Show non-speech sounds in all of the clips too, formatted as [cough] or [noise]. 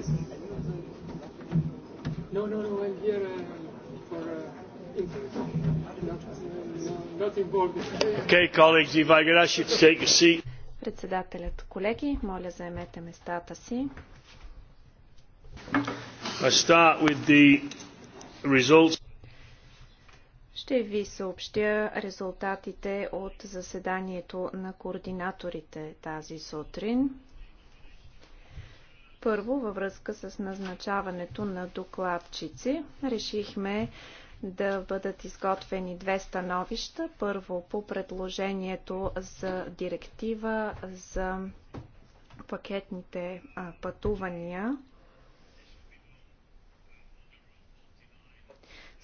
Yes. No, no, no. I'm here uh, for uh, interest. Not, uh, not involved. Okay, colleagues, if I could ask you to take a seat. Председателят, колеги, моля заемете местата си. I start with the results. Ще ви съобщя резултатите от заседанието на координаторите тази сутрин. Първо, във връзка с назначаването на докладчици, решихме да бъдат изготвени две становища. Първо по предложението за директива за пакетните пътувания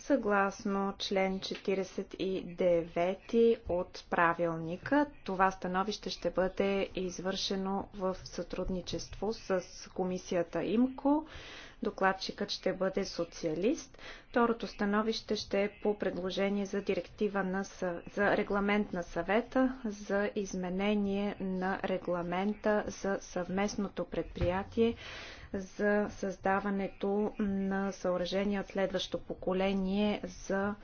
Съгласно член 49 от правилника, това становище ще бъде извършено в сътрудничество с комисията ИМКО. Докладчикът ще бъде социалист. Второто становище ще е по предложение за директива на, за регламент на съвета за изменение на регламента за съвместното предприятие за създаването на съоръжения от следващо поколение за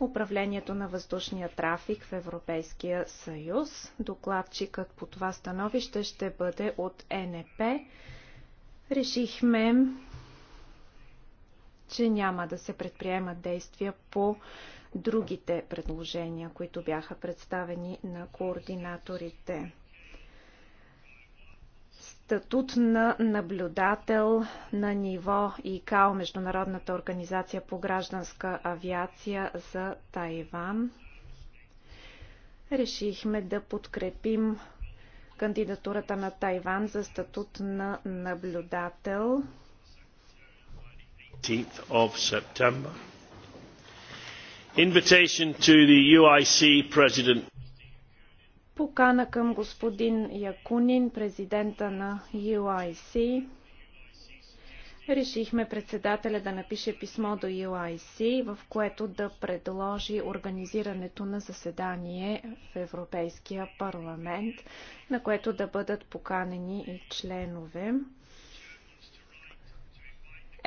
управлението на въздушния трафик в Европейския съюз. Докладчикът по това становище ще бъде от НП. Решихме, че няма да се предприемат действия по другите предложения, които бяха представени на координаторите статут на наблюдател на ниво ИКАО, Международната организация по гражданска авиация за Тайван. Решихме да подкрепим кандидатурата на Тайван за статут на наблюдател. Invitation to the UIC president покана към господин Якунин, президента на UIC. Решихме председателя да напише писмо до UIC, в което да предложи организирането на заседание в Европейския парламент, на което да бъдат поканени и членове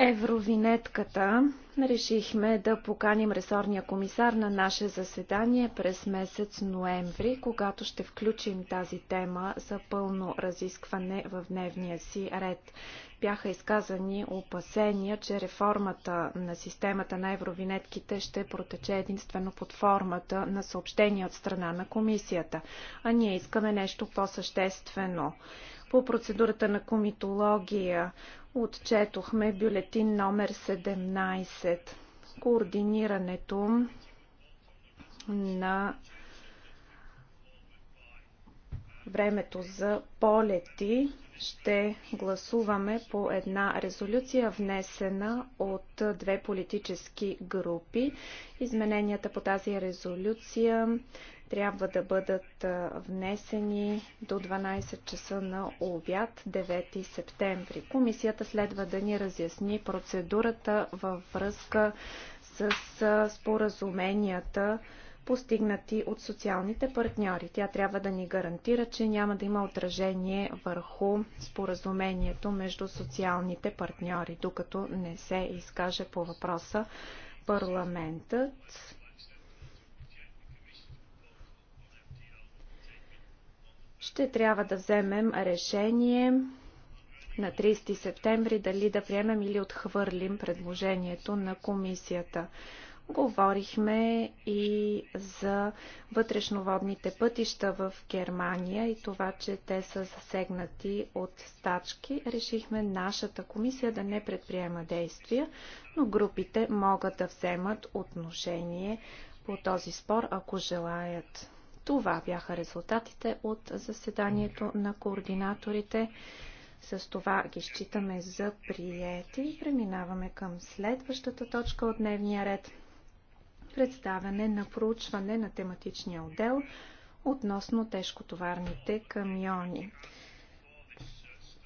евровинетката решихме да поканим ресорния комисар на наше заседание през месец ноември, когато ще включим тази тема за пълно разискване в дневния си ред. Бяха изказани опасения, че реформата на системата на евровинетките ще протече единствено под формата на съобщения от страна на комисията, а ние искаме нещо по-съществено. По процедурата на комитология отчетохме бюлетин номер 17. Координирането на времето за полети ще гласуваме по една резолюция, внесена от две политически групи. Измененията по тази резолюция трябва да бъдат внесени до 12 часа на обяд 9 септември. Комисията следва да ни разясни процедурата във връзка с споразуменията, постигнати от социалните партньори. Тя трябва да ни гарантира, че няма да има отражение върху споразумението между социалните партньори, докато не се изкаже по въпроса парламентът Ще трябва да вземем решение на 30 септември дали да приемем или отхвърлим предложението на комисията. Говорихме и за вътрешноводните пътища в Германия и това, че те са засегнати от стачки. Решихме нашата комисия да не предприема действия, но групите могат да вземат отношение по този спор, ако желаят. Това бяха резултатите от заседанието на координаторите. С това ги считаме за приети и преминаваме към следващата точка от дневния ред. Представяне на проучване на тематичния отдел относно тежкотоварните камиони.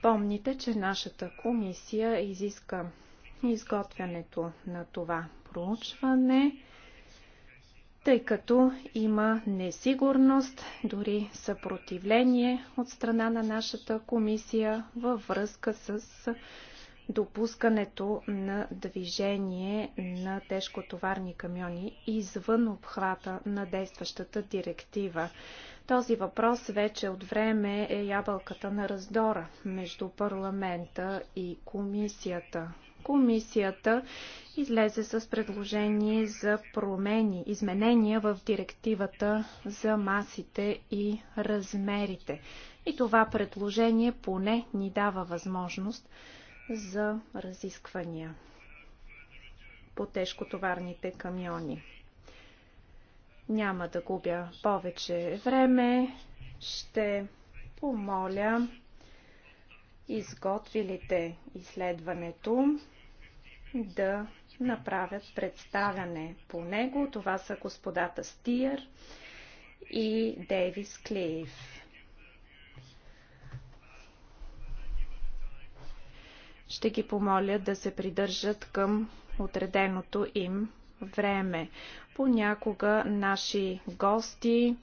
Помните, че нашата комисия изиска изготвянето на това проучване тъй като има несигурност, дори съпротивление от страна на нашата комисия във връзка с допускането на движение на тежкотоварни камиони извън обхвата на действащата директива. Този въпрос вече от време е ябълката на раздора между парламента и комисията комисията излезе с предложение за промени, изменения в директивата за масите и размерите. И това предложение поне ни дава възможност за разисквания по тежкотоварните камиони. Няма да губя повече време. Ще помоля изготвилите изследването да направят представяне по него. Това са господата Стиер и Дейвис Клейв. Ще ги помоля да се придържат към отреденото им време. Понякога наши гости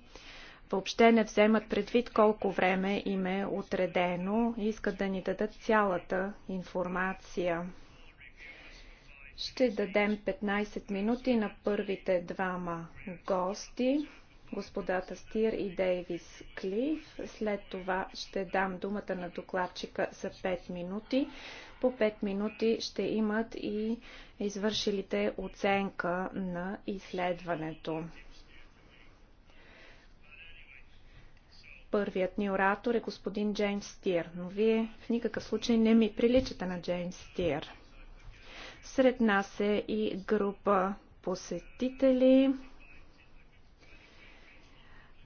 въобще не вземат предвид колко време им е отредено и искат да ни дадат цялата информация. Ще дадем 15 минути на първите двама гости, господата Стир и Дейвис Клиф. След това ще дам думата на докладчика за 5 минути. По 5 минути ще имат и извършилите оценка на изследването. Първият ни оратор е господин Джеймс Стир, но вие в никакъв случай не ми приличате на Джеймс Стир. Сред нас е и група посетители.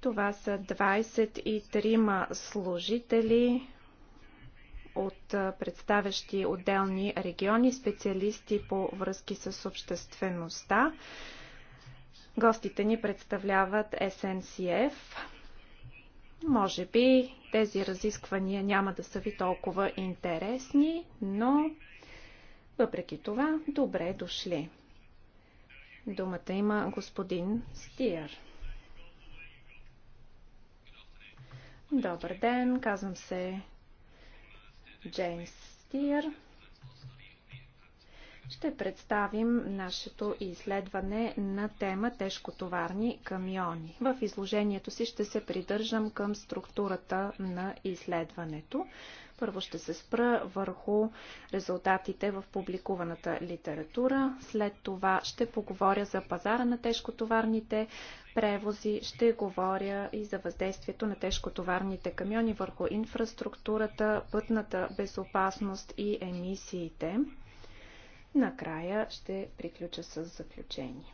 Това са 23 служители от представящи отделни региони, специалисти по връзки с обществеността. Гостите ни представляват SNCF. Може би тези разисквания няма да са ви толкова интересни, но въпреки това, добре дошли. Думата има господин Стиер. Добър ден, казвам се Джеймс Стиер. Ще представим нашето изследване на тема тежкотоварни камиони. В изложението си ще се придържам към структурата на изследването. Първо ще се спра върху резултатите в публикуваната литература. След това ще поговоря за пазара на тежкотоварните превози, ще говоря и за въздействието на тежкотоварните камиони върху инфраструктурата, пътната безопасност и емисиите. Накрая ще приключа с заключение.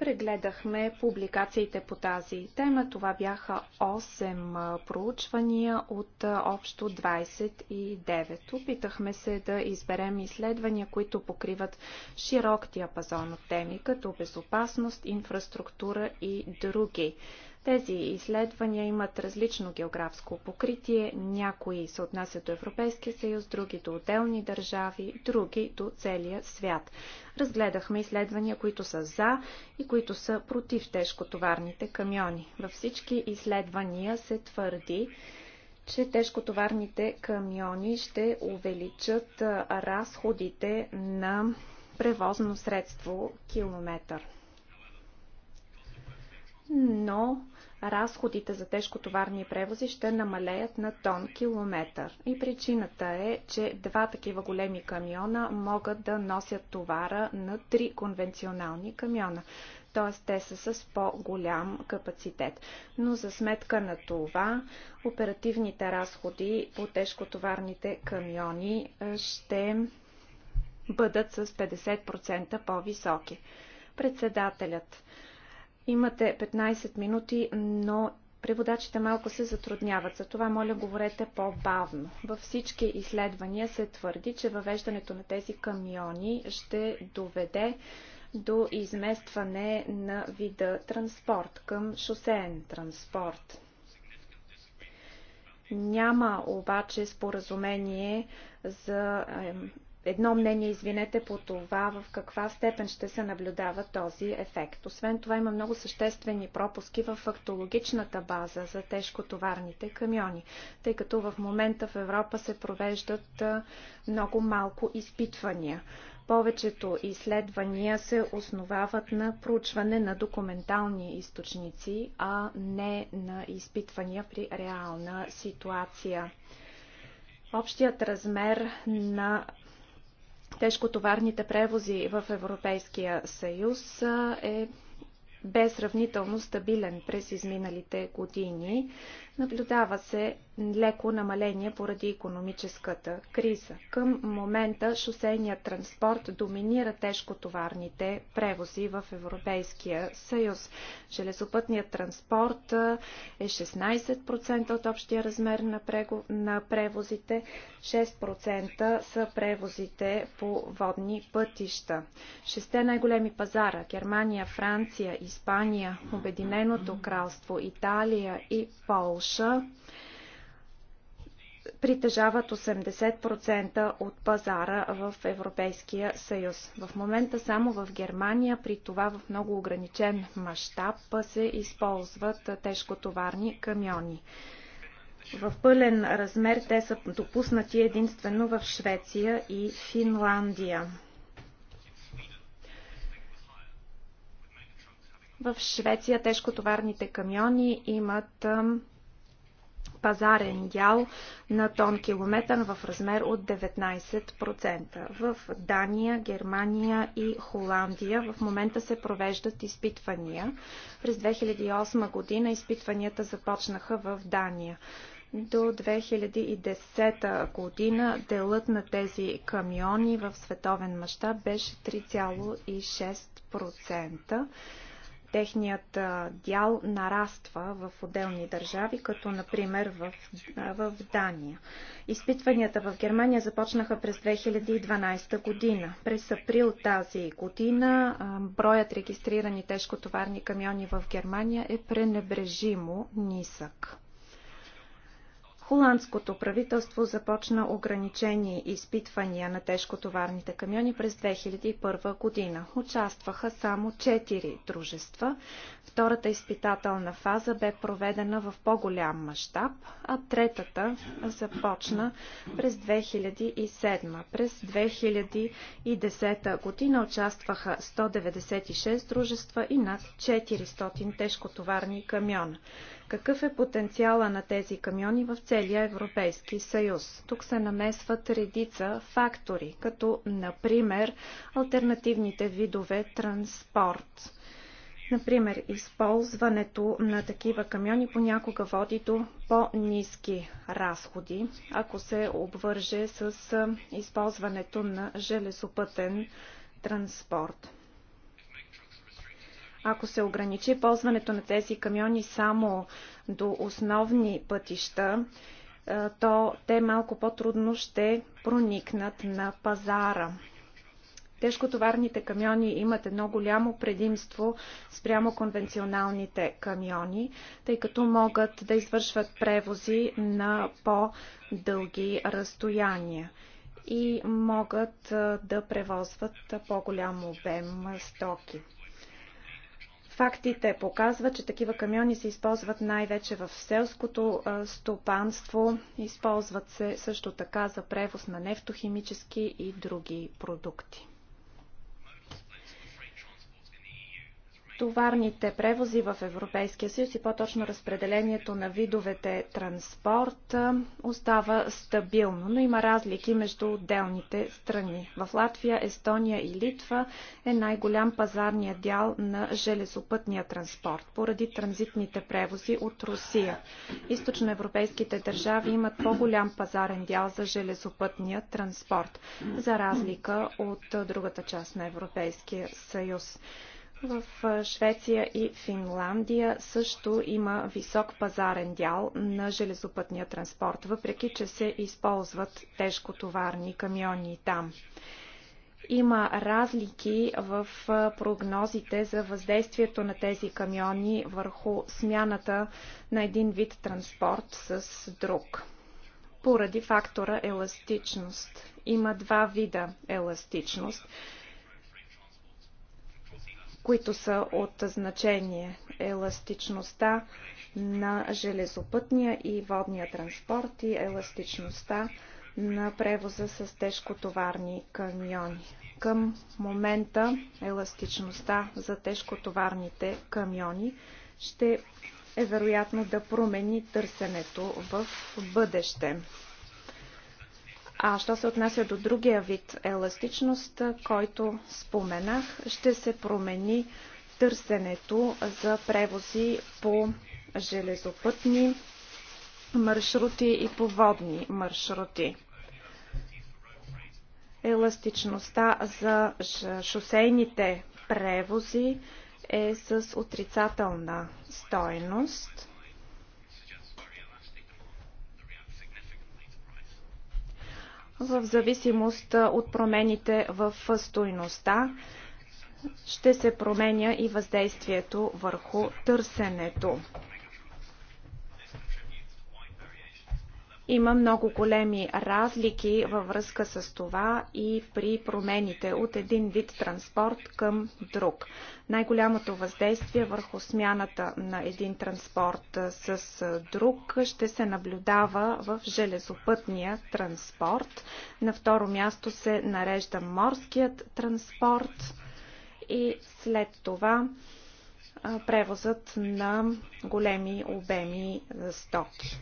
Прегледахме публикациите по тази тема. Това бяха 8 проучвания от общо 29. Опитахме се да изберем изследвания, които покриват широк диапазон от теми, като безопасност, инфраструктура и други. Тези изследвания имат различно географско покритие. Някои се отнасят до Европейския съюз, други до отделни държави, други до целия свят. Разгледахме изследвания, които са за и които са против тежкотоварните камиони. Във всички изследвания се твърди, че тежкотоварните камиони ще увеличат разходите на превозно средство километър но разходите за тежкотоварни превози ще намалеят на тон километър. И причината е, че два такива големи камиона могат да носят товара на три конвенционални камиона. Т.е. те са с по-голям капацитет. Но за сметка на това, оперативните разходи по тежкотоварните камиони ще бъдат с 50% по-високи. Председателят Имате 15 минути, но преводачите малко се затрудняват. Затова, моля, говорете по-бавно. Във всички изследвания се твърди, че въвеждането на тези камиони ще доведе до изместване на вида транспорт към шосеен транспорт. Няма обаче споразумение за едно мнение, извинете, по това в каква степен ще се наблюдава този ефект. Освен това има много съществени пропуски в фактологичната база за тежкотоварните камиони, тъй като в момента в Европа се провеждат много малко изпитвания. Повечето изследвания се основават на проучване на документални източници, а не на изпитвания при реална ситуация. Общият размер на тежкотоварните превози в Европейския съюз е безравнително стабилен през изминалите години. Наблюдава се леко намаление поради економическата криза. Към момента шосейният транспорт доминира тежкотоварните превози в Европейския съюз. Железопътният транспорт е 16% от общия размер на, на превозите, 6% са превозите по водни пътища. Шесте най-големи пазара Германия, Франция, Испания, Обединеното кралство, Италия и Полша САЩ притежават 80% от пазара в Европейския съюз. В момента само в Германия, при това в много ограничен мащаб, се използват тежкотоварни камиони. В пълен размер те са допуснати единствено в Швеция и Финландия. В Швеция тежкотоварните камиони имат пазарен дял на тон километър в размер от 19%. В Дания, Германия и Холандия в момента се провеждат изпитвания. През 2008 година изпитванията започнаха в Дания до 2010 година делът на тези камиони в световен мащаб беше 3,6%. Техният дял нараства в отделни държави, като например в, в Дания. Изпитванията в Германия започнаха през 2012 година. През април тази година броят регистрирани тежкотоварни камиони в Германия е пренебрежимо нисък. Холандското правителство започна ограничени изпитвания на тежкотоварните камиони през 2001 година. Участваха само 4 дружества. Втората изпитателна фаза бе проведена в по-голям мащаб, а третата започна през 2007. През 2010 година участваха 196 дружества и над 400 тежкотоварни камиона. Какъв е потенциала на тези камиони в целия Европейски съюз? Тук се намесват редица фактори, като например альтернативните видове транспорт. Например, използването на такива камиони понякога води до по-низки разходи, ако се обвърже с използването на железопътен транспорт. Ако се ограничи ползването на тези камиони само до основни пътища, е, то те малко по-трудно ще проникнат на пазара. Тежкотоварните камиони имат едно голямо предимство спрямо конвенционалните камиони, тъй като могат да извършват превози на по-дълги разстояния и могат е, да превозват по-голям обем стоки. Фактите показват, че такива камиони се използват най-вече в селското стопанство. Използват се също така за превоз на нефтохимически и други продукти. товарните превози в Европейския съюз и по-точно разпределението на видовете транспорт остава стабилно, но има разлики между отделните страни. В Латвия, Естония и Литва е най-голям пазарният дял на железопътния транспорт поради транзитните превози от Русия. Източноевропейските държави имат по-голям пазарен дял за железопътния транспорт, за разлика от другата част на Европейския съюз. В Швеция и Финландия също има висок пазарен дял на железопътния транспорт, въпреки че се използват тежкотоварни камиони там. Има разлики в прогнозите за въздействието на тези камиони върху смяната на един вид транспорт с друг поради фактора еластичност. Има два вида еластичност които са от значение. Еластичността на железопътния и водния транспорт и еластичността на превоза с тежкотоварни камиони. Към момента еластичността за тежкотоварните камиони ще е вероятно да промени търсенето в бъдеще. А що се отнася до другия вид еластичност, който споменах, ще се промени търсенето за превози по железопътни маршрути и по водни маршрути. Еластичността за шосейните превози е с отрицателна стойност. в зависимост от промените в стойността ще се променя и въздействието върху търсенето. Има много големи разлики във връзка с това и при промените от един вид транспорт към друг. Най-голямото въздействие върху смяната на един транспорт с друг ще се наблюдава в железопътния транспорт. На второ място се нарежда морският транспорт и след това превозът на големи обеми стоки.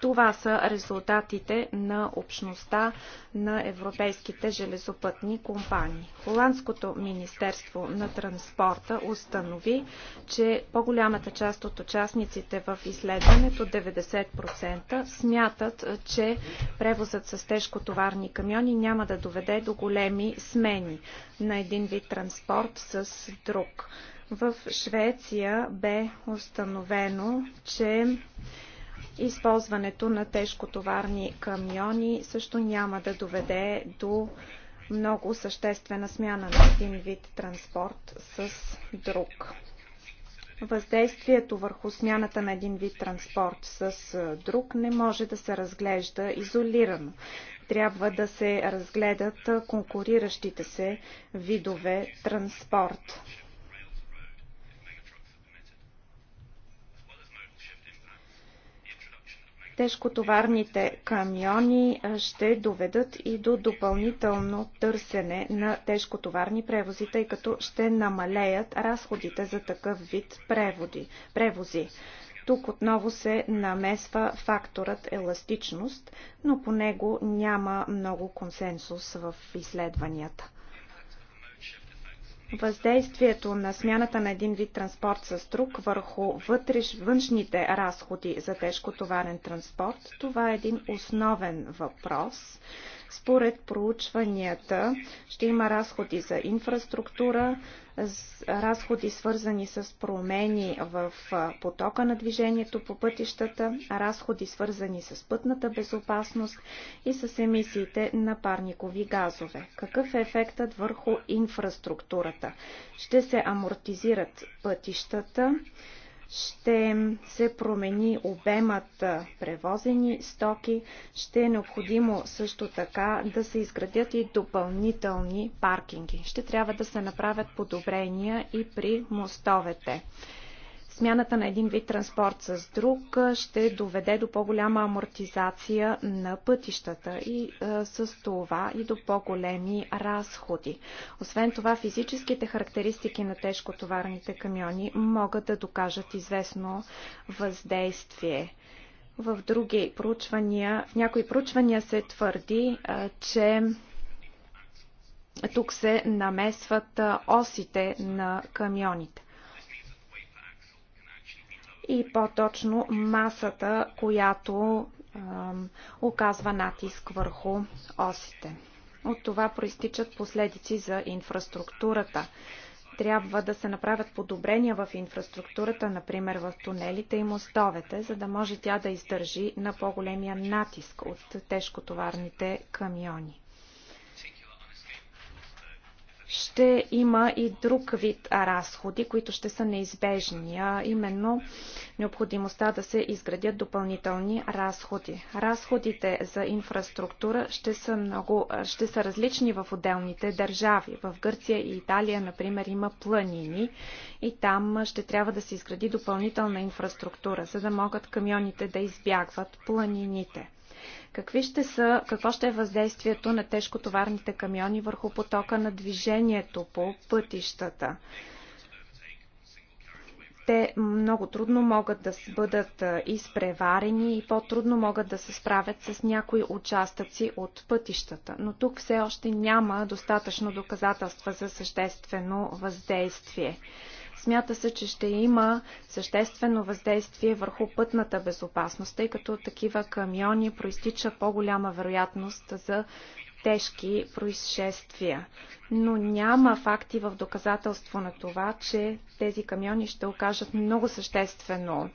Това са резултатите на общността на европейските железопътни компании. Холандското министерство на транспорта установи, че по-голямата част от участниците в изследването, 90%, смятат, че превозът с тежкотоварни камиони няма да доведе до големи смени на един вид транспорт с друг. В Швеция бе установено, че Използването на тежкотоварни камиони също няма да доведе до много съществена смяна на един вид транспорт с друг. Въздействието върху смяната на един вид транспорт с друг не може да се разглежда изолирано. Трябва да се разгледат конкуриращите се видове транспорт. Тежкотоварните камиони ще доведат и до допълнително търсене на тежкотоварни превози, тъй като ще намалеят разходите за такъв вид преводи, превози. Тук отново се намесва факторът еластичност, но по него няма много консенсус в изследванията въздействието на смяната на един вид транспорт с друг върху вътреш, външните разходи за тежкотоварен транспорт, това е един основен въпрос. Според проучванията ще има разходи за инфраструктура, разходи свързани с промени в потока на движението по пътищата, разходи свързани с пътната безопасност и с емисиите на парникови газове. Какъв е ефектът върху инфраструктурата? Ще се амортизират пътищата, ще се промени обемът превозени стоки, ще е необходимо също така да се изградят и допълнителни паркинги. Ще трябва да се направят подобрения и при мостовете. Смяната на един вид транспорт с друг ще доведе до по-голяма амортизация на пътищата и а, с това и до по-големи разходи. Освен това, физическите характеристики на тежкотоварните камиони могат да докажат известно въздействие. В други проучвания, в някои проучвания се твърди, а, че тук се намесват осите на камионите и по-точно масата, която оказва натиск върху осите. От това проистичат последици за инфраструктурата. Трябва да се направят подобрения в инфраструктурата, например в тунелите и мостовете, за да може тя да издържи на по-големия натиск от тежкотоварните камиони ще има и друг вид разходи, които ще са неизбежни, а именно необходимостта да се изградят допълнителни разходи. Разходите за инфраструктура ще са, много, ще са различни в отделните държави. В Гърция и Италия, например, има планини и там ще трябва да се изгради допълнителна инфраструктура, за да могат камионите да избягват планините. Какви ще са, какво ще е въздействието на тежкотоварните камиони върху потока на движението по пътищата? те много трудно могат да бъдат изпреварени и по-трудно могат да се справят с някои участъци от пътищата. Но тук все още няма достатъчно доказателства за съществено въздействие. Смята се, че ще има съществено въздействие върху пътната безопасност, тъй като от такива камиони проистича по-голяма вероятност за тежки происшествия. Но няма факти в доказателство на това, че тези камиони ще окажат много съществено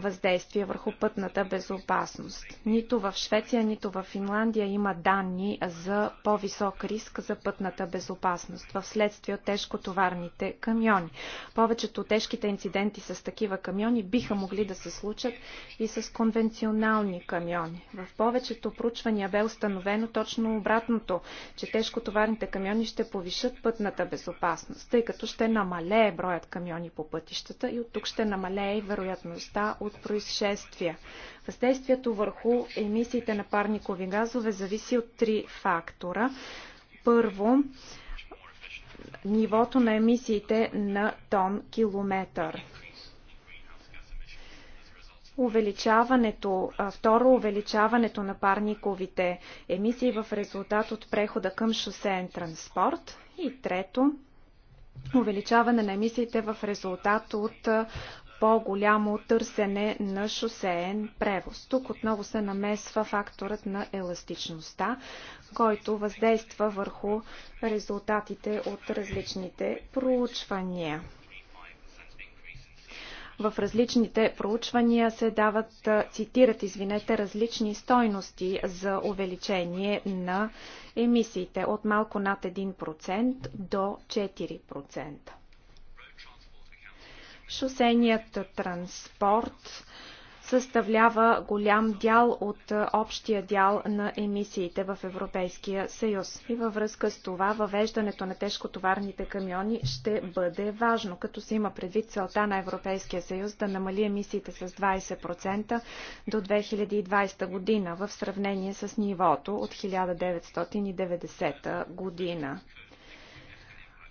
въздействие върху пътната безопасност. Нито в Швеция, нито в Финландия има данни за по-висок риск за пътната безопасност в следствие от тежкотоварните камиони. Повечето тежките инциденти с такива камиони биха могли да се случат и с конвенционални камиони. В повечето проучвания бе установено точно обратното, че тежкотоварните камиони ще повишат пътната безопасност, тъй като ще намалее броят камиони по пътищата и от тук ще намалее и вероятността от от происшествия. Въздействието върху емисиите на парникови газове зависи от три фактора. Първо, нивото на емисиите на тон километър увеличаването, второ увеличаването на парниковите емисии в резултат от прехода към шосеен транспорт и трето увеличаване на емисиите в резултат от по-голямо търсене на шосеен превоз. Тук отново се намесва факторът на еластичността, който въздейства върху резултатите от различните проучвания. В различните проучвания се дават, цитират, извинете, различни стойности за увеличение на емисиите от малко над 1% до 4%. Шосеният транспорт съставлява голям дял от общия дял на емисиите в Европейския съюз. И във връзка с това въвеждането на тежкотоварните камиони ще бъде важно, като се има предвид целта на Европейския съюз да намали емисиите с 20% до 2020 година в сравнение с нивото от 1990 година.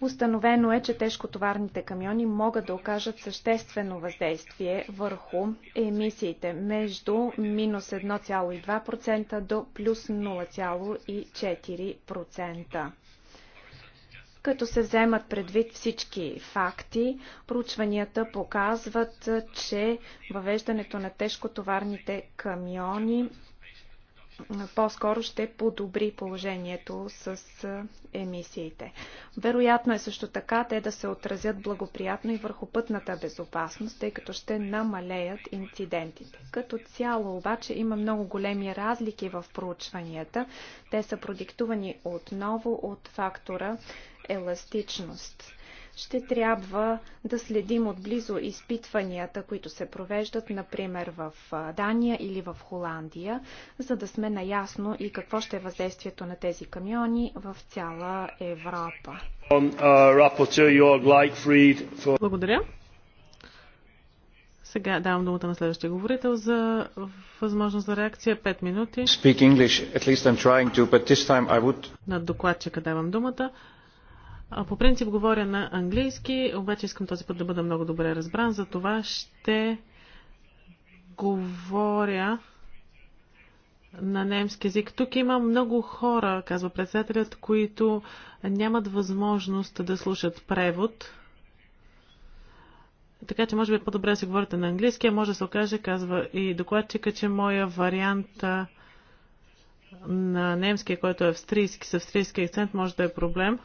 Установено е, че тежкотоварните камиони могат да окажат съществено въздействие върху емисиите между минус 1,2% до плюс 0,4% като се вземат предвид всички факти, проучванията показват, че въвеждането на тежкотоварните камиони по-скоро ще подобри положението с емисиите. Вероятно е също така те да се отразят благоприятно и върху пътната безопасност, тъй като ще намалеят инцидентите. Като цяло обаче има много големи разлики в проучванията. Те са продиктувани отново от фактора еластичност ще трябва да следим отблизо изпитванията, които се провеждат, например, в Дания или в Холандия, за да сме наясно и какво ще е въздействието на тези камиони в цяла Европа. Um, uh, Благодаря. Сега давам думата на следващия говорител за възможност за реакция. Пет минути. Speak English, at least I'm trying to, but this time I would... На докладчика давам думата. По принцип говоря на английски, обаче искам този път да бъда много добре разбран, за това ще говоря на немски язик. Тук има много хора, казва председателят, които нямат възможност да слушат превод. Така че може би е по-добре да си говорите на английски, а може да се окаже, казва и докладчика, че моя вариант на немския, който е австрийски, с австрийски акцент, може да е проблем.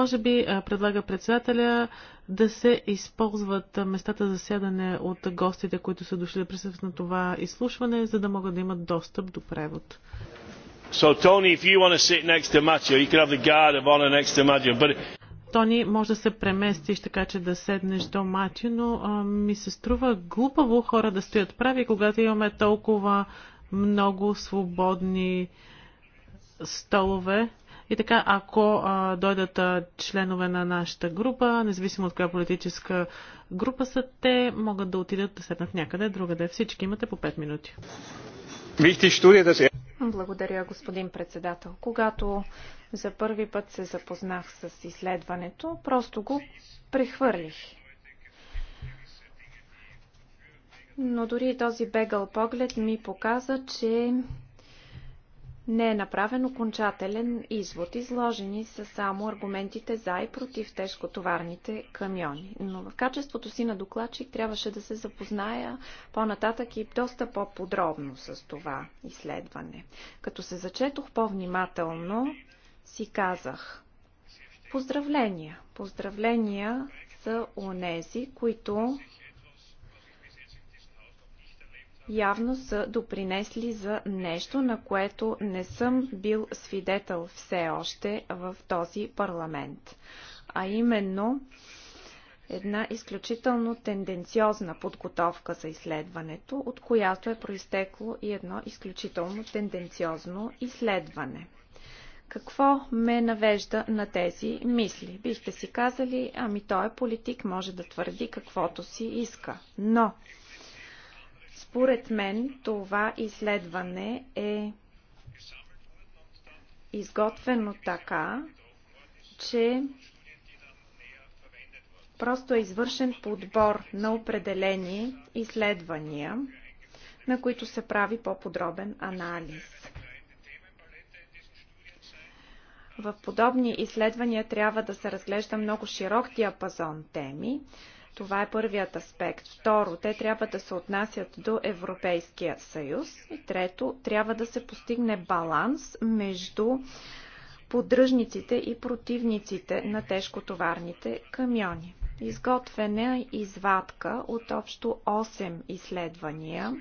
Може би предлага председателя да се използват местата за сядане от гостите, които са дошли да присъстват на това изслушване, за да могат да имат достъп до превод. Тони, може да се преместиш така, че да седнеш до Матю, но а, ми се струва глупаво хора да стоят прави, когато имаме толкова много свободни столове. И така, ако а, дойдат а, членове на нашата група, независимо от коя политическа група са те, могат да отидат да седнат някъде другаде. Всички имате по 5 минути. Е Благодаря, господин председател. Когато за първи път се запознах с изследването, просто го прехвърлих. Но дори този бегал поглед ми показа, че не е направен окончателен извод. Изложени са само аргументите за и против тежкотоварните камиони. Но в качеството си на докладчик трябваше да се запозная по-нататък и доста по-подробно с това изследване. Като се зачетох по-внимателно, си казах Поздравления! Поздравления за онези, които явно са допринесли за нещо, на което не съм бил свидетел все още в този парламент. А именно една изключително тенденциозна подготовка за изследването, от която е проистекло и едно изключително тенденциозно изследване. Какво ме навежда на тези мисли? Бихте си казали, ами той е политик, може да твърди каквото си иска. Но според мен това изследване е изготвено така, че просто е извършен подбор на определени изследвания, на които се прави по-подробен анализ. В подобни изследвания трябва да се разглежда много широк диапазон теми. Това е първият аспект. Второ, те трябва да се отнасят до Европейския съюз. И трето, трябва да се постигне баланс между поддръжниците и противниците на тежкотоварните камиони. Изготвена е извадка от общо 8 изследвания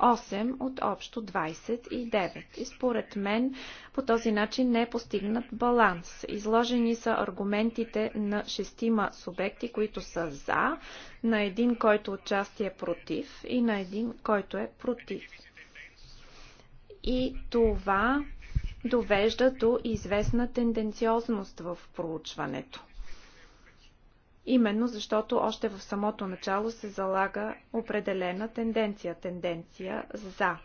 8 от общо 29. И според мен по този начин не е постигнат баланс. Изложени са аргументите на шестима субекти, които са за, на един, който отчасти е против и на един, който е против. И това довежда до известна тенденциозност в проучването. Именно защото още в самото начало се залага определена тенденция, тенденция за.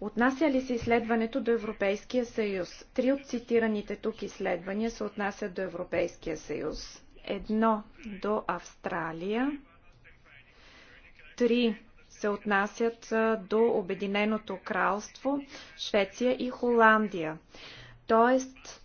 Отнася ли се изследването до Европейския съюз? Три от цитираните тук изследвания се отнасят до Европейския съюз. Едно до Австралия. Три се отнасят до Обединеното кралство, Швеция и Холандия. Тоест,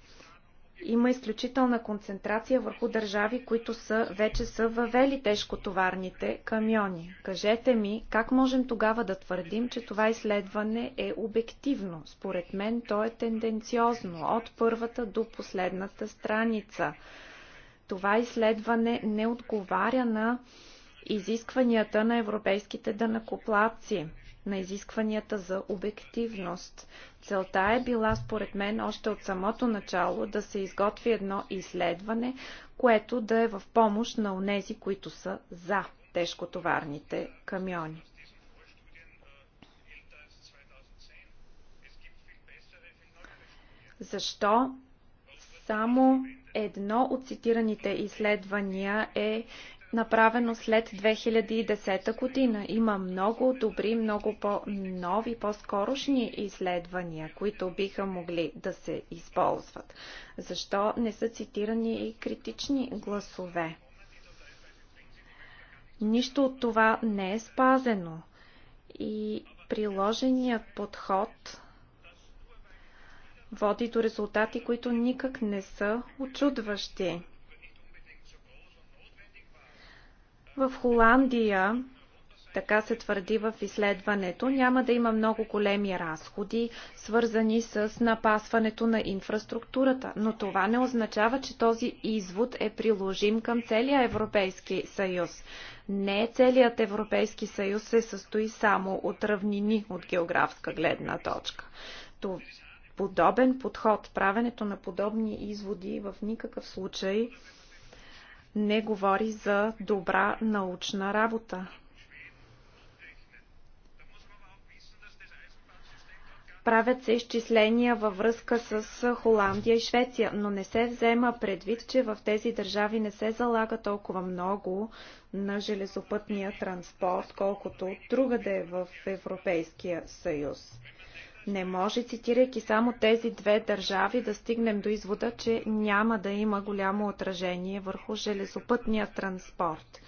има изключителна концентрация върху държави, които са, вече са въвели тежкотоварните камиони. Кажете ми, как можем тогава да твърдим, че това изследване е обективно? Според мен то е тенденциозно, от първата до последната страница. Това изследване не отговаря на изискванията на европейските данакоплаци на изискванията за обективност. Целта е била, според мен, още от самото начало да се изготви едно изследване, което да е в помощ на онези, които са за тежкотоварните камиони. Защо само едно от цитираните изследвания е направено след 2010 година. Има много добри, много по-нови, по-скорошни изследвания, които биха могли да се използват. Защо не са цитирани и критични гласове? Нищо от това не е спазено и приложеният подход води до резултати, които никак не са очудващи. В Холандия, така се твърди в изследването, няма да има много големи разходи, свързани с напасването на инфраструктурата. Но това не означава, че този извод е приложим към целия Европейски съюз. Не целият Европейски съюз се състои само от равнини от географска гледна точка. То подобен подход, правенето на подобни изводи в никакъв случай не говори за добра научна работа. правят се изчисления във връзка с Холандия и Швеция, но не се взема предвид, че в тези държави не се залага толкова много на железопътния транспорт, колкото другаде в Европейския съюз. Не може, цитирайки само тези две държави, да стигнем до извода, че няма да има голямо отражение върху железопътния транспорт.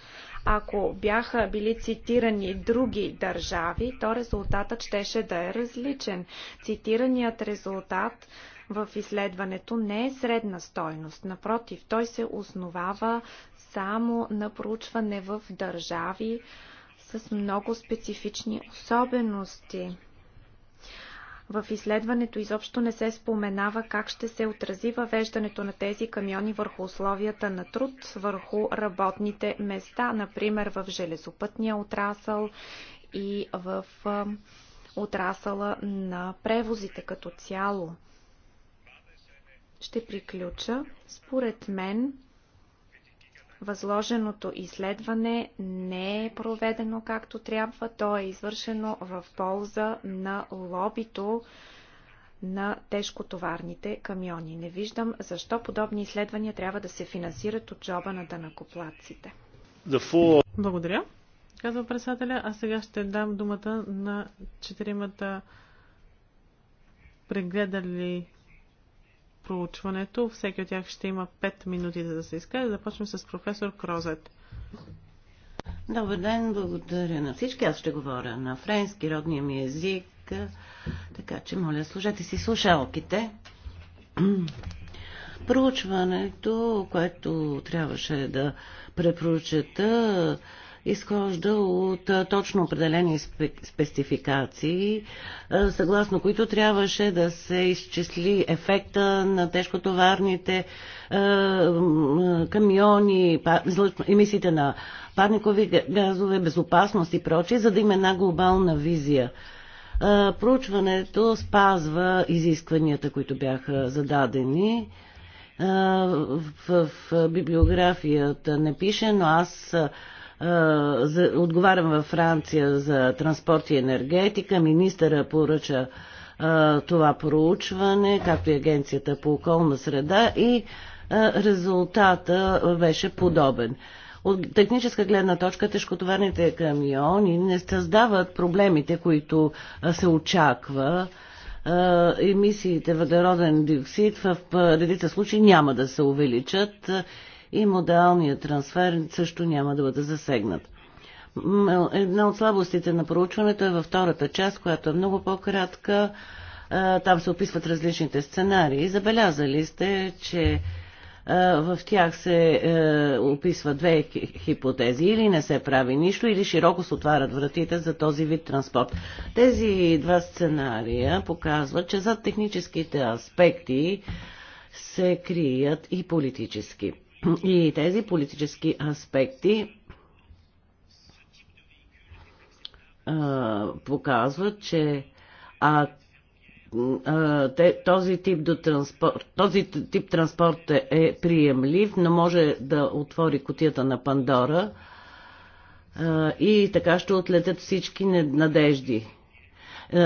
Ако бяха били цитирани други държави, то резултатът щеше да е различен. Цитираният резултат в изследването не е средна стойност. Напротив, той се основава само на проучване в държави с много специфични особености. В изследването изобщо не се споменава как ще се отрази въвеждането на тези камиони върху условията на труд, върху работните места, например в железопътния отрасъл и в отрасъла на превозите като цяло. Ще приключа. Според мен Възложеното изследване не е проведено както трябва, то е извършено в полза на лобито на тежкотоварните камиони. Не виждам защо подобни изследвания трябва да се финансират от джоба на данакоплатците. Благодаря, казва председателя. А сега ще дам думата на четиримата прегледали проучването. Всеки от тях ще има 5 минути да се изкаже. Започваме с професор Крозет. Добър ден, благодаря на всички. Аз ще говоря на френски, родния ми език. Така че, моля, служете си слушалките. [clears throat] Проучването, което трябваше да препрочета, изхожда от точно определени спецификации, съгласно които трябваше да се изчисли ефекта на тежкотоварните камиони, емисиите на парникови газове, безопасност и прочие, за да има една глобална визия. Проучването спазва изискванията, които бяха зададени в, библиографията не пише, но аз за, отговарям във Франция за транспорт и енергетика. Министъра поръча а, това проучване, както и Агенцията по околна среда и а, резултата беше подобен. От техническа гледна точка тежкотоварните камиони не създават проблемите, които се очаква. Емисиите въглероден диоксид в редица случаи няма да се увеличат и модалният трансфер също няма да бъде засегнат. Една от слабостите на проучването е във втората част, която е много по-кратка. Е, там се описват различните сценарии. Забелязали сте, че е, в тях се е, описват описва две хипотези. Или не се прави нищо, или широко се отварят вратите за този вид транспорт. Тези два сценария показват, че зад техническите аспекти се крият и политически. И тези политически аспекти показват, че а, този тип, до транспорт, този тип транспорт е приемлив, но може да отвори котията на Пандора и така ще отлетят всички надежди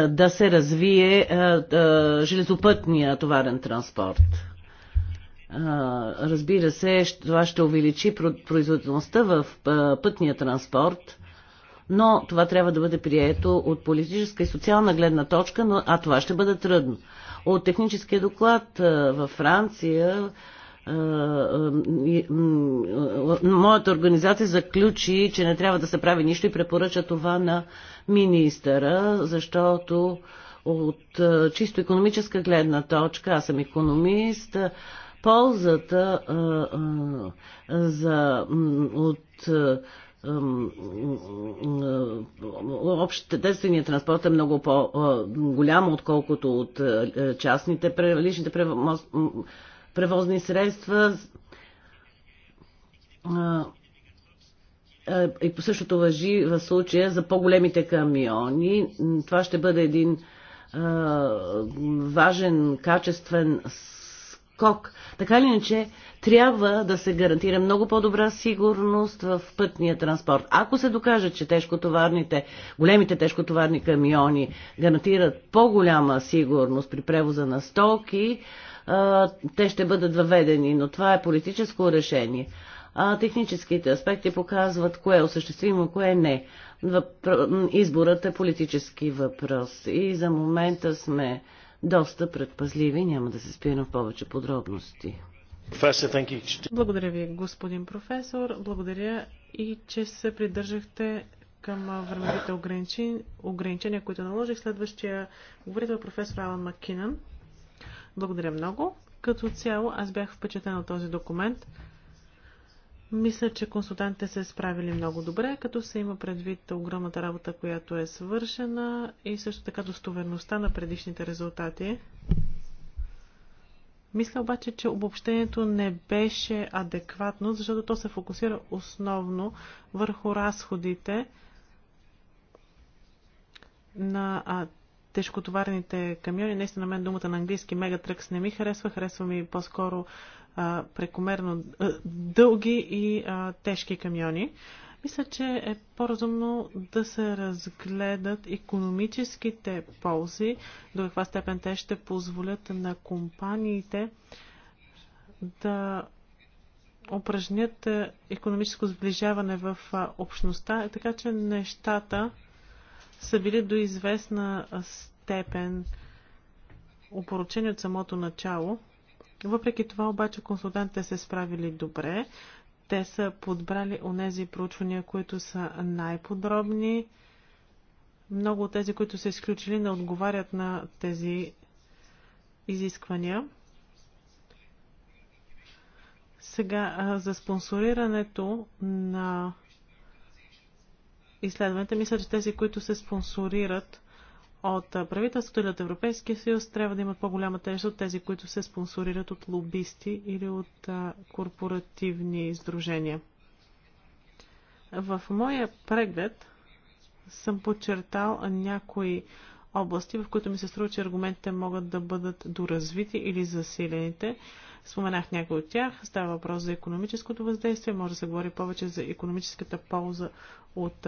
да се развие железопътния товарен транспорт. Разбира се, това ще увеличи производителността в пътния транспорт, но това трябва да бъде прието от политическа и социална гледна точка, но, а това ще бъде трудно. От техническия доклад във Франция моята организация заключи, че не трябва да се прави нищо и препоръча това на министъра, защото от чисто економическа гледна точка, аз съм економист, ползата за, от общите тествения транспорт е много по-голямо, отколкото от частните, личните превозни средства. И по същото въжи в случая за по-големите камиони. Това ще бъде един важен, качествен Кок. Така не, че трябва да се гарантира много по-добра сигурност в пътния транспорт. Ако се докаже, че тежкотоварните, големите тежкотоварни камиони гарантират по-голяма сигурност при превоза на стоки, те ще бъдат въведени, но това е политическо решение. А техническите аспекти показват кое е осъществимо, кое не. Изборът е политически въпрос. И за момента сме доста предпазливи. Няма да се спирам в повече подробности. Благодаря ви, господин професор. Благодаря и че се придържахте към времевите ограничения, които наложих. Следващия говорител е професор Алан Маккинън. Благодаря много. Като цяло аз бях впечатлен от този документ. Мисля, че консултантите се справили много добре, като се има предвид огромната работа, която е свършена и също така достоверността на предишните резултати. Мисля обаче, че обобщението не беше адекватно, защото то се фокусира основно върху разходите на а, тежкотоварните камиони. Наистина, на мен думата на английски мегатръкс не ми харесва. Харесва ми по-скоро а, прекомерно а, дълги и а, тежки камиони. Мисля, че е по-разумно да се разгледат економическите ползи, до каква степен те ще позволят на компаниите да упражнят економическо сближаване в общността, е така че нещата са били до известна степен опоручени от самото начало. Въпреки това обаче консултантите се справили добре. Те са подбрали онези проучвания, които са най-подробни. Много от тези, които са изключили, не отговарят на тези изисквания. Сега за спонсорирането на изследването, мисля, че тези, които се спонсорират, от правителството или от Европейския съюз трябва да имат по-голяма тежест от тези, които се спонсорират от лобисти или от корпоративни издружения. В моя преглед съм подчертал някои области, в които ми се струва, че аргументите могат да бъдат доразвити или засилените. Споменах някои от тях. Става въпрос за економическото въздействие. Може да се говори повече за економическата полза от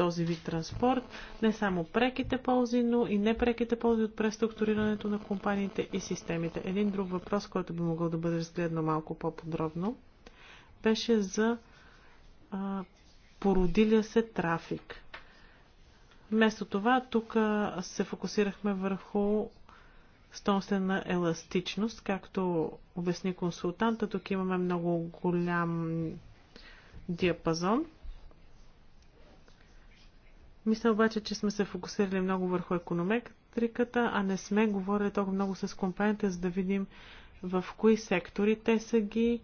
този вид транспорт, не само преките ползи, но и непреките ползи от преструктурирането на компаниите и системите. Един друг въпрос, който би могъл да бъде разгледан малко по-подробно, беше за а, породиля се трафик. Вместо това, тук се фокусирахме върху стонствена еластичност, както обясни консултанта. Тук имаме много голям диапазон. Мисля обаче, че сме се фокусирали много върху економетриката, а не сме говорили толкова много с компаниите, за да видим в кои сектори те са ги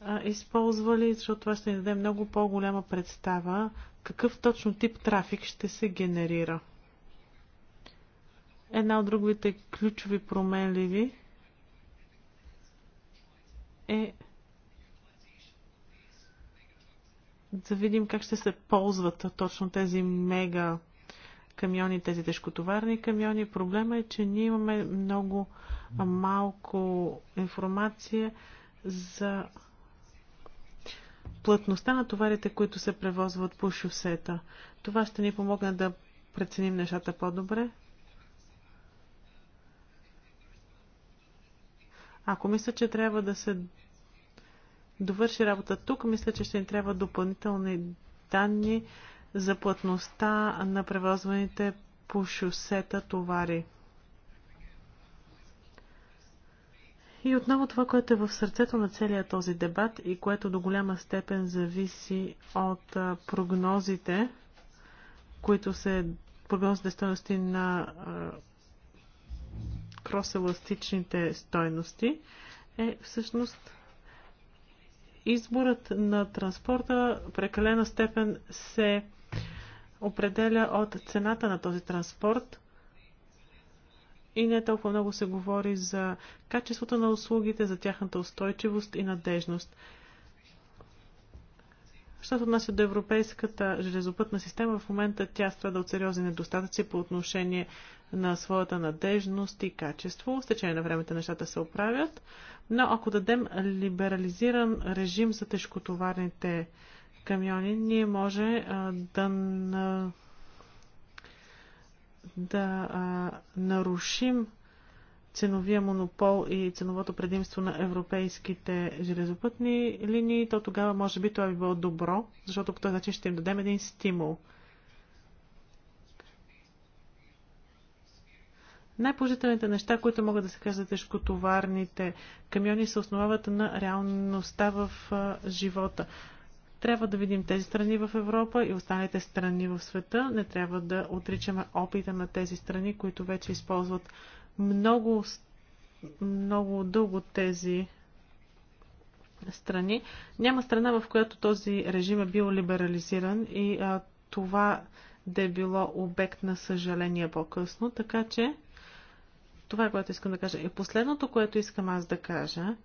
а, използвали, защото това ще ни даде много по-голяма представа какъв точно тип трафик ще се генерира. Една от другите ключови променливи е да видим как ще се ползват точно тези мега камиони, тези тежкотоварни камиони. Проблема е, че ние имаме много малко информация за плътността на товарите, които се превозват по шосета. Това ще ни помогне да преценим нещата по-добре. Ако мисля, че трябва да се довърши работа тук, мисля, че ще ни трябва допълнителни данни за плътността на превозваните по шосета товари. И отново това, което е в сърцето на целия този дебат и което до голяма степен зависи от прогнозите, които се прогнозните стоености на кроселастичните стойности, е всъщност изборът на транспорта прекалена степен се определя от цената на този транспорт и не толкова много се говори за качеството на услугите, за тяхната устойчивост и надежност. Що се отнася до европейската железопътна система, в момента тя страда от сериозни недостатъци по отношение на своята надежност и качество. С течение на времето нещата се оправят, но ако дадем либерализиран режим за тежкотоварните камиони, ние може а, да на да а, нарушим ценовия монопол и ценовото предимство на европейските железопътни линии, то тогава може би това би било добро, защото по този начин ще им дадем един стимул. Най-положителните неща, които могат да се кажат е тежкотоварните камиони, се основават на реалността в живота. Трябва да видим тези страни в Европа и останалите страни в света. Не трябва да отричаме опита на тези страни, които вече използват много, много дълго тези страни. Няма страна, в която този режим е бил либерализиран и а, това да е било обект на съжаление по-късно. Така че това е което искам да кажа. И последното, което искам аз да кажа,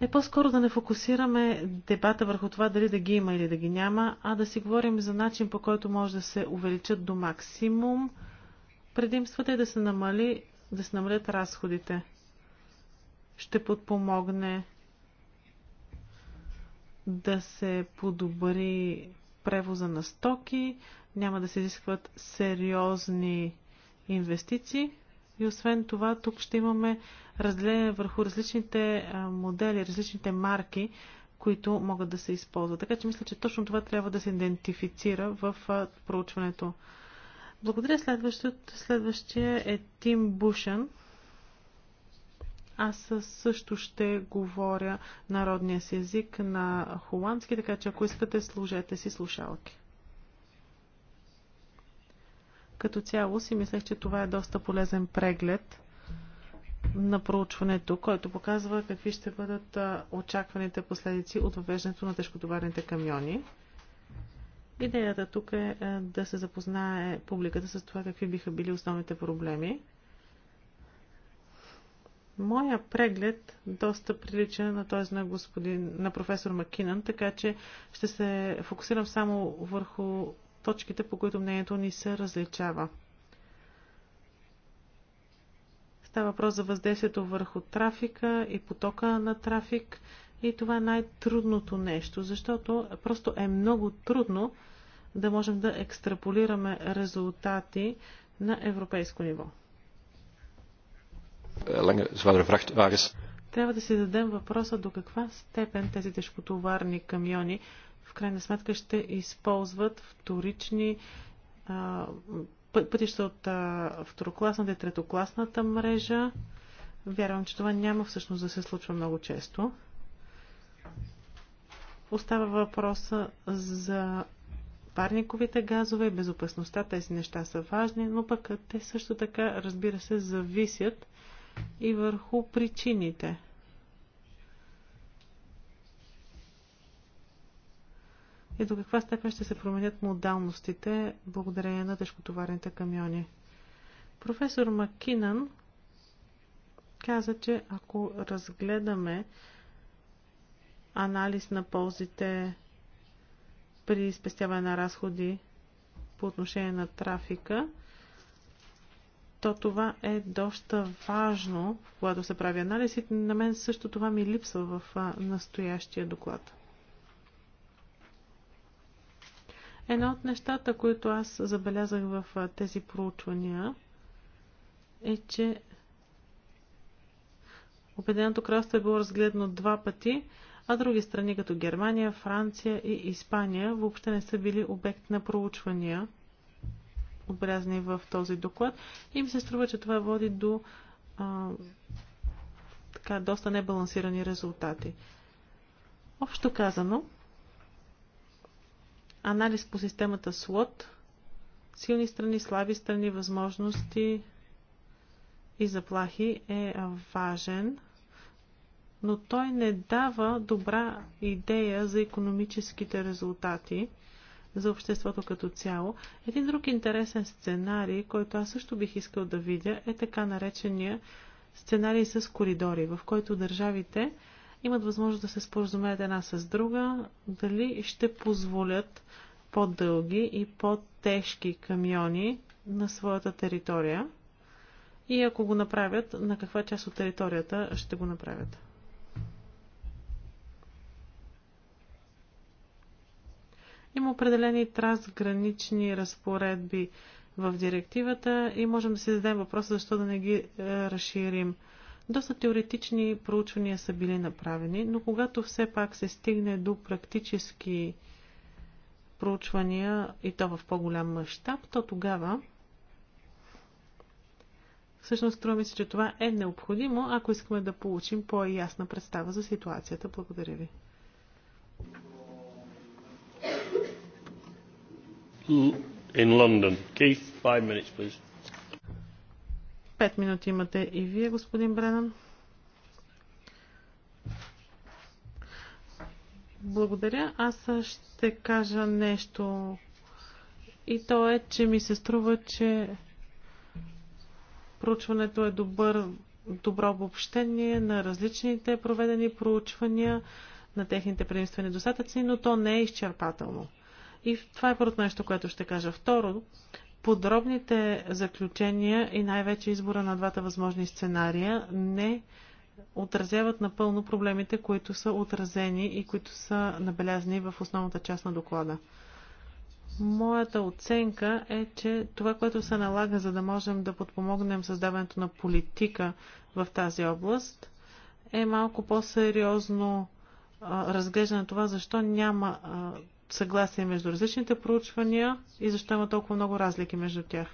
е по-скоро да не фокусираме дебата върху това дали да ги има или да ги няма, а да си говорим за начин по който може да се увеличат до максимум Предимствата е да се, намали, да се намалят разходите. Ще подпомогне да се подобри превоза на стоки, няма да се изискват сериозни инвестиции. И освен това, тук ще имаме разделение върху различните модели, различните марки, които могат да се използват. Така че мисля, че точно това трябва да се идентифицира в проучването. Благодаря. Следващия е Тим Бушен. Аз също ще говоря народния си език на холандски, така че ако искате, служете си слушалки. Като цяло си мислех, че това е доста полезен преглед на проучването, който показва какви ще бъдат очакваните последици от въвеждането на тежкотоварните камиони. Идеята тук е, е да се запознае публиката с това какви биха били основните проблеми. Моя преглед доста прилича на този на, господин, на професор Макинан, така че ще се фокусирам само върху точките, по които мнението ни се различава. Става въпрос за въздействието върху трафика и потока на трафик, и това е най-трудното нещо, защото просто е много трудно да можем да екстраполираме резултати на европейско ниво. Е, Трябва да си дадем въпроса до каква степен тези тежкотоварни камиони в крайна сметка ще използват вторични пътища от а, второкласната и третокласната мрежа. Вярвам, че това няма всъщност да се случва много често. Остава въпроса за парниковите газове и безопасността. Тези неща са важни, но пък те също така, разбира се, зависят и върху причините. И до каква степен ще се променят модалностите благодарение на тежкотоварните камиони. Професор Макинан каза, че ако разгледаме анализ на ползите при спестяване на разходи по отношение на трафика, то това е доста важно, когато се прави анализ и на мен също това ми липсва в настоящия доклад. Една от нещата, които аз забелязах в тези проучвания, е, че Обединеното кралство е било разгледано два пъти а други страни като Германия, Франция и Испания въобще не са били обект на проучвания, отбелязани в този доклад. И ми се струва, че това води до а, така, доста небалансирани резултати. Общо казано, анализ по системата SWOT, силни страни, слаби страни, възможности и заплахи е важен но той не дава добра идея за економическите резултати за обществото като цяло. Един друг интересен сценарий, който аз също бих искал да видя, е така наречения сценарий с коридори, в който държавите имат възможност да се споразумеят една с друга, дали ще позволят по-дълги и по-тежки камиони на своята територия и ако го направят, на каква част от територията ще го направят. Има определени трансгранични разпоредби в директивата и можем да си зададем въпроса защо да не ги е, разширим. Доста теоретични проучвания са били направени, но когато все пак се стигне до практически проучвания и то в по-голям мащаб, то тогава всъщност струва ми се, че това е необходимо, ако искаме да получим по-ясна представа за ситуацията. Благодаря ви. in London. Keith, five minutes, please. Пет минути имате и вие, господин Бренан. Благодаря. Аз ще кажа нещо. И то е, че ми се струва, че проучването е добър, добро обобщение на различните проведени проучвания, на техните предимства и недостатъци, но то не е изчерпателно. И това е първото нещо, което ще кажа. Второ, подробните заключения и най-вече избора на двата възможни сценария не отразяват напълно проблемите, които са отразени и които са набелязани в основната част на доклада. Моята оценка е, че това, което се налага, за да можем да подпомогнем създаването на политика в тази област, е малко по-сериозно разглеждане на това, защо няма а, съгласие между различните проучвания и защо има толкова много разлики между тях.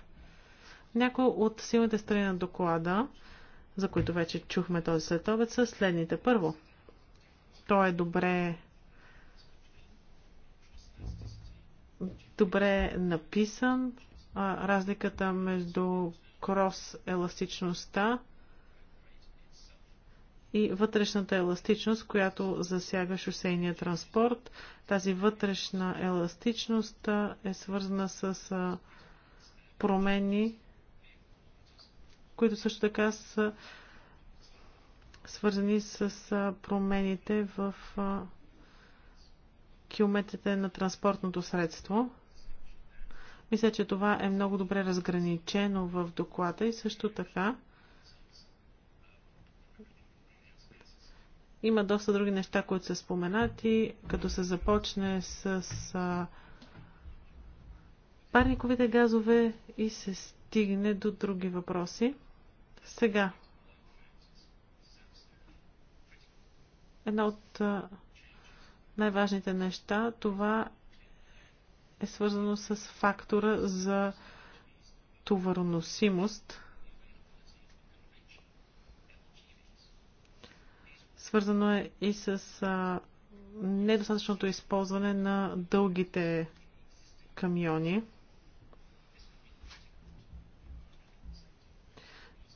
Някои от силните страни на доклада, за които вече чухме този световец са следните. Първо, то е добре добре написан. А, разликата между крос еластичността и вътрешната еластичност, която засяга шосейния транспорт. Тази вътрешна еластичност е свързана с промени, които също така са свързани с промените в километрите на транспортното средство. Мисля, че това е много добре разграничено в доклада и също така Има доста други неща, които са споменати, като се започне с а, парниковите газове и се стигне до други въпроси. Сега. Една от най-важните неща, това е свързано с фактора за товароносимост. Свързано е и с а, недостатъчното използване на дългите камиони.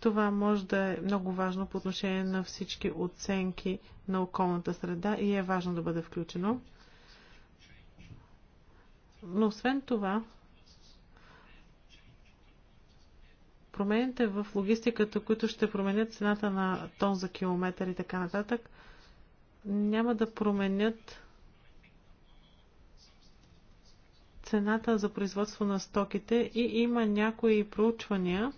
Това може да е много важно по отношение на всички оценки на околната среда и е важно да бъде включено. Но освен това, промените в логистиката, които ще променят цената на тон за километър и така нататък, няма да променят цената за производство на стоките и има някои проучвания,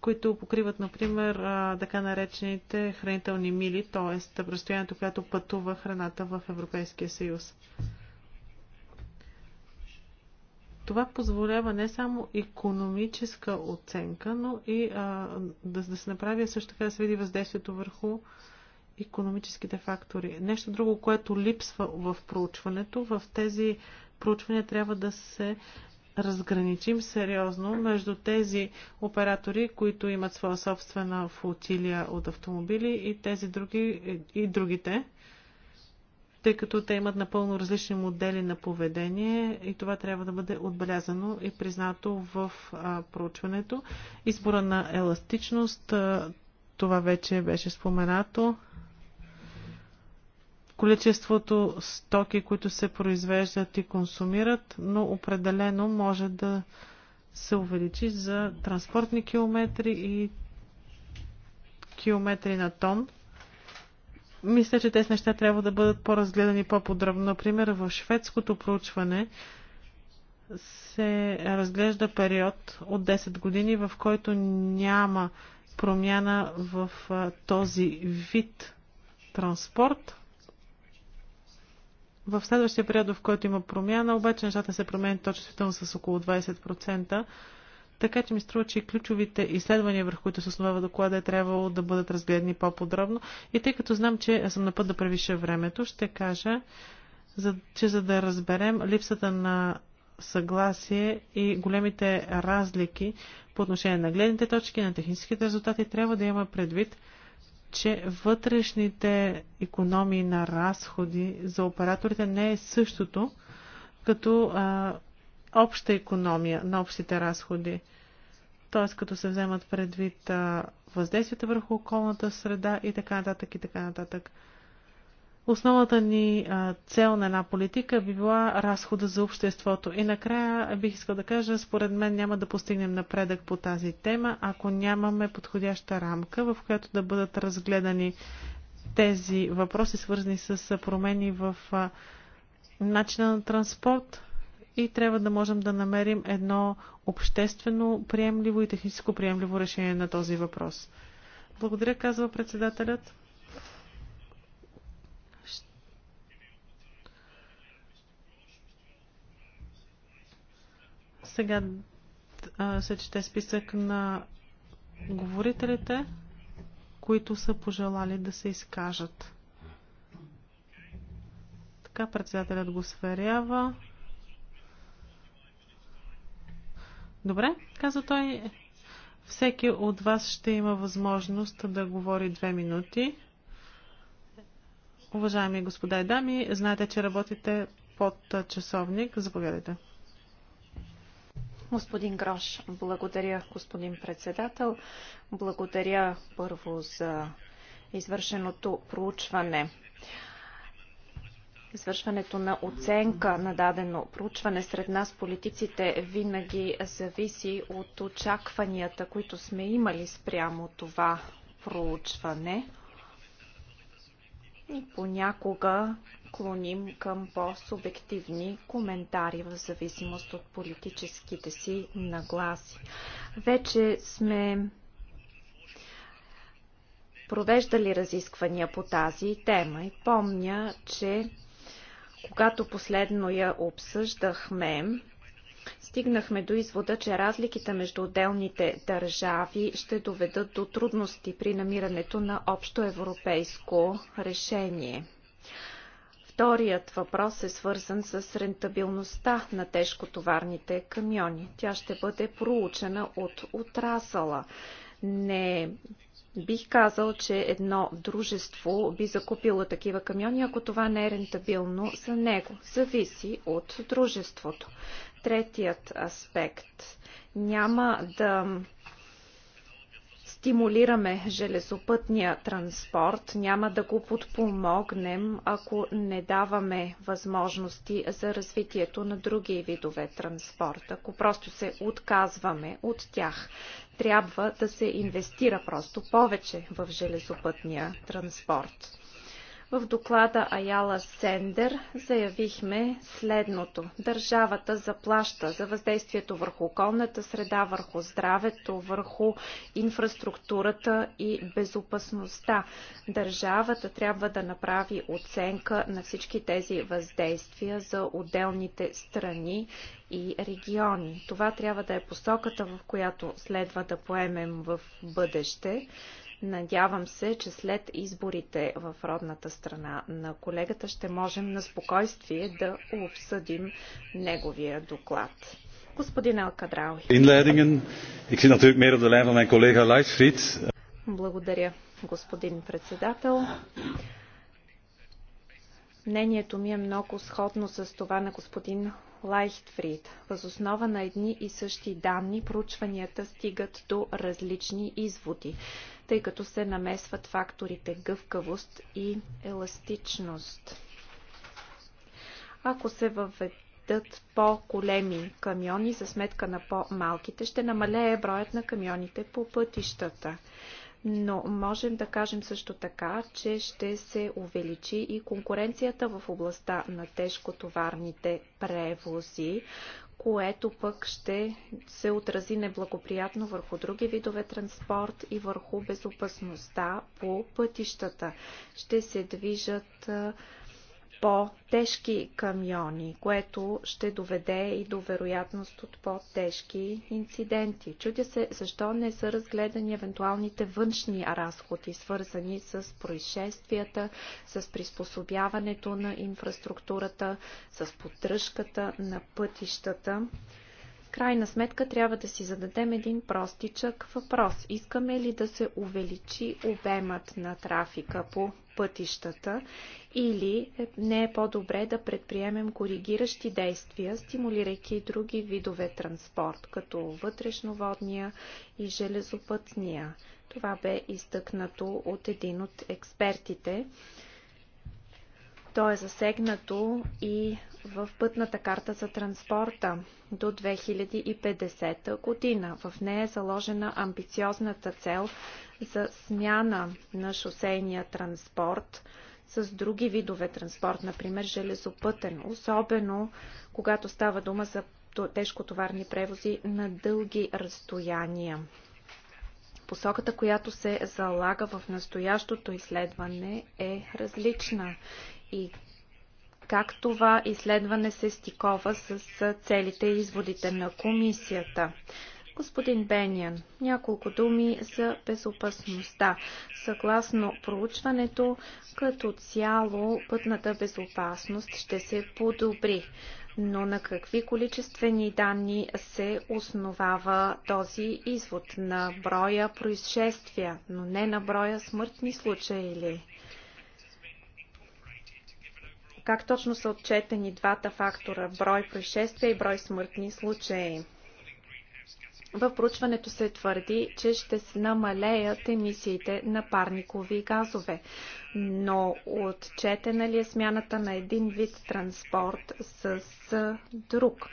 които покриват, например, така наречените хранителни мили, т.е. разстоянието, което пътува храната в Европейския съюз. Това позволява не само економическа оценка, но и а, да, да се направи също така да се види въздействието върху економическите фактори. Нещо друго, което липсва в проучването, в тези проучвания трябва да се разграничим сериозно между тези оператори, които имат своя собствена флотилия от автомобили и тези други и другите, тъй като те имат напълно различни модели на поведение и това трябва да бъде отбелязано и признато в а, проучването. Избора на еластичност, а, това вече беше споменато. Количеството стоки, които се произвеждат и консумират, но определено може да се увеличи за транспортни километри и километри на тон. Мисля, че тези неща трябва да бъдат по-разгледани по-подробно. Например, в шведското проучване се разглежда период от 10 години, в който няма промяна в този вид транспорт. В следващия период, в който има промяна, обаче нещата се променят точно с около 20%. Така че ми струва, че ключовите изследвания, върху които се основава доклада, е трябвало да бъдат разгледани по-подробно. И тъй като знам, че съм на път да превиша времето, ще кажа, че за да разберем липсата на съгласие и големите разлики по отношение на гледните точки, на техническите резултати, трябва да има предвид, че вътрешните економии на разходи за операторите не е същото като а, обща економия на общите разходи. Т.е. като се вземат предвид въздействията върху околната среда и така нататък и така нататък. Основната ни а, цел на една политика би била разхода за обществото. И накрая бих искал да кажа, според мен няма да постигнем напредък по тази тема, ако нямаме подходяща рамка, в която да бъдат разгледани тези въпроси, свързани с промени в а, начина на транспорт, и трябва да можем да намерим едно обществено приемливо и техническо приемливо решение на този въпрос. Благодаря, казва председателят. Сега се чете списък на говорителите, които са пожелали да се изкажат. Така председателят го сверява. Добре, каза той. Всеки от вас ще има възможност да говори две минути. Уважаеми господа и дами, знаете, че работите под часовник. Заповядайте. Господин Грош, благодаря, господин председател. Благодаря първо за извършеното проучване. Извършването на оценка на дадено проучване сред нас, политиците, винаги зависи от очакванията, които сме имали спрямо това проучване. И понякога клоним към по-субективни коментари в зависимост от политическите си нагласи. Вече сме провеждали разисквания по тази тема и помня, че когато последно я обсъждахме, стигнахме до извода, че разликите между отделните държави ще доведат до трудности при намирането на общо европейско решение. Вторият въпрос е свързан с рентабилността на тежкотоварните камиони. Тя ще бъде проучена от отрасала. Не Бих казал, че едно дружество би закупило такива камиони, ако това не е рентабилно за него. Зависи от дружеството. Третият аспект. Няма да стимулираме железопътния транспорт, няма да го подпомогнем, ако не даваме възможности за развитието на други видове транспорт, ако просто се отказваме от тях. Трябва да се инвестира просто повече в железопътния транспорт. В доклада Аяла Сендер заявихме следното. Държавата заплаща за въздействието върху околната среда, върху здравето, върху инфраструктурата и безопасността. Държавата трябва да направи оценка на всички тези въздействия за отделните страни и региони. Това трябва да е посоката, в която следва да поемем в бъдеще. Надявам се, че след изборите в родната страна на колегата ще можем на спокойствие да обсъдим неговия доклад. Господин Алкадрауи. Ik zit natuurlijk meer op de lijn van mijn collega Leitfried. Благодаря, господин председател. Мнението ми е много сходно с това на господин Лайхтфрид. основа на едни и същи данни проучванията стигат до различни изводи, тъй като се намесват факторите гъвкавост и еластичност. Ако се въведе въведат по-големи камиони за сметка на по-малките, ще намалее броят на камионите по пътищата но можем да кажем също така, че ще се увеличи и конкуренцията в областта на тежкотоварните превози, което пък ще се отрази неблагоприятно върху други видове транспорт и върху безопасността по пътищата. Ще се движат по-тежки камиони, което ще доведе и до вероятност от по-тежки инциденти. Чудя се защо не са разгледани евентуалните външни разходи, свързани с происшествията, с приспособяването на инфраструктурата, с поддръжката на пътищата крайна сметка трябва да си зададем един простичък въпрос. Искаме ли да се увеличи обемът на трафика по пътищата или не е по-добре да предприемем коригиращи действия, стимулирайки други видове транспорт, като вътрешноводния и железопътния. Това бе изтъкнато от един от експертите. То е засегнато и в пътната карта за транспорта до 2050 година. В нея е заложена амбициозната цел за смяна на шосейния транспорт с други видове транспорт, например железопътен, особено когато става дума за тежкотоварни превози на дълги разстояния. Посоката, която се залага в настоящото изследване е различна и как това изследване се стикова с целите и изводите на комисията. Господин Бениан, няколко думи за безопасността. Съгласно проучването, като цяло пътната безопасност ще се подобри. Но на какви количествени данни се основава този извод? На броя происшествия, но не на броя смъртни случаи ли? Как точно са отчетени двата фактора брой происшествия и брой смъртни случаи? В проучването се твърди, че ще се намалеят емисиите на парникови газове. Но отчетена ли е смяната на един вид транспорт с друг?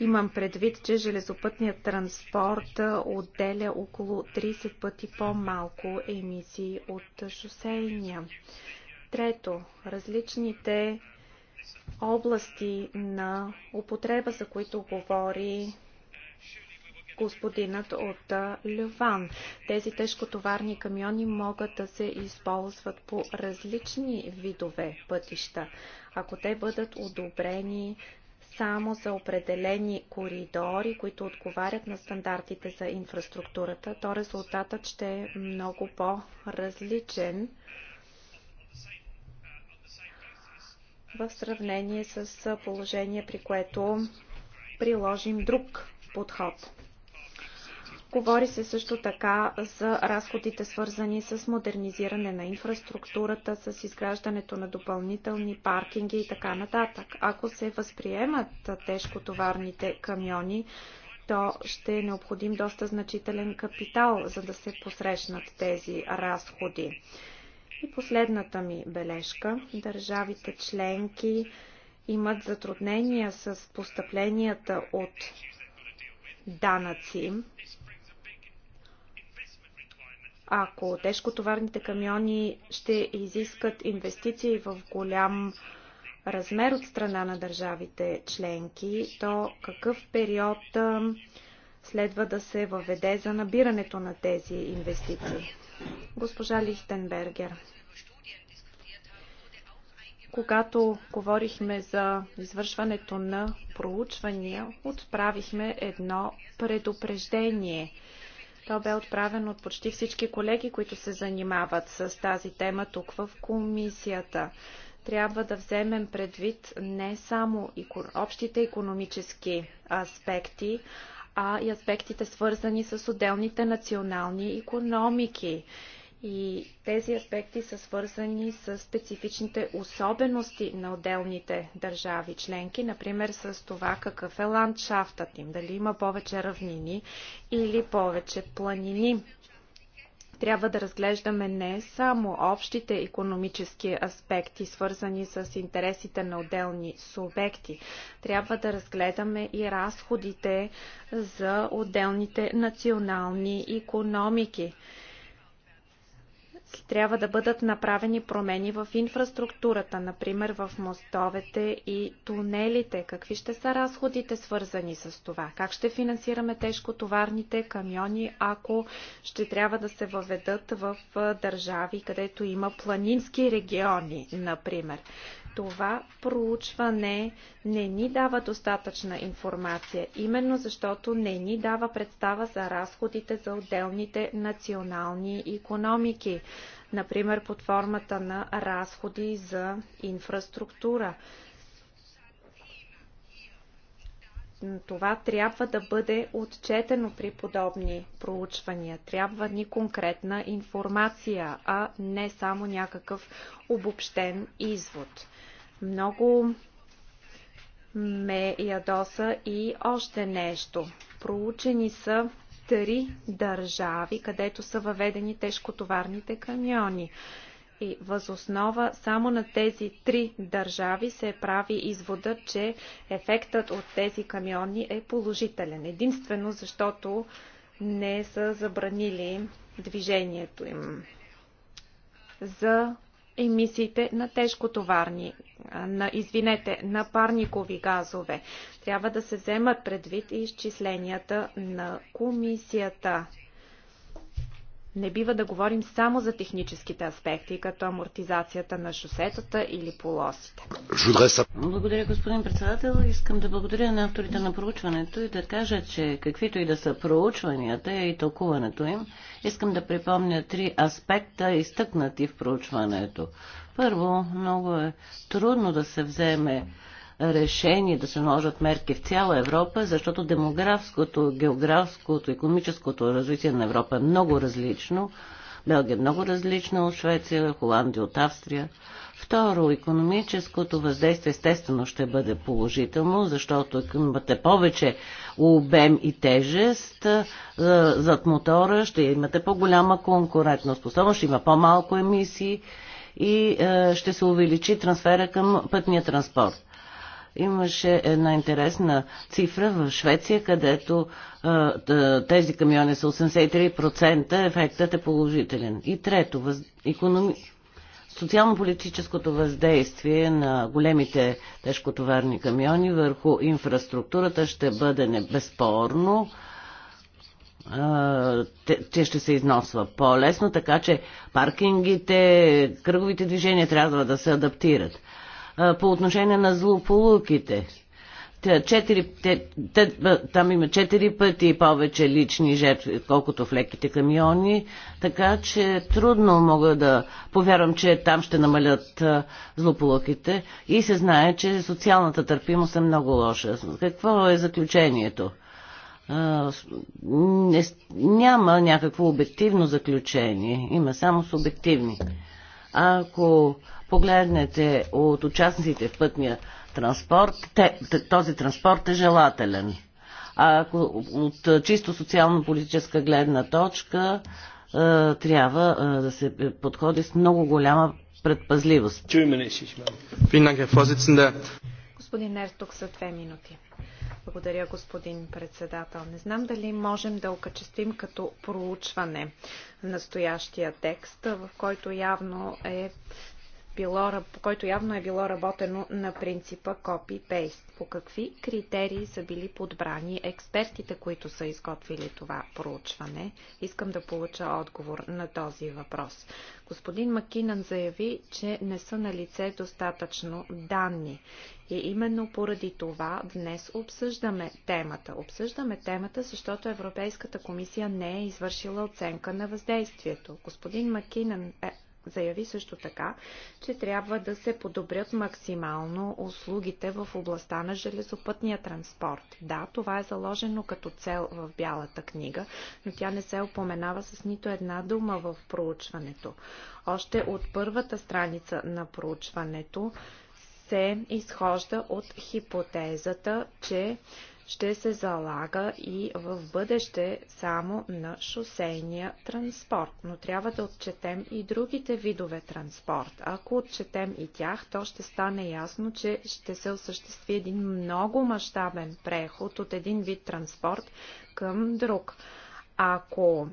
Имам предвид, че железопътният транспорт отделя около 30 пъти по-малко емисии от шосейния. Трето, различните области на употреба, за които говори господинът от Леван. Тези тежкотоварни камиони могат да се използват по различни видове пътища. Ако те бъдат одобрени само за определени коридори, които отговарят на стандартите за инфраструктурата, то резултатът ще е много по-различен в сравнение с положение, при което приложим друг подход. Говори се също така за разходите свързани с модернизиране на инфраструктурата, с изграждането на допълнителни паркинги и така нататък. Ако се възприемат тежкотоварните камиони, то ще е необходим доста значителен капитал, за да се посрещнат тези разходи. И последната ми бележка. Държавите членки имат затруднения с постъпленията от данъци. Ако тежкотоварните камиони ще изискат инвестиции в голям размер от страна на държавите членки, то какъв период следва да се въведе за набирането на тези инвестиции? Госпожа Лихтенбергер, когато говорихме за извършването на проучвания, отправихме едно предупреждение. То бе отправено от почти всички колеги, които се занимават с тази тема тук в комисията. Трябва да вземем предвид не само общите економически аспекти, а и аспектите свързани с отделните национални економики. И тези аспекти са свързани с специфичните особености на отделните държави членки, например с това какъв е ландшафтът им, дали има повече равнини или повече планини трябва да разглеждаме не само общите економически аспекти, свързани с интересите на отделни субекти. Трябва да разгледаме и разходите за отделните национални економики трябва да бъдат направени промени в инфраструктурата, например в мостовете и тунелите. Какви ще са разходите свързани с това? Как ще финансираме тежкотоварните камиони, ако ще трябва да се въведат в държави, където има планински региони, например? това проучване не ни дава достатъчна информация, именно защото не ни дава представа за разходите за отделните национални економики, например под формата на разходи за инфраструктура. Това трябва да бъде отчетено при подобни проучвания. Трябва ни конкретна информация, а не само някакъв обобщен извод. Много ме ядоса и още нещо. Проучени са три държави, където са въведени тежкотоварните камиони. И възоснова само на тези три държави се прави извода, че ефектът от тези камиони е положителен. Единствено защото не са забранили движението им. За емисиите на тежкотоварни, на, извинете, на парникови газове. Трябва да се вземат предвид и изчисленията на комисията. Не бива да говорим само за техническите аспекти, като амортизацията на шосетата или полосите. Благодаря, господин председател. Искам да благодаря на авторите на проучването и да кажа, че каквито и да са проучванията и тълкуването им, искам да припомня три аспекта, изтъкнати в проучването. Първо, много е трудно да се вземе решени да се наложат мерки в цяла Европа, защото демографското, географското, економическото развитие на Европа е много различно. Белгия е много различна от Швеция, Холандия от Австрия. Второ, економическото въздействие естествено ще бъде положително, защото имате повече обем и тежест зад мотора, ще имате по-голяма конкурентна способност, ще има по-малко емисии и ще се увеличи трансфера към пътния транспорт. Имаше една интересна цифра в Швеция, където тези камиони са 83%, ефектът е положителен. И трето, въз... економи... социално-политическото въздействие на големите тежкотоварни камиони върху инфраструктурата ще бъде безспорно те ще се износва по-лесно, така че паркингите, кръговите движения трябва да се адаптират по отношение на злополуките. Те, четири, те, те, там има четири пъти повече лични жертви, колкото в леките камиони, така че трудно мога да повярвам, че там ще намалят злополуките и се знае, че социалната търпимост е много лоша. Какво е заключението? не, няма някакво обективно заключение, има само субективни. Ако погледнете от участниците в пътния транспорт, те, този транспорт е желателен. А ако от чисто социално-политическа гледна точка е, трябва е, да се подходи с много голяма предпазливост. Господин тук са две минути. Благодаря, господин председател. Не знам дали можем да окачествим като проучване настоящия текст, в който явно е било, по който явно е било работено на принципа copy-paste. По какви критерии са били подбрани експертите, които са изготвили това проучване? Искам да получа отговор на този въпрос. Господин Макинан заяви, че не са на лице достатъчно данни. И именно поради това днес обсъждаме темата. Обсъждаме темата, защото Европейската комисия не е извършила оценка на въздействието. Господин Макинан е Заяви също така, че трябва да се подобрят максимално услугите в областта на железопътния транспорт. Да, това е заложено като цел в Бялата книга, но тя не се опоменава с нито една дума в проучването. Още от първата страница на проучването се изхожда от хипотезата, че ще се залага и в бъдеще само на шосейния транспорт. Но трябва да отчетем и другите видове транспорт. Ако отчетем и тях, то ще стане ясно, че ще се осъществи един много мащабен преход от един вид транспорт към друг. Ако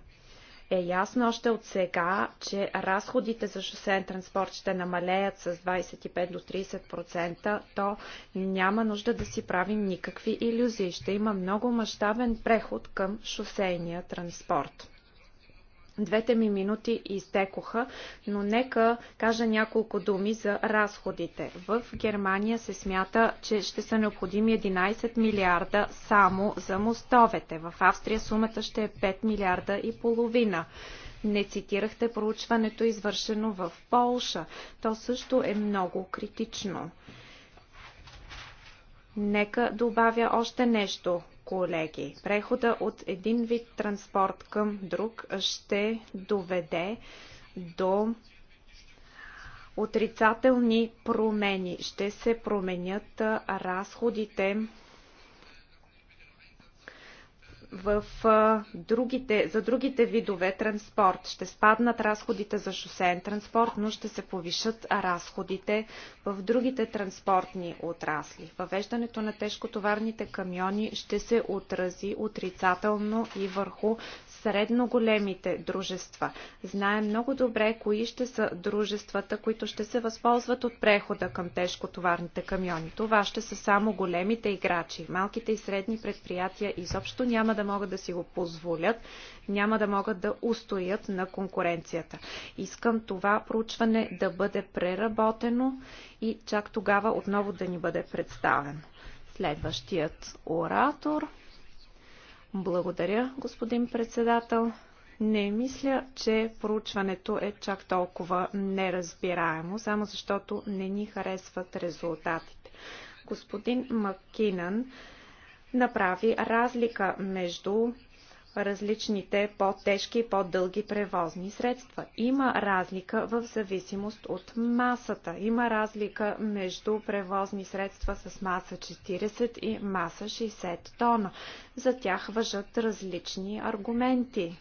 е ясно още от сега, че разходите за шосеен транспорт ще намалеят с 25 до 30%, то няма нужда да си правим никакви иллюзии. Ще има много мащабен преход към шосейния транспорт. Двете ми минути изтекоха, но нека кажа няколко думи за разходите. В Германия се смята, че ще са необходими 11 милиарда само за мостовете. В Австрия сумата ще е 5 милиарда и половина. Не цитирахте проучването, извършено в Полша. То също е много критично. Нека добавя още нещо колеги. Прехода от един вид транспорт към друг ще доведе до отрицателни промени. Ще се променят разходите в другите, за другите видове транспорт. Ще спаднат разходите за шосеен транспорт, но ще се повишат разходите в другите транспортни отрасли. Въвеждането на тежкотоварните камиони ще се отрази отрицателно и върху средно големите дружества. Знаем много добре кои ще са дружествата, които ще се възползват от прехода към тежкотоварните камиони. Това ще са само големите играчи. Малките и средни предприятия изобщо няма да могат да си го позволят, няма да могат да устоят на конкуренцията. Искам това проучване да бъде преработено и чак тогава отново да ни бъде представено. Следващият оратор благодаря, господин председател. Не мисля, че проучването е чак толкова неразбираемо, само защото не ни харесват резултатите. Господин Маккинан направи разлика между различните по-тежки и по-дълги превозни средства. Има разлика в зависимост от масата. Има разлика между превозни средства с маса 40 и маса 60 тона. За тях въжат различни аргументи.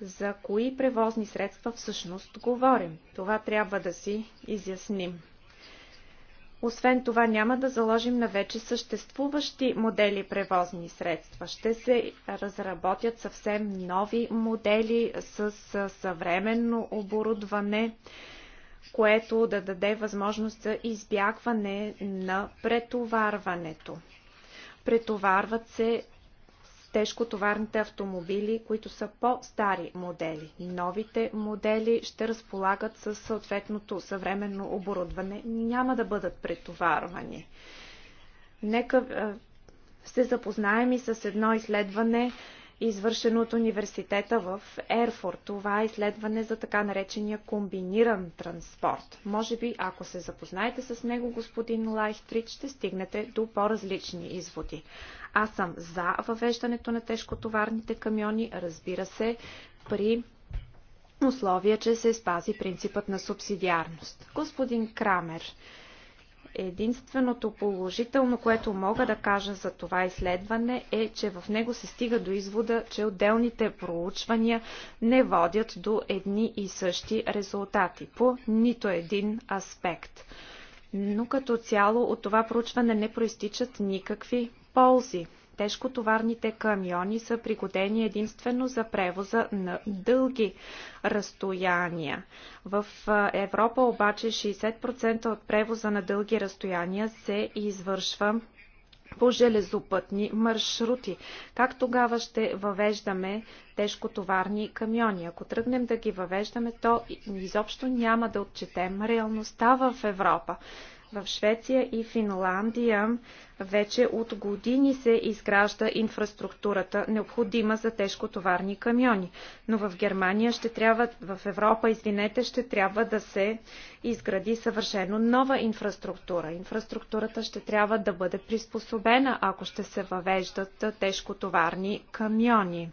За кои превозни средства всъщност говорим? Това трябва да си изясним. Освен това няма да заложим на вече съществуващи модели превозни средства. Ще се разработят съвсем нови модели с съвременно оборудване, което да даде възможност за избягване на претоварването. Претоварват се тежкотоварните автомобили, които са по-стари модели. Новите модели ще разполагат с съответното съвременно оборудване, няма да бъдат претоварвани. Нека е, се запознаем и с едно изследване извършено от университета в Ерфорд. Това е изследване за така наречения комбиниран транспорт. Може би, ако се запознаете с него, господин Лайхтрид, ще стигнете до по-различни изводи. Аз съм за въвеждането на тежкотоварните камиони, разбира се, при условия, че се спази принципът на субсидиарност. Господин Крамер, Единственото положително, което мога да кажа за това изследване е, че в него се стига до извода, че отделните проучвания не водят до едни и същи резултати по нито един аспект. Но като цяло от това проучване не проистичат никакви ползи. Тежкотоварните камиони са пригодени единствено за превоза на дълги разстояния. В Европа обаче 60% от превоза на дълги разстояния се извършва по железопътни маршрути. Как тогава ще въвеждаме тежкотоварни камиони? Ако тръгнем да ги въвеждаме, то изобщо няма да отчетем реалността в Европа. В Швеция и Финландия вече от години се изгражда инфраструктурата, необходима за тежкотоварни камиони. Но в Германия ще трябва, в Европа, извинете, ще трябва да се изгради съвършено нова инфраструктура. Инфраструктурата ще трябва да бъде приспособена, ако ще се въвеждат тежкотоварни камиони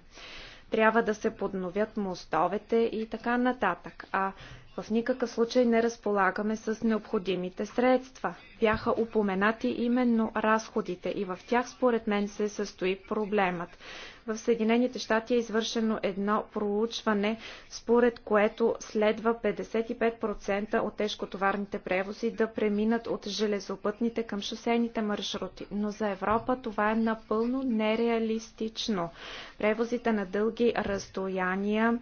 трябва да се подновят мостовете и така нататък. А в никакъв случай не разполагаме с необходимите средства. Бяха упоменати именно разходите и в тях според мен се състои проблемът. В Съединените щати е извършено едно проучване, според което следва 55% от тежкотоварните превози да преминат от железопътните към шосейните маршрути. Но за Европа това е напълно нереалистично. Превозите на дълги разстояния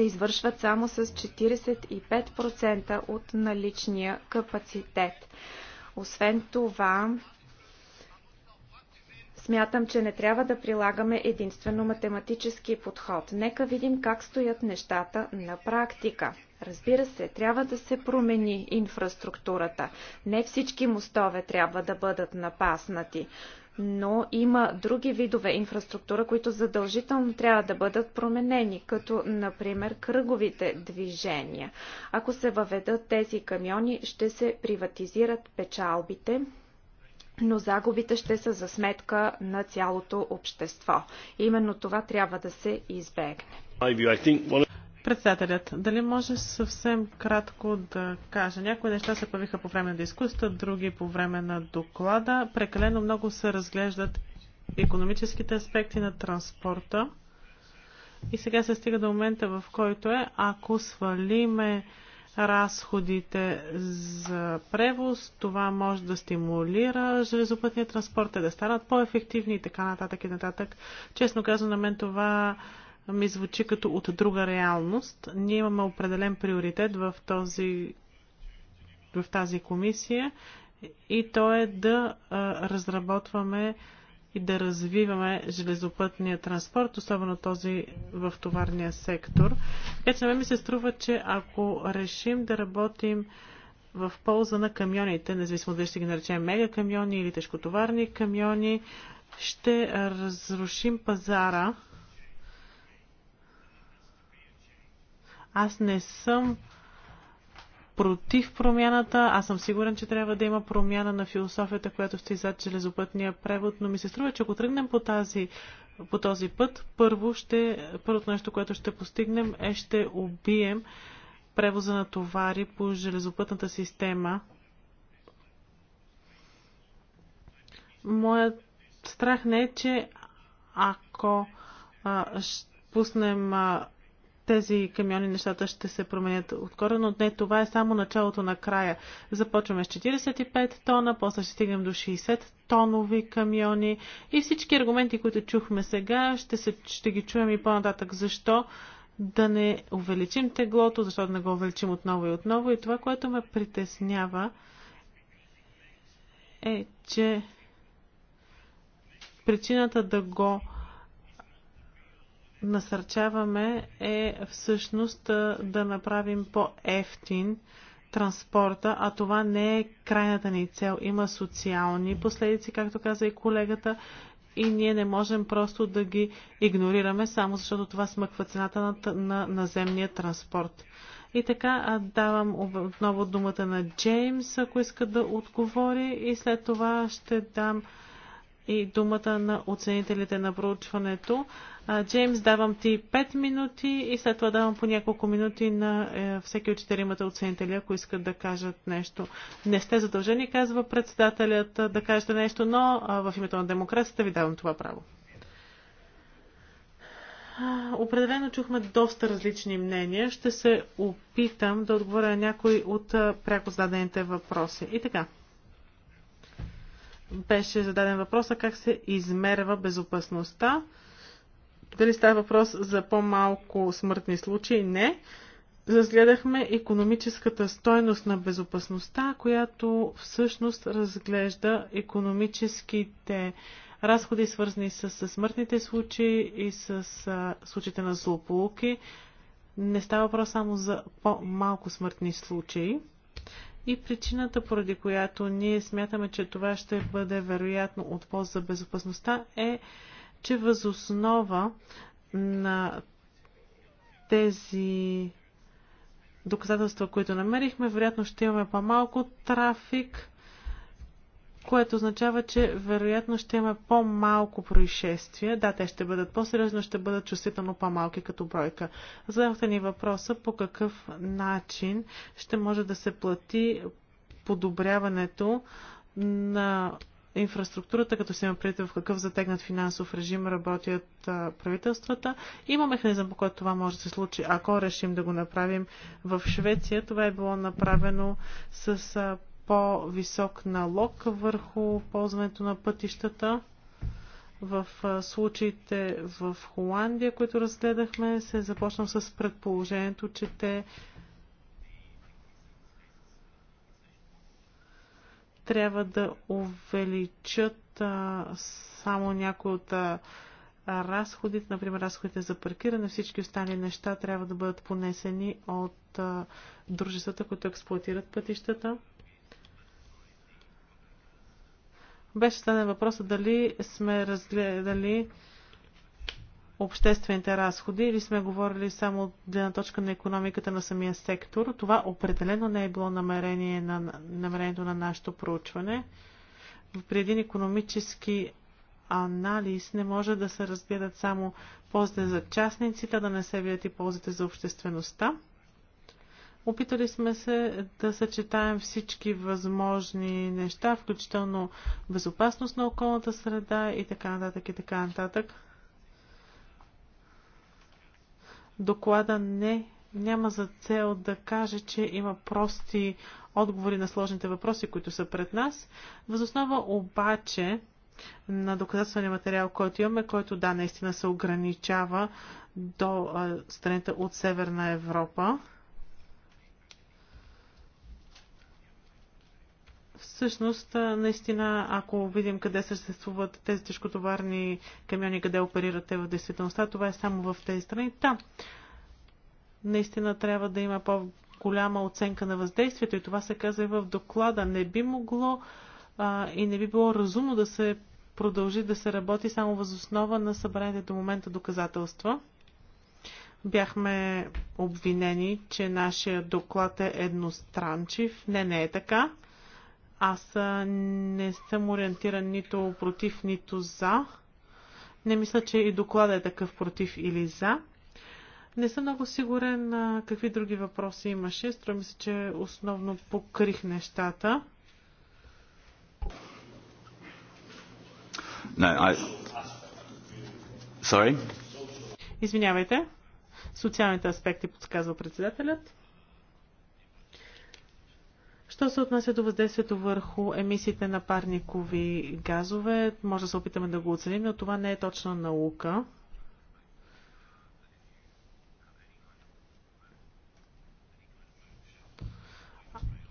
се извършват само с 45% от наличния капацитет. Освен това, смятам, че не трябва да прилагаме единствено математически подход. Нека видим как стоят нещата на практика. Разбира се, трябва да се промени инфраструктурата. Не всички мостове трябва да бъдат напаснати, но има други видове инфраструктура, които задължително трябва да бъдат променени, като например кръговите движения. Ако се въведат тези камиони, ще се приватизират печалбите, но загубите ще са за сметка на цялото общество. Именно това трябва да се избегне. Председателят, дали може съвсем кратко да кажа? Някои неща се появиха по време на дискусията, други по време на доклада. Прекалено много се разглеждат економическите аспекти на транспорта. И сега се стига до момента, в който е, ако свалиме разходите за превоз, това може да стимулира железопътния транспорт, да станат по-ефективни и така нататък и нататък. Честно казвам, на мен това ми звучи като от друга реалност. Ние имаме определен приоритет в, този, в тази комисия и то е да разработваме и да развиваме железопътния транспорт, особено този в товарния сектор. Така че на мен ми се струва, че ако решим да работим в полза на камионите, независимо дали ще ги наречем мега камиони или тежкотоварни камиони, ще разрушим пазара Аз не съм против промяната. Аз съм сигурен, че трябва да има промяна на философията, която ще зад железопътния превод, но ми се струва, че ако тръгнем по, тази, по този път, първо ще, първото нещо, което ще постигнем е ще убием превоза на товари по железопътната система. Моят страх не е, че ако а, пуснем а, тези камиони нещата ще се променят от корено. Не, това е само началото на края. Започваме с 45 тона, после ще стигнем до 60 тонови камиони и всички аргументи, които чухме сега, ще, се, ще ги чуем и по-нататък. Защо? да не увеличим теглото, защото да не го увеличим отново и отново. И това, което ме притеснява, е, че причината да го насърчаваме е всъщност да направим по-ефтин транспорта, а това не е крайната ни цел. Има социални последици, както каза и колегата, и ние не можем просто да ги игнорираме, само защото това смъква цената на, на наземния транспорт. И така давам отново думата на Джеймс, ако иска да отговори и след това ще дам и думата на оценителите на проучването. Джеймс, давам ти 5 минути и след това давам по няколко минути на е, всеки от четиримата оценители, ако искат да кажат нещо. Не сте задължени, казва председателят, да кажете нещо, но в името на демокрацията ви давам това право. Определено чухме доста различни мнения. Ще се опитам да отговоря на някои от пряко зададените въпроси. И така. Беше зададен въпроса как се измерва безопасността. Дали става въпрос за по-малко смъртни случаи? Не. Разгледахме економическата стойност на безопасността, която всъщност разглежда економическите разходи, свързани с, смъртните случаи и с а, случаите на злополуки. Не става въпрос само за по-малко смъртни случаи. И причината, поради която ние смятаме, че това ще бъде вероятно от полза за безопасността, е че възоснова на тези доказателства, които намерихме, вероятно ще имаме по-малко трафик, което означава, че вероятно ще имаме по-малко происшествия. Да, те ще бъдат по-сериозни, ще бъдат чувствително по-малки като бройка. Задавахте ни въпроса по какъв начин ще може да се плати подобряването на инфраструктурата, като се има предвид в какъв затегнат финансов режим работят правителствата. Има механизъм, по който това може да се случи, ако решим да го направим в Швеция. Това е било направено с по-висок налог върху ползването на пътищата. В случаите в Холандия, които разгледахме, се започна с предположението, че те трябва да увеличат а, само някои от а, разходите, например разходите за паркиране, всички останали неща трябва да бъдат понесени от а, дружествата, които експлуатират пътищата. Беше станен въпроса дали сме разгледали обществените разходи или сме говорили само от гледна точка на економиката на самия сектор. Това определено не е било намерение на, намерението на нашето проучване. При един економически анализ не може да се разгледат само ползите за частниците, да не се видят и ползите за обществеността. Опитали сме се да съчетаем всички възможни неща, включително безопасност на околната среда и така нататък и така нататък. Доклада не няма за цел да каже, че има прости отговори на сложните въпроси, които са пред нас. Възоснова обаче на доказателния материал, който имаме, който да, наистина се ограничава до страните от Северна Европа. Всъщност, наистина, ако видим къде съществуват тези тежкотоварни камиони, къде оперират те в действителността, това е само в тези страни. Там наистина трябва да има по-голяма оценка на въздействието и това се казва и в доклада. Не би могло а, и не би било разумно да се продължи да се работи само възоснова на събраните до момента доказателства. Бяхме обвинени, че нашия доклад е едностранчив. Не, не е така. Аз не съм ориентиран нито против, нито за. Не мисля, че и доклада е такъв против или за. Не съм много сигурен на какви други въпроси имаше. Струва ми се, че основно покрих нещата. No, I... Sorry? Извинявайте. Социалните аспекти подсказва председателят. Що се отнася до въздействието върху емисиите на парникови газове, може да се опитаме да го оценим, но това не е точна наука.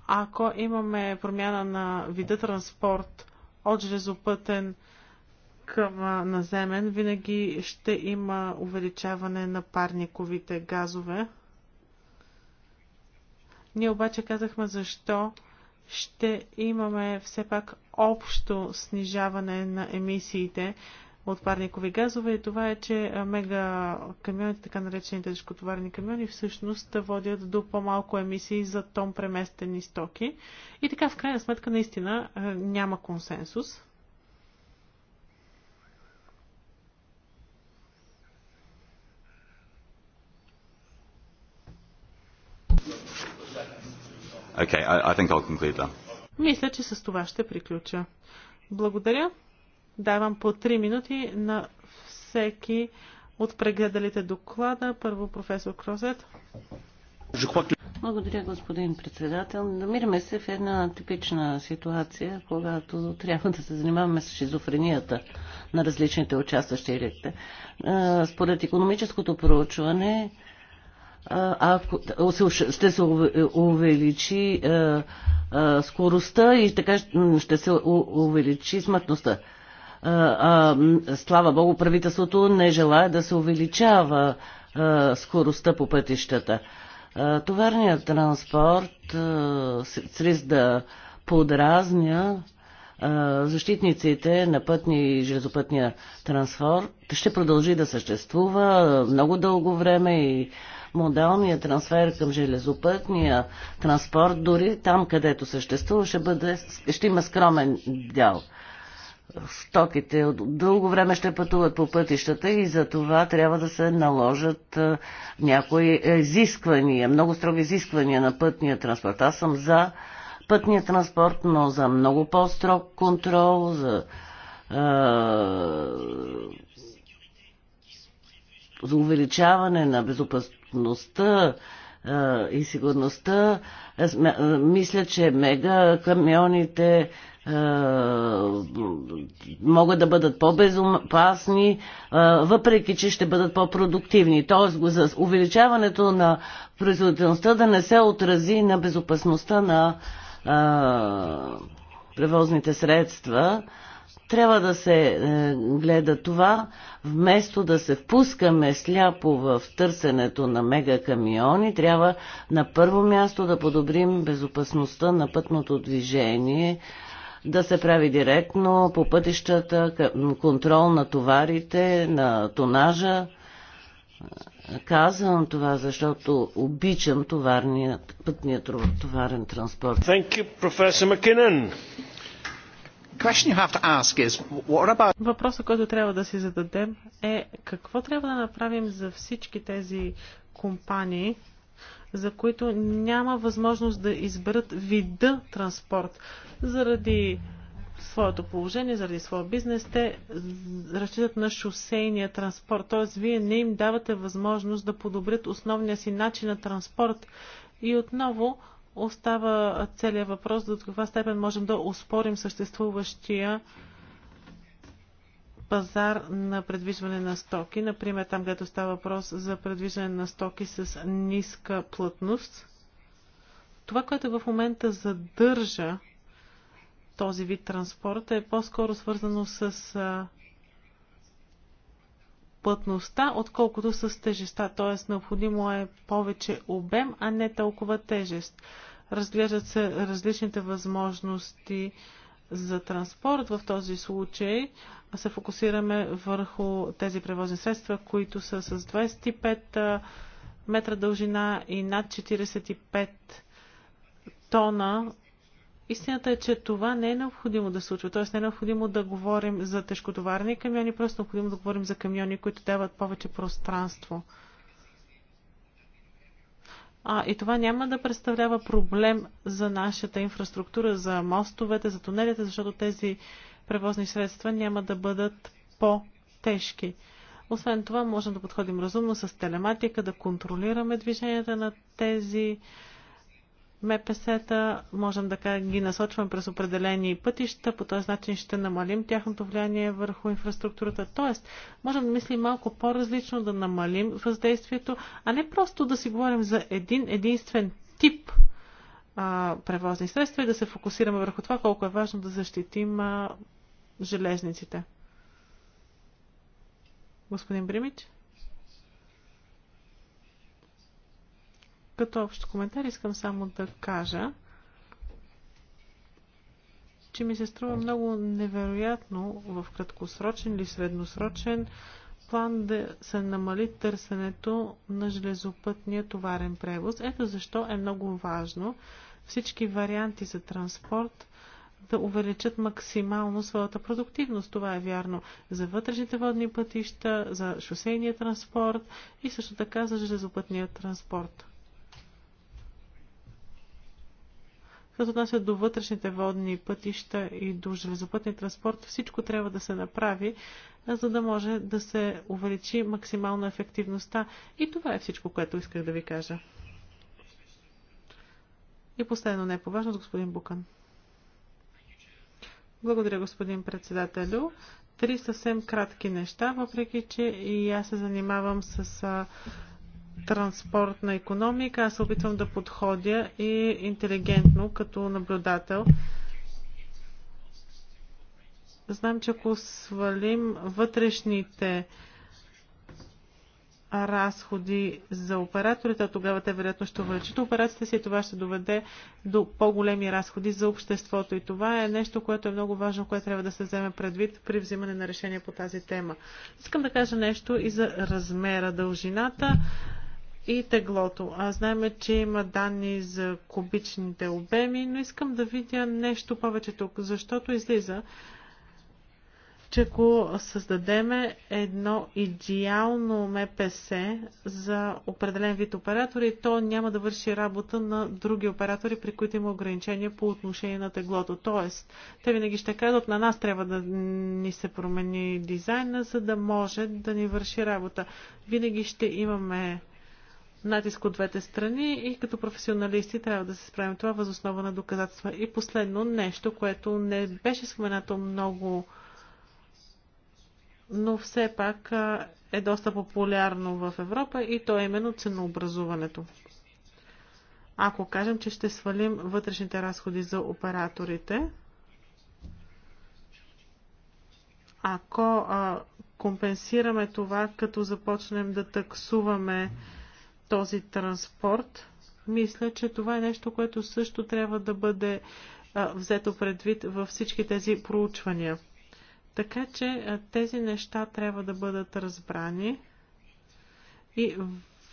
Ако имаме промяна на вида транспорт от железопътен към наземен, винаги ще има увеличаване на парниковите газове. Ние обаче казахме защо ще имаме все пак общо снижаване на емисиите от парникови газове и това е, че мега камионите, така наречените тежкотоварни камиони, всъщност водят до по-малко емисии за тон преместени стоки. И така, в крайна сметка, наистина няма консенсус. Okay, I, I think I'll conclude that. Мисля, че с това ще приключа. Благодаря. Давам по 3 минути на всеки от прегледалите доклада. Първо професор Крозет. Благодаря, господин председател. Намираме се в една типична ситуация, когато трябва да се занимаваме с шизофренията на различните участващи елите. Според економическото проучване, ако ще се увеличи скоростта и така ще се увеличи смъртността. Слава Богу, правителството не желая да се увеличава скоростта по пътищата. Товарният транспорт срез да подразня защитниците на пътни и железопътния транспорт ще продължи да съществува много дълго време и модалния трансфер към железопътния транспорт, дори там, където съществува, ще, бъде, ще има скромен дял стоките от дълго време ще пътуват по пътищата и за това трябва да се наложат някои изисквания, много строги изисквания на пътния транспорт. Аз съм за пътния транспорт, но за много по-строг контрол, за, е, за увеличаване на безопасност, безопасността и сигурността, мисля, че мега камионите могат да бъдат по-безопасни, въпреки че ще бъдат по-продуктивни. Тоест, за увеличаването на производителността да не се отрази на безопасността на превозните средства. Трябва да се е, гледа това, вместо да се впускаме сляпо в търсенето на мегакамиони, трябва на първо място да подобрим безопасността на пътното движение, да се прави директно по пътищата, контрол на товарите, на тонажа. Казвам това, защото обичам товарния, пътния товарен транспорт. Thank you, Въпросът, който трябва да си зададем е какво трябва да направим за всички тези компании, за които няма възможност да изберат вида транспорт. Заради своето положение, заради своя бизнес, те разчитат на шосейния транспорт. Т.е. вие не им давате възможност да подобрят основния си начин на транспорт. И отново остава целият въпрос до каква степен можем да успорим съществуващия пазар на предвижване на стоки. Например, там, където става въпрос за предвижване на стоки с ниска плътност. Това, което в момента задържа този вид транспорт е по-скоро свързано с плътността, отколкото с тежестта. Т.е. необходимо е повече обем, а не толкова тежест. Разглеждат се различните възможности за транспорт. В този случай се фокусираме върху тези превозни средства, които са с 25 метра дължина и над 45 тона. Истината е, че това не е необходимо да случва. Тоест не е необходимо да говорим за тежкотоварни камиони, просто е необходимо да говорим за камиони, които дават повече пространство. А, и това няма да представлява проблем за нашата инфраструктура, за мостовете, за тунелите, защото тези превозни средства няма да бъдат по-тежки. Освен това, можем да подходим разумно с телематика, да контролираме движенията на тези МПС-та, можем да ги насочваме през определени пътища, по този начин ще намалим тяхното влияние върху инфраструктурата. Тоест, можем да мислим малко по-различно, да намалим въздействието, а не просто да си говорим за един единствен тип а, превозни средства и да се фокусираме върху това колко е важно да защитим а, железниците. Господин Бримич? Като общ коментар искам само да кажа, че ми се струва много невероятно в краткосрочен или средносрочен план да се намали търсенето на железопътния товарен превоз. Ето защо е много важно всички варианти за транспорт да увеличат максимално своята продуктивност. Това е вярно за вътрешните водни пътища, за шосейния транспорт и също така за железопътния транспорт. Що се отнася до вътрешните водни пътища и до железопътния транспорт, всичко трябва да се направи, за да може да се увеличи максимално ефективността. И това е всичко, което исках да ви кажа. И последно не е по-важно, господин Букан. Благодаря, господин председателю. Три съвсем кратки неща, въпреки че и аз се занимавам с транспортна економика, аз се опитвам да подходя и интелигентно като наблюдател. Знам, че ако свалим вътрешните разходи за операторите, тогава те вероятно ще увеличат операциите си и това ще доведе до по-големи разходи за обществото. И това е нещо, което е много важно, което трябва да се вземе предвид при взимане на решение по тази тема. Искам да кажа нещо и за размера, дължината и теглото. А знаем, че има данни за кубичните обеми, но искам да видя нещо повече тук, защото излиза, че ако създадеме едно идеално МПС за определен вид оператори, то няма да върши работа на други оператори, при които има ограничения по отношение на теглото. Тоест, те винаги ще казват, на нас трябва да ни се промени дизайна, за да може да ни върши работа. Винаги ще имаме натиск от двете страни и като професионалисти трябва да се справим това възоснова на доказателства. И последно нещо, което не беше споменато много, но все пак е доста популярно в Европа и то е именно ценообразуването. Ако кажем, че ще свалим вътрешните разходи за операторите, ако а, компенсираме това, като започнем да таксуваме този транспорт. Мисля, че това е нещо, което също трябва да бъде а, взето предвид във всички тези проучвания. Така че а, тези неща трябва да бъдат разбрани и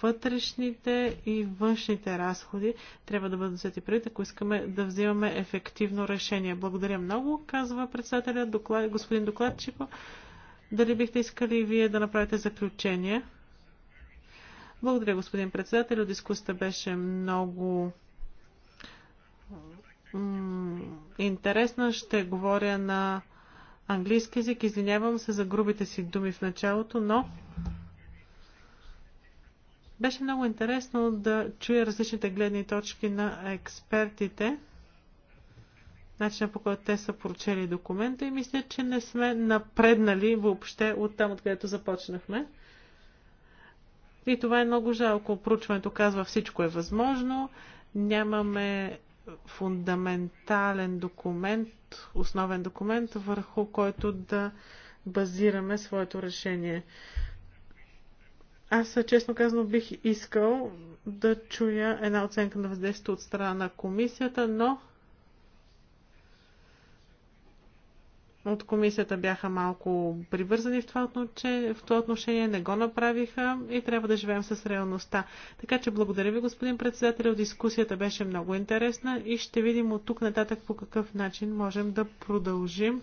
вътрешните и външните разходи трябва да бъдат взети предвид, ако искаме да взимаме ефективно решение. Благодаря много, казва председателя доклад, господин Докладчиков, Дали бихте искали вие да направите заключение? Благодаря, господин председател. Дискусията беше много интересна. Ще говоря на английски язик. Извинявам се за грубите си думи в началото, но беше много интересно да чуя различните гледни точки на експертите, начина по който те са прочели документа и мисля, че не сме напреднали въобще от там, откъдето започнахме. И това е много жалко. Проучването казва всичко е възможно. Нямаме фундаментален документ, основен документ, върху който да базираме своето решение. Аз, честно казано, бих искал да чуя една оценка на въздействието от страна на комисията, но от комисията бяха малко привързани в това, в това отношение, не го направиха и трябва да живеем с реалността. Така че благодаря ви, господин председател. Дискусията беше много интересна и ще видим от тук нататък по какъв начин можем да продължим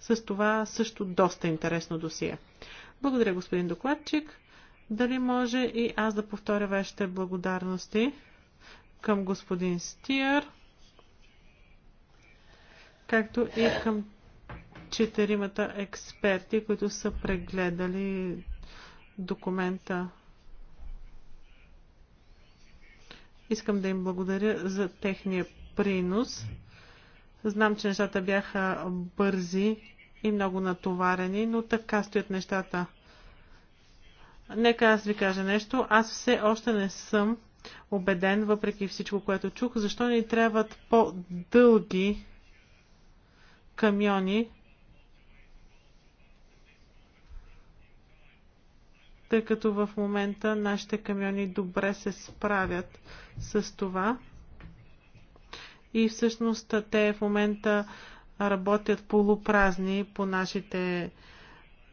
с това също доста интересно досие. Благодаря, господин докладчик. Дали може и аз да повторя вашите благодарности към господин Стиер, както и към четиримата експерти, които са прегледали документа. Искам да им благодаря за техния принос. Знам, че нещата бяха бързи и много натоварени, но така стоят нещата. Нека аз ви кажа нещо. Аз все още не съм убеден, въпреки всичко, което чух, защо ни трябват по-дълги камиони, тъй като в момента нашите камиони добре се справят с това. И всъщност те в момента работят полупразни по нашите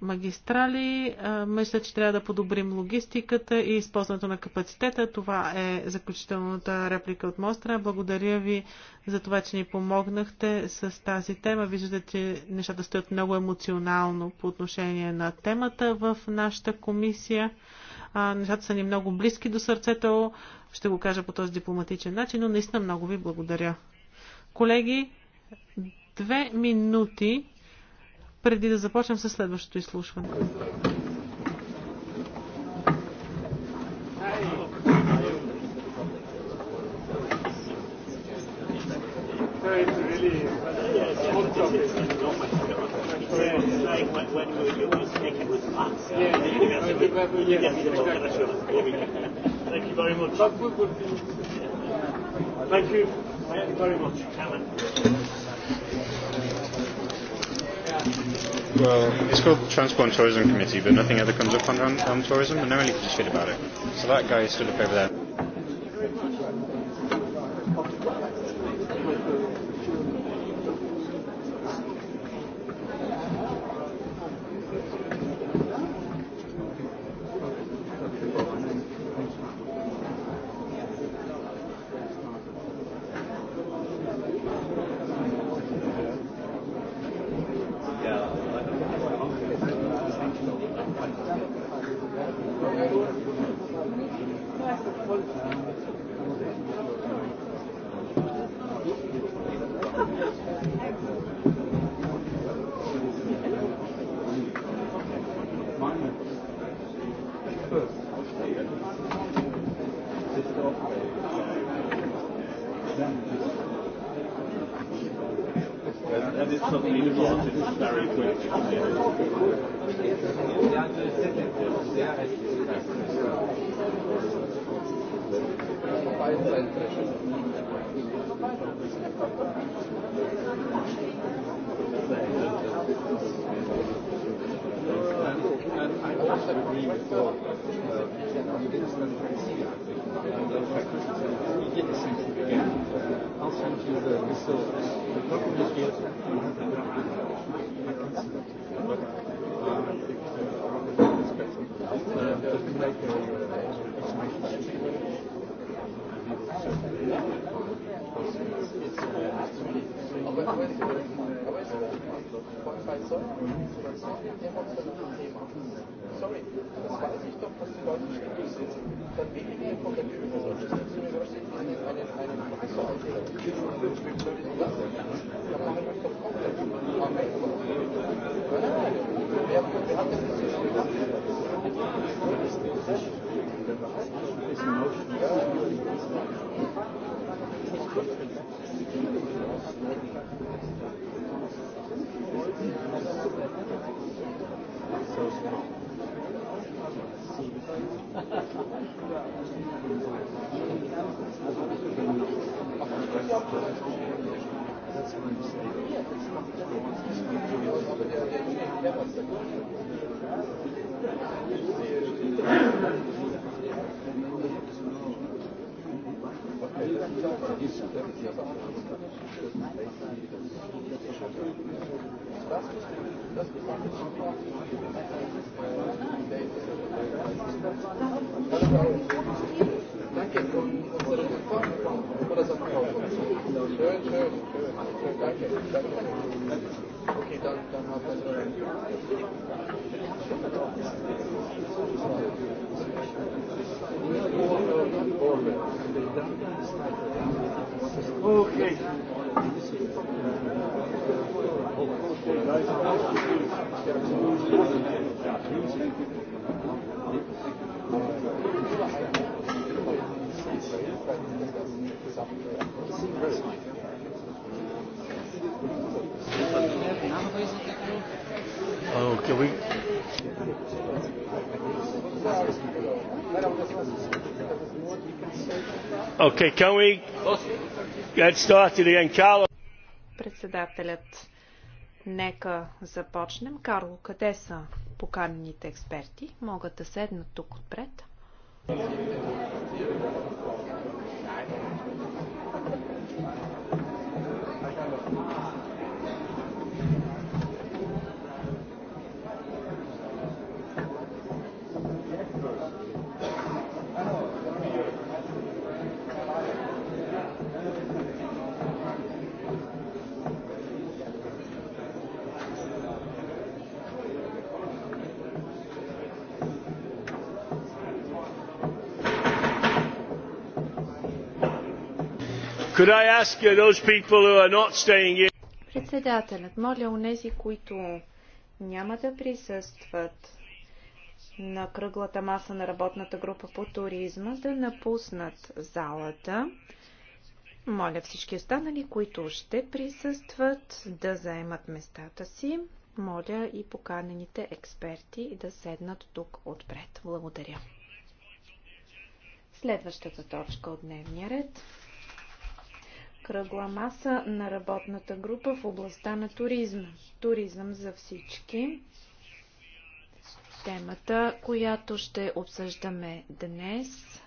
магистрали. Мисля, че трябва да подобрим логистиката и използването на капацитета. Това е заключителната реплика от Мостра. Благодаря ви за това, че ни помогнахте с тази тема. Виждате, че нещата стоят много емоционално по отношение на темата в нашата комисия. Нещата са ни много близки до сърцето. Ще го кажа по този дипломатичен начин, но наистина много ви благодаря. Колеги, две минути преди да започнем с следващото изслушване. Thank you very much. Thank you very much. Well, it's called Transport and Tourism Committee, but nothing ever comes up on, on, on tourism, and no one gives a shit about it. So that guy stood up over there. Okay, can we get started again, Carlo? Председателят, нека започнем. Карло, къде са поканените експерти? Могат да седнат тук отпред. Председателят, моля у нези, които няма да присъстват на кръглата маса на работната група по туризма, да напуснат залата. Моля всички останали, които ще присъстват, да заемат местата си. Моля и поканените експерти да седнат тук отпред. Благодаря. Следващата точка от дневния ред кръгла маса на работната група в областта на туризма. Туризъм за всички. Темата, която ще обсъждаме днес,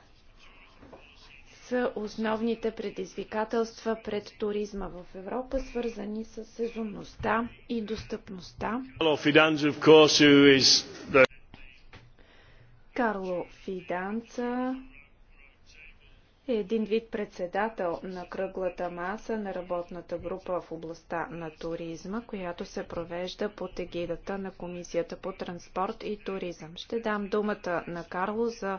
са основните предизвикателства пред туризма в Европа, свързани с сезонността и достъпността. Карло Фиданца, е един вид председател на кръглата маса на работната група в областта на туризма, която се провежда под егидата на Комисията по транспорт и туризъм. Ще дам думата на Карло за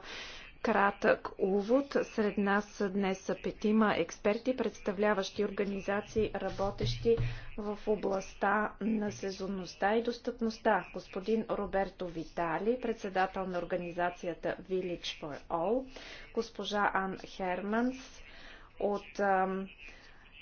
кратък увод. Сред нас днес са петима експерти, представляващи организации, работещи в областта на сезонността и достъпността. Господин Роберто Витали, председател на организацията Village for All, госпожа Ан Херманс от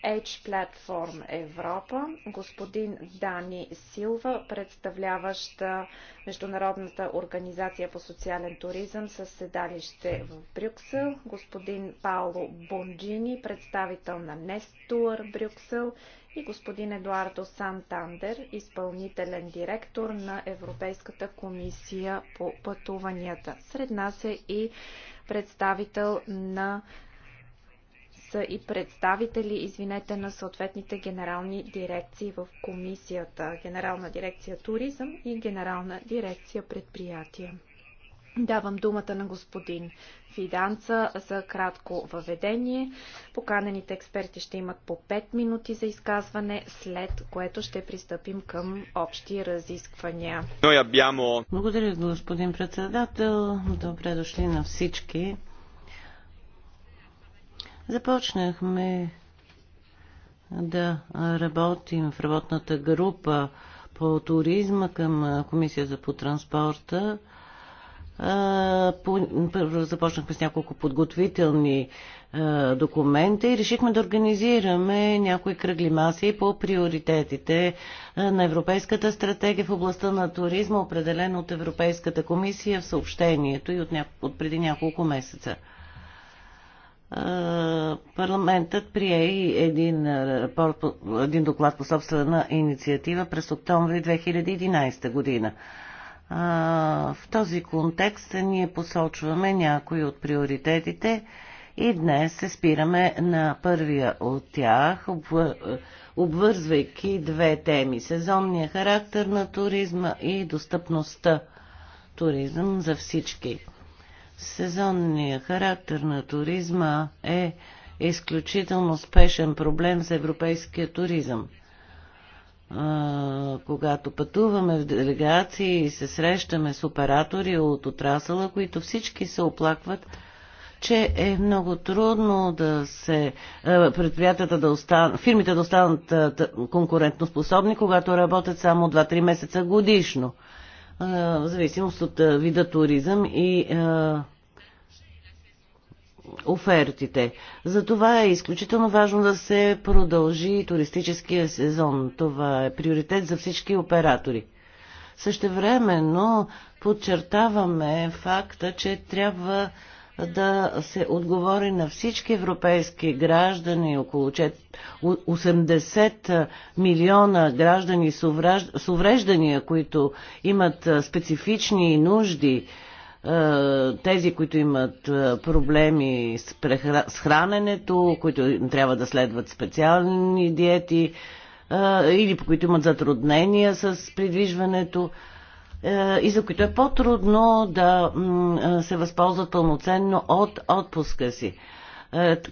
Edge Platform Европа, господин Дани Силва, представляваща Международната организация по социален туризъм с седалище в Брюксел, господин Пауло Бонджини, представител на Нестуар Брюксел и господин Едуардо Сантандер, изпълнителен директор на Европейската комисия по пътуванията. Сред нас е и представител на са и представители, извинете, на съответните генерални дирекции в комисията. Генерална дирекция туризъм и генерална дирекция предприятия. Давам думата на господин Фиданца за кратко въведение. Поканените експерти ще имат по 5 минути за изказване, след което ще пристъпим към общи разисквания. Благодаря, господин председател. Добре дошли на всички. Започнахме да работим в работната група по туризма към Комисията по транспорта. Започнахме с няколко подготвителни документа и решихме да организираме някои кръгли маси по приоритетите на Европейската стратегия в областта на туризма, определено от Европейската комисия в съобщението и от преди няколко месеца парламентът прие и един, един доклад по собствена инициатива през октомври 2011 година. В този контекст ние посочваме някои от приоритетите и днес се спираме на първия от тях, обвързвайки две теми – сезонния характер на туризма и достъпността туризъм за всички. Сезонният характер на туризма е изключително спешен проблем с европейския туризъм. А, когато пътуваме в делегации и се срещаме с оператори от отрасъла, които всички се оплакват, че е много трудно да се предприятията да останат, фирмите да останат конкурентоспособни, когато работят само 2-3 месеца годишно. В зависимост от вида туризъм и офертите. Затова е изключително важно да се продължи туристическия сезон. Това е приоритет за всички оператори. Същевременно подчертаваме факта, че трябва да се отговори на всички европейски граждани, около 80 милиона граждани с увреждания, които имат специфични нужди е, тези, които имат е, проблеми с, прехра... с храненето, които трябва да следват специални диети е, или по които имат затруднения с придвижването и за които е по-трудно да се възползват пълноценно от отпуска си.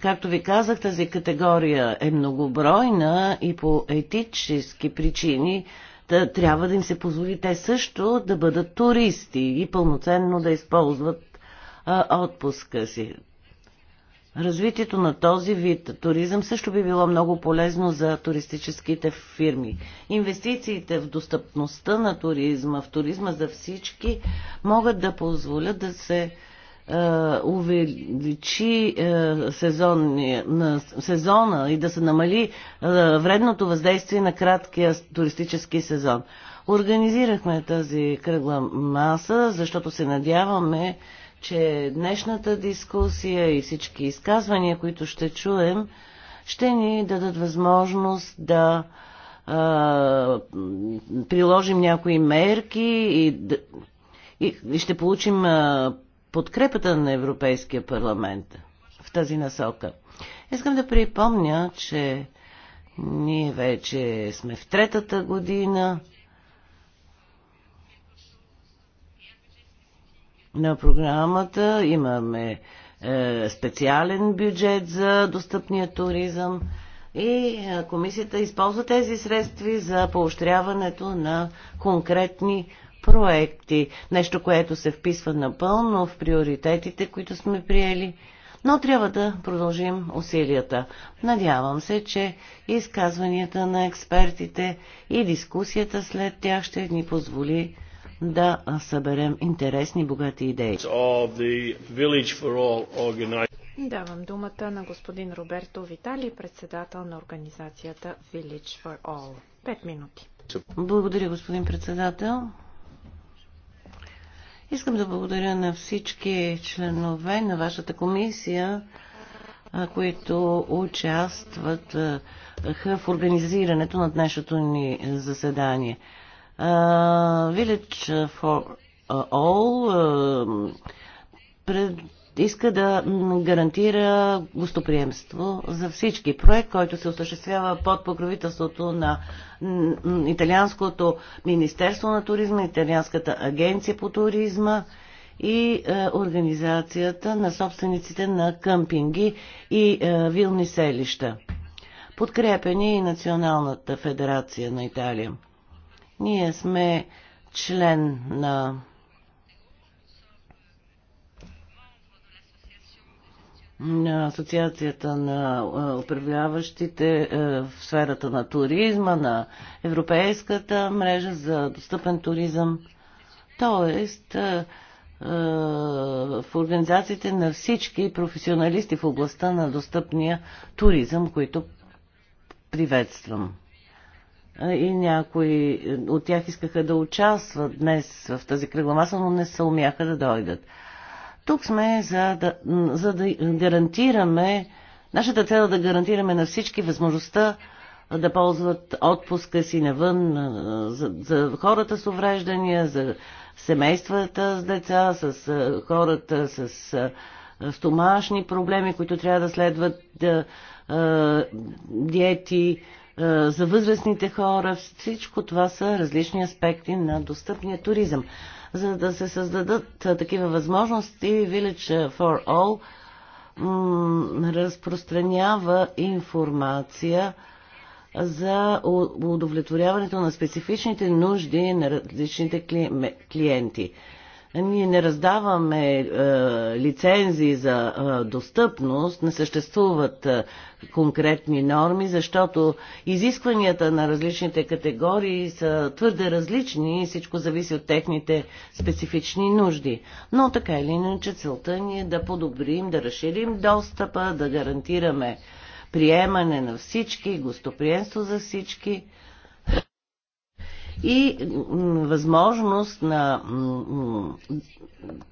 Както ви казах, тази категория е многобройна и по етически причини да, трябва да им се позволи те също да бъдат туристи и пълноценно да използват а, отпуска си. Развитието на този вид туризъм също би било много полезно за туристическите фирми. Инвестициите в достъпността на туризма, в туризма за всички, могат да позволят да се е, увеличи е, сезонния, на сезона и да се намали е, вредното въздействие на краткия туристически сезон. Организирахме тази кръгла маса, защото се надяваме, че днешната дискусия и всички изказвания, които ще чуем, ще ни дадат възможност да а, приложим някои мерки и, и ще получим а, подкрепата на Европейския парламент в тази насока. Искам да припомня, че ние вече сме в третата година на програмата. Имаме е, специален бюджет за достъпния туризъм и е, комисията използва тези средства за поощряването на конкретни проекти. Нещо, което се вписва напълно в приоритетите, които сме приели. Но трябва да продължим усилията. Надявам се, че изказванията на експертите и дискусията след тях ще ни позволи да съберем интересни, богати идеи. Давам думата на господин Роберто Витали, председател на организацията Village for All. Пет минути. Благодаря, господин председател. Искам да благодаря на всички членове на вашата комисия, които участват в организирането на днешното ни заседание. Village for All иска да гарантира гостоприемство за всички проект, който се осъществява под покровителството на Италианското Министерство на туризма, Италианската агенция по туризма и е, организацията на собствениците на къмпинги и е, вилни селища. Подкрепени и Националната федерация на Италия. Ние сме член на Асоциацията на управляващите в сферата на туризма, на Европейската мрежа за достъпен туризъм. Тоест, в организациите на всички професионалисти в областта на достъпния туризъм, които приветствам. И някои от тях искаха да участват днес в тази кръгла маса, но не се умяха да дойдат. Тук сме за да, за да гарантираме, нашата цел е да гарантираме на всички възможността да ползват отпуска си навън за, за хората с увреждания, за семействата с деца, с хората с стомашни проблеми, които трябва да следват да, диети, за възрастните хора. Всичко това са различни аспекти на достъпния туризъм за да се създадат такива възможности, Village for All разпространява информация за удовлетворяването на специфичните нужди на различните клиенти. Ние не раздаваме е, лицензии за е, достъпност, не съществуват е, конкретни норми, защото изискванията на различните категории са твърде различни и всичко зависи от техните специфични нужди. Но така или иначе целта ни е да подобрим, да разширим достъпа, да гарантираме приемане на всички, гостоприемство за всички – и възможност на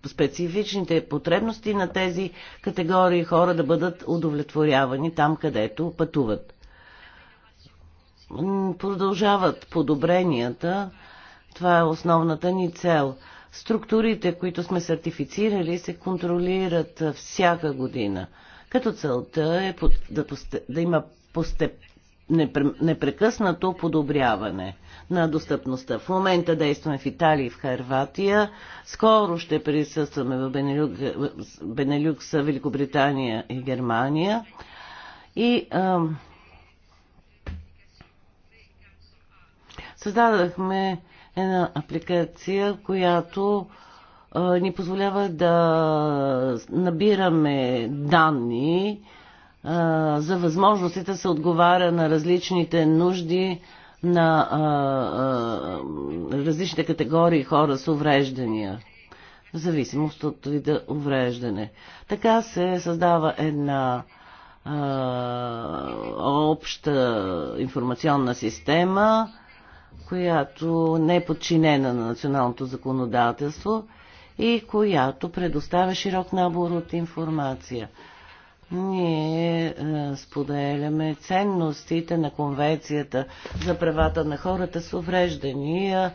специфичните потребности на тези категории хора да бъдат удовлетворявани там, където пътуват. Продължават подобренията. Това е основната ни цел. Структурите, които сме сертифицирали, се контролират всяка година. Като целта е да, има постеп... непрекъснато подобряване на достъпността. В момента действаме в Италия и в Харватия. Скоро ще присъстваме в Бенелюк, Бенелюкс, Великобритания и Германия. И ам, създадахме една апликация, която а, ни позволява да набираме данни а, за възможностите да се отговаря на различните нужди на а, а, различните категории хора с увреждания, в зависимост от вида увреждане. Така се създава една а, обща информационна система, която не е подчинена на националното законодателство и която предоставя широк набор от информация. Ние е, споделяме ценностите на Конвенцията за правата на хората с увреждания,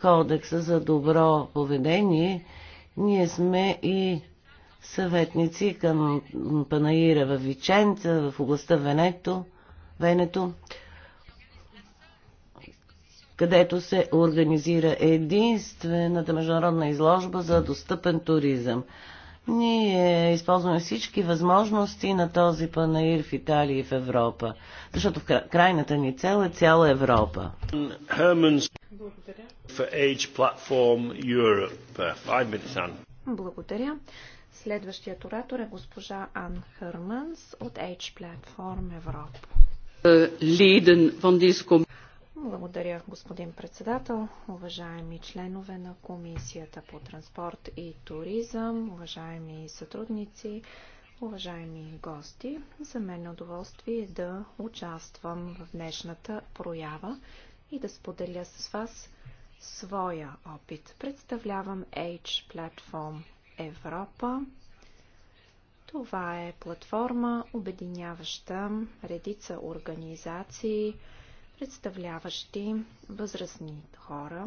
Кодекса за добро поведение. Ние сме и съветници към Панаира в Виченца, в областта Венето, Венето, където се организира единствената международна изложба за достъпен туризъм. Ние използваме всички възможности на този панаир в Италия и в Европа, защото в крайната ни цел е цяла Европа. Благодаря. Благодаря. Следващият оратор е госпожа Ан Хърманс от Age Platform Европа. Лиден van deze благодаря, господин председател, уважаеми членове на Комисията по транспорт и туризъм, уважаеми сътрудници, уважаеми гости. За мен е удоволствие да участвам в днешната проява и да споделя с вас своя опит. Представлявам H Platform Европа. Това е платформа, обединяваща редица организации, представляващи възрастни хора.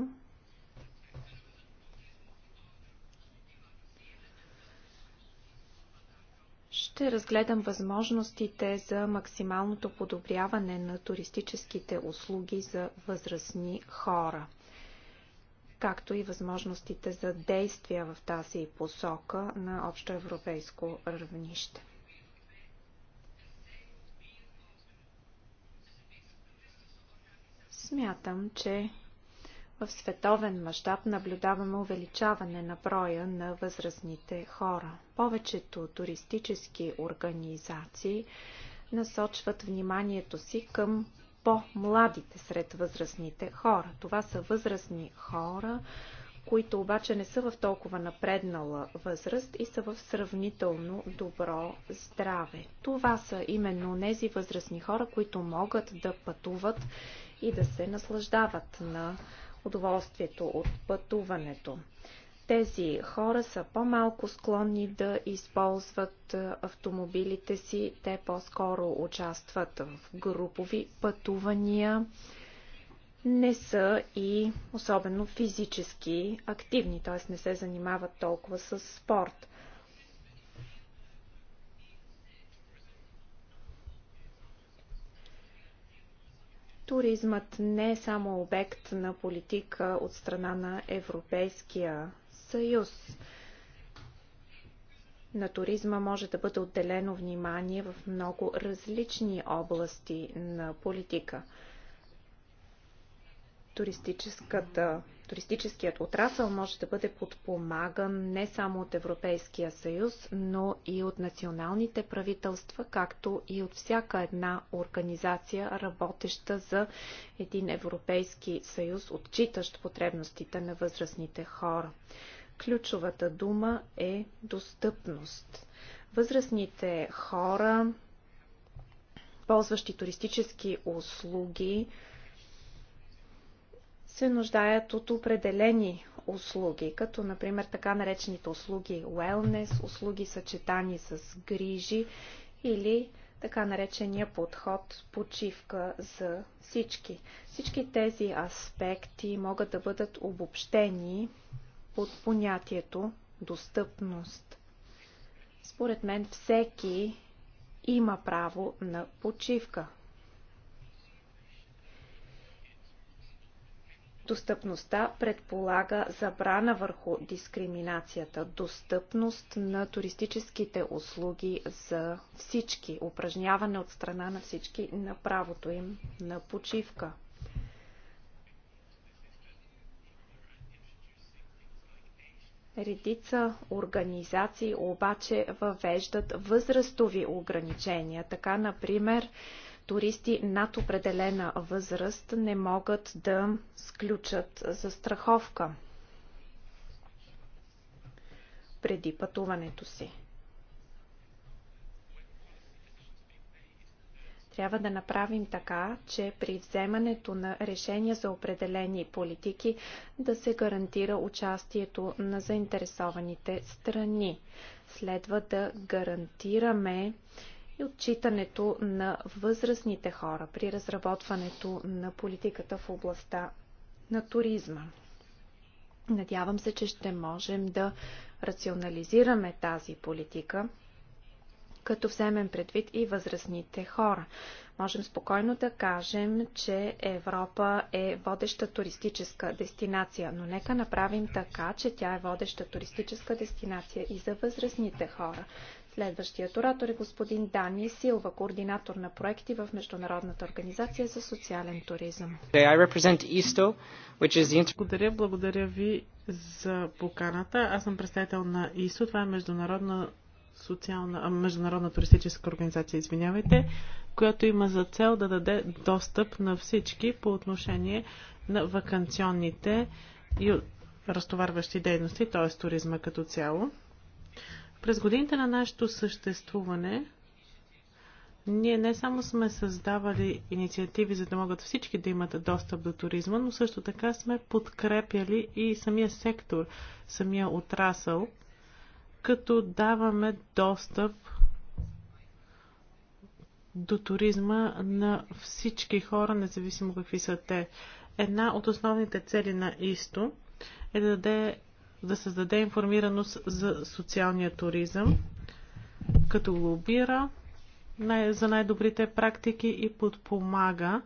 Ще разгледам възможностите за максималното подобряване на туристическите услуги за възрастни хора, както и възможностите за действия в тази посока на общоевропейско равнище. Смятам, че в световен мащаб наблюдаваме увеличаване на броя на възрастните хора. Повечето туристически организации насочват вниманието си към по-младите сред възрастните хора. Това са възрастни хора, които обаче не са в толкова напреднала възраст и са в сравнително добро здраве. Това са именно тези възрастни хора, които могат да пътуват и да се наслаждават на удоволствието от пътуването. Тези хора са по-малко склонни да използват автомобилите си, те по-скоро участват в групови пътувания, не са и особено физически активни, т.е. не се занимават толкова с спорт. Туризмът не е само обект на политика от страна на Европейския съюз. На туризма може да бъде отделено внимание в много различни области на политика. Туристическата туристическият отрасъл може да бъде подпомаган не само от Европейския съюз, но и от националните правителства, както и от всяка една организация, работеща за един Европейски съюз, отчитащ потребностите на възрастните хора. Ключовата дума е достъпност. Възрастните хора, ползващи туристически услуги, се нуждаят от определени услуги, като например така наречените услуги wellness, услуги съчетани с грижи или така наречения подход почивка за всички. Всички тези аспекти могат да бъдат обобщени под понятието достъпност. Според мен всеки има право на почивка. Достъпността предполага забрана върху дискриминацията, достъпност на туристическите услуги за всички, упражняване от страна на всички на правото им на почивка. Редица организации обаче въвеждат възрастови ограничения. Така, например, туристи над определена възраст не могат да сключат застраховка преди пътуването си. трябва да направим така, че при вземането на решения за определени политики да се гарантира участието на заинтересованите страни. Следва да гарантираме и отчитането на възрастните хора при разработването на политиката в областта на туризма. Надявам се, че ще можем да рационализираме тази политика, като вземем предвид и възрастните хора. Можем спокойно да кажем, че Европа е водеща туристическа дестинация, но нека направим така, че тя е водеща туристическа дестинация и за възрастните хора. Следващият оратор е господин Дани Силва, координатор на проекти в Международната организация за социален туризъм. Благодаря, благодаря ви за поканата. Аз съм представител на ИСО. Това е Международна социална, международна туристическа организация, извинявайте, която има за цел да даде достъп на всички по отношение на вакансионните и разтоварващи дейности, т.е. туризма като цяло. През годините на нашето съществуване ние не само сме създавали инициативи, за да могат всички да имат достъп до туризма, но също така сме подкрепяли и самия сектор, самия отрасъл, като даваме достъп до туризма на всички хора, независимо какви са те. Една от основните цели на ИСТО е да даде да създаде информираност за социалния туризъм, като лобира за най-добрите практики и подпомага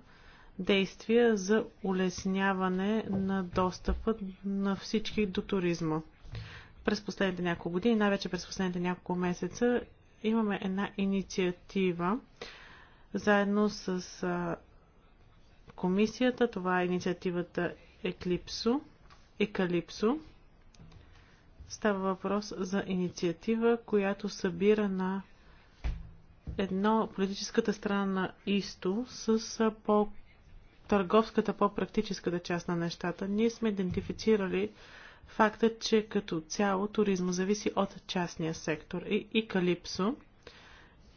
действия за улесняване на достъпа на всички до туризма. През последните няколко години, най-вече през последните няколко месеца, имаме една инициатива заедно с комисията. Това е инициативата Еклипсо, Екалипсо. Става въпрос за инициатива, която събира на едно политическата страна на ИСТО с по търговската, по-практическата част на нещата. Ние сме идентифицирали факта, че като цяло туризма зависи от частния сектор и, и Калипсо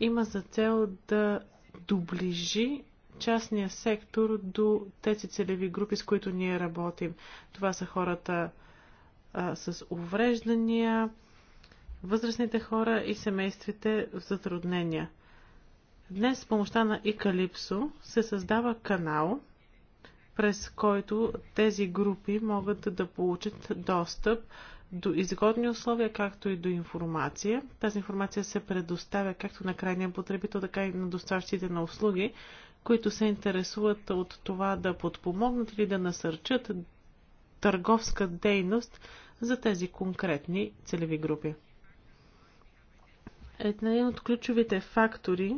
има за цел да доближи частния сектор до тези целеви групи, с които ние работим. Това са хората а, с увреждания, възрастните хора и семействите в затруднения. Днес с помощта на Икалипсо се създава канал, през който тези групи могат да получат достъп до изгодни условия, както и до информация. Тази информация се предоставя както на крайния потребител, така и на доставчиците на услуги, които се интересуват от това да подпомогнат или да насърчат търговска дейност за тези конкретни целеви групи. Един от ключовите фактори,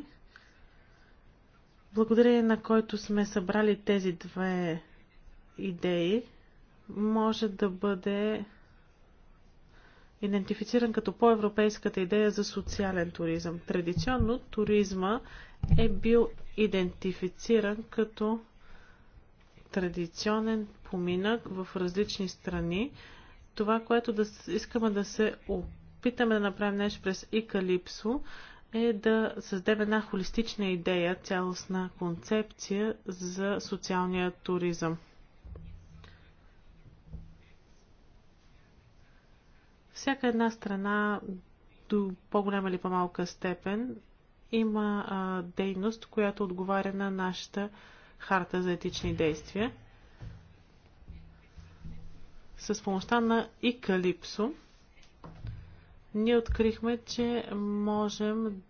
благодарение на който сме събрали тези две идеи, може да бъде идентифициран като по-европейската идея за социален туризъм. Традиционно туризма е бил идентифициран като традиционен поминък в различни страни, това, което да искаме да се опитаме да направим нещо през Икалипсо, е да създадем една холистична идея, цялостна концепция за социалния туризъм. Всяка една страна до по-голяма или по-малка степен има а, дейност, която отговаря на нашата харта за етични действия. С помощта на Икалипсо ние открихме, че можем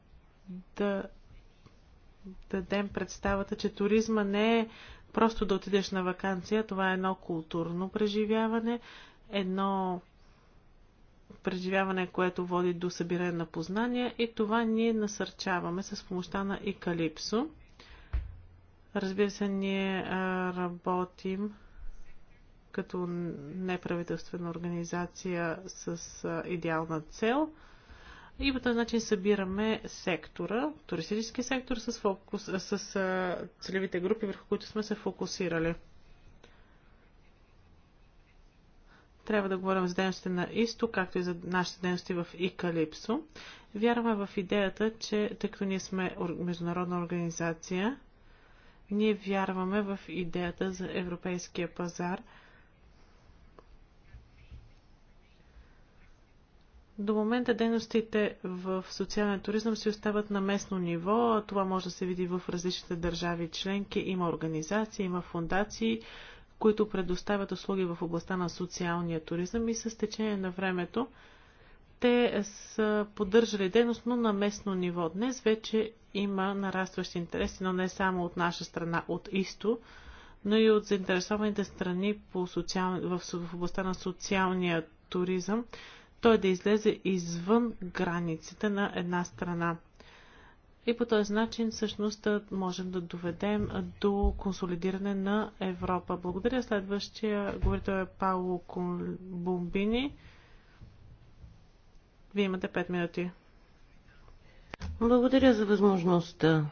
да дадем представата, че туризма не е просто да отидеш на вакансия, това е едно културно преживяване, едно преживяване, което води до събиране на познания и това ние насърчаваме с помощта на Икалипсо, Разбира се, ние работим като неправителствена организация с идеална цел. И по този начин събираме сектора, туристически сектор с, фокус, с целевите групи, върху които сме се фокусирали. трябва да говорим за дейностите на Исто, както и за нашите дейности в Икалипсо. Вярваме в идеята, че тъй като ние сме международна организация, ние вярваме в идеята за европейския пазар До момента дейностите в социален туризъм си остават на местно ниво. Това може да се види в различните държави членки. Има организации, има фундации, които предоставят услуги в областта на социалния туризъм и с течение на времето те са поддържали дейност, но на местно ниво. Днес вече има нарастващ интерес, но не само от наша страна, от ИСТО, но и от заинтересованите страни по социал... в областта на социалния туризъм той да излезе извън границите на една страна. И по този начин всъщност можем да доведем до консолидиране на Европа. Благодаря. Следващия говорител е Пауло Бомбини. Вие имате 5 минути. Благодаря за възможността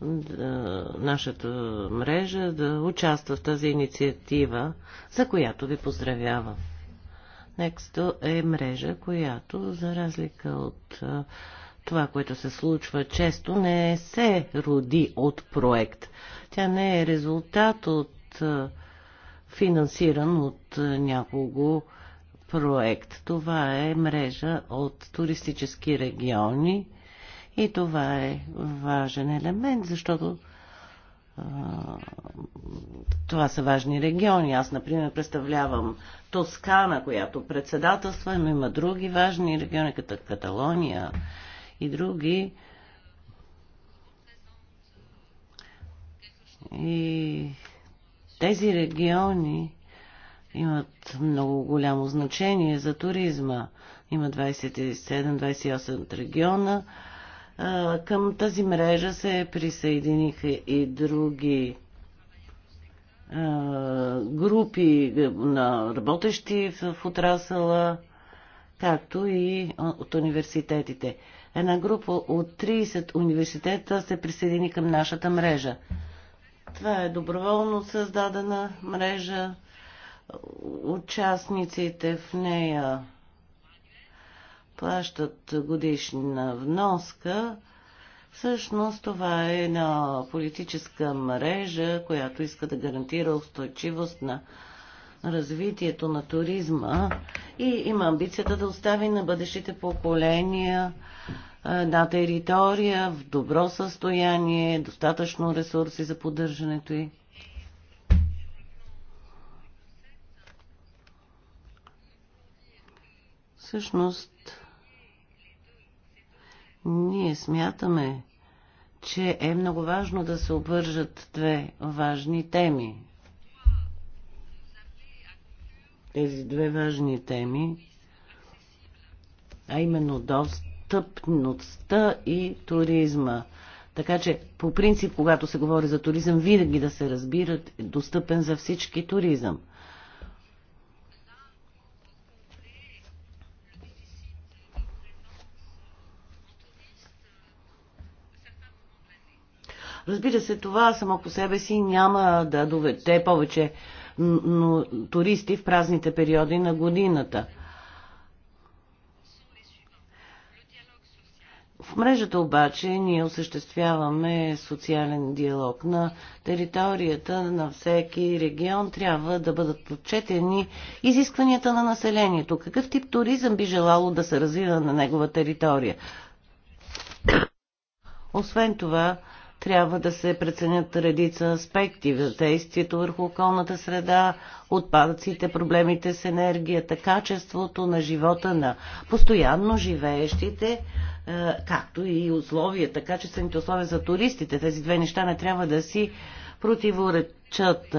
да, нашата мрежа да участва в тази инициатива, за която ви поздравявам. Nextel е мрежа, която за разлика от това, което се случва често, не се роди от проект. Тя не е резултат от финансиран от някого проект. Това е мрежа от туристически региони и това е важен елемент, защото това са важни региони. Аз, например, представлявам Тоскана, която председателства, но има други важни региони, като Каталония и други. И тези региони имат много голямо значение за туризма. Има 27-28 региона към тази мрежа се присъединиха и други групи на работещи в отрасъла, както и от университетите. Една група от 30 университета се присъедини към нашата мрежа. Това е доброволно създадена мрежа. Участниците в нея плащат годишна вноска, всъщност това е една политическа мрежа, която иска да гарантира устойчивост на развитието на туризма и има амбицията да остави на бъдещите поколения на територия в добро състояние, достатъчно ресурси за поддържането й. Всъщност, ние смятаме, че е много важно да се обвържат две важни теми. Тези две важни теми, а именно достъпността и туризма. Така че, по принцип, когато се говори за туризъм, винаги да се разбират достъпен за всички туризъм – Разбира се, това само по себе си няма да доведе повече но, туристи в празните периоди на годината. В мрежата обаче ние осъществяваме социален диалог. На територията на всеки регион трябва да бъдат подчетени изискванията на населението. Какъв тип туризъм би желало да се развива на негова територия? Освен това, трябва да се преценят редица аспекти, действието върху околната среда, отпадъците, проблемите с енергията, качеството на живота на постоянно живеещите, е, както и условията, качествените условия за туристите. Тези две неща не трябва да си противоречат.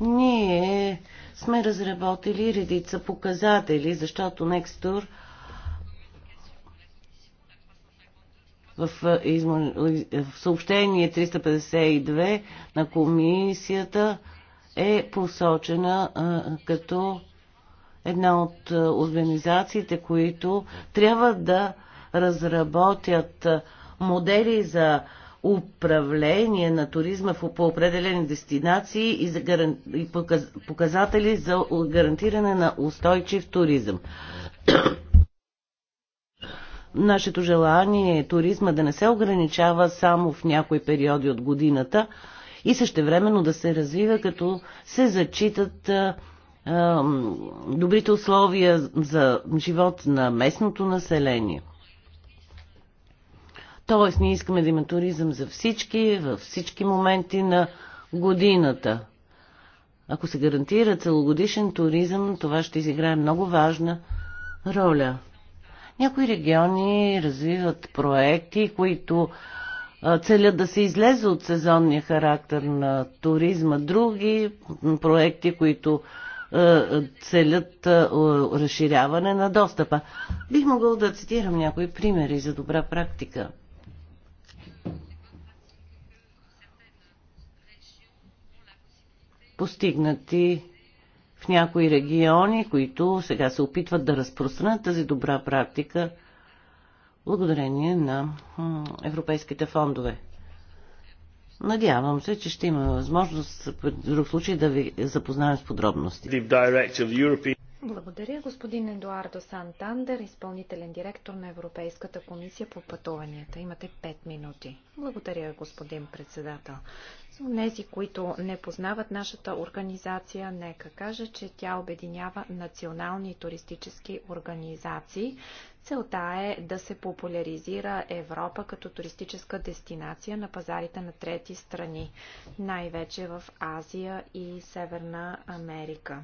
Ние сме разработили редица показатели, защото Nextdoor – в, е, е, в съобщение 352 на комисията е посочена а, е, като една от организациите, които трябва да разработят модели за управление на туризма по определени дестинации и, за гаран... и показатели за гарантиране на устойчив туризъм. Нашето желание е туризма да не се ограничава само в някои периоди от годината и същевременно да се развива, като се зачитат добрите условия за живот на местното население. Тоест, ние искаме да има туризъм за всички, във всички моменти на годината. Ако се гарантира целогодишен туризъм, това ще изиграе много важна роля. Някои региони развиват проекти, които целят да се излезе от сезонния характер на туризма. Други проекти, които целят разширяване на достъпа. Бих могъл да цитирам някои примери за добра практика. Постигнати в някои региони, които сега се опитват да разпространят тази добра практика благодарение на европейските фондове. Надявам се, че ще има възможност в друг случай да ви запознаем с подробности. Благодаря, господин Едуардо Сантандер, изпълнителен директор на Европейската комисия по пътуванията. Имате 5 минути. Благодаря, господин председател. За тези, които не познават нашата организация, нека кажа, че тя обединява национални туристически организации. Целта е да се популяризира Европа като туристическа дестинация на пазарите на трети страни, най-вече в Азия и Северна Америка.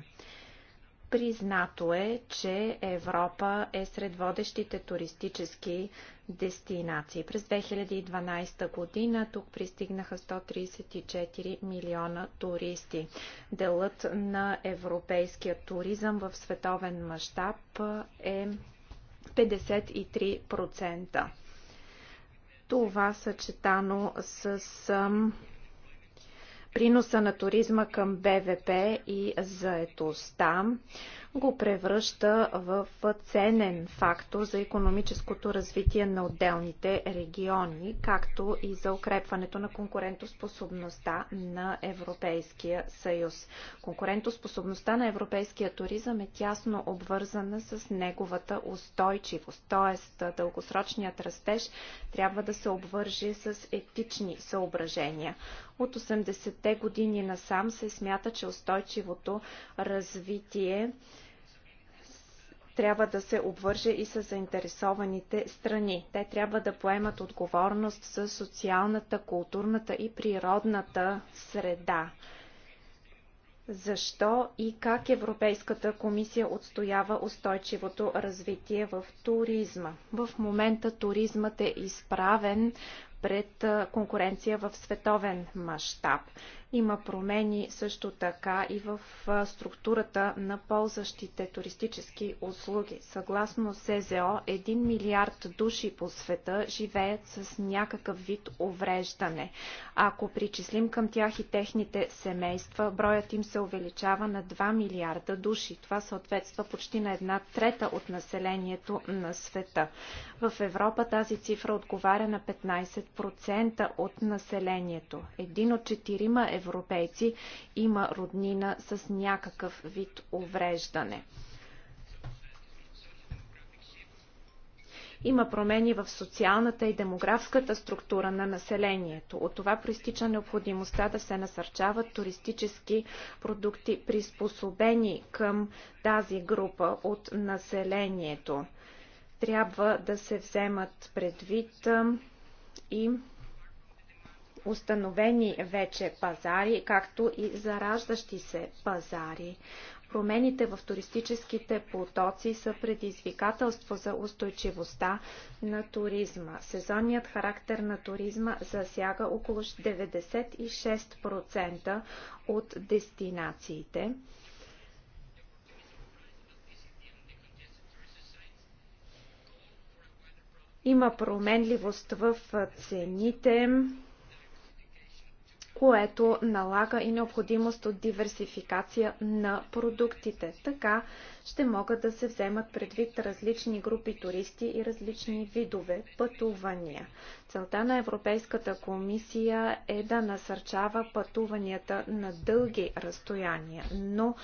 Признато е, че Европа е сред водещите туристически дестинации. През 2012 година тук пристигнаха 134 милиона туристи. Делът на европейския туризъм в световен мащаб е 53%. Това съчетано с приноса на туризма към БВП и заетостта, го превръща в ценен фактор за економическото развитие на отделните региони, както и за укрепването на конкурентоспособността на Европейския съюз. Конкурентоспособността на европейския туризъм е тясно обвързана с неговата устойчивост, т.е. дългосрочният растеж трябва да се обвържи с етични съображения. От 80-те години насам се смята, че устойчивото развитие трябва да се обвърже и с заинтересованите страни. Те трябва да поемат отговорност за социалната, културната и природната среда. Защо и как Европейската комисия отстоява устойчивото развитие в туризма? В момента туризмът е изправен пред конкуренция в световен мащаб. Има промени също така и в структурата на ползващите туристически услуги. Съгласно СЗО, 1 милиард души по света живеят с някакъв вид увреждане. Ако причислим към тях и техните семейства, броят им се увеличава на 2 милиарда души. Това съответства почти на една трета от населението на света. В Европа тази цифра отговаря на 15% от населението. Един от четирима европейци има роднина с някакъв вид увреждане. Има промени в социалната и демографската структура на населението. От това проистича необходимостта да се насърчават туристически продукти, приспособени към тази група от населението. Трябва да се вземат предвид и установени вече пазари, както и зараждащи се пазари. Промените в туристическите потоци са предизвикателство за устойчивостта на туризма. Сезонният характер на туризма засяга около 96% от дестинациите. Има променливост в цените, което налага и необходимост от диверсификация на продуктите. Така ще могат да се вземат предвид различни групи туристи и различни видове пътувания. Целта на Европейската комисия е да насърчава пътуванията на дълги разстояния, но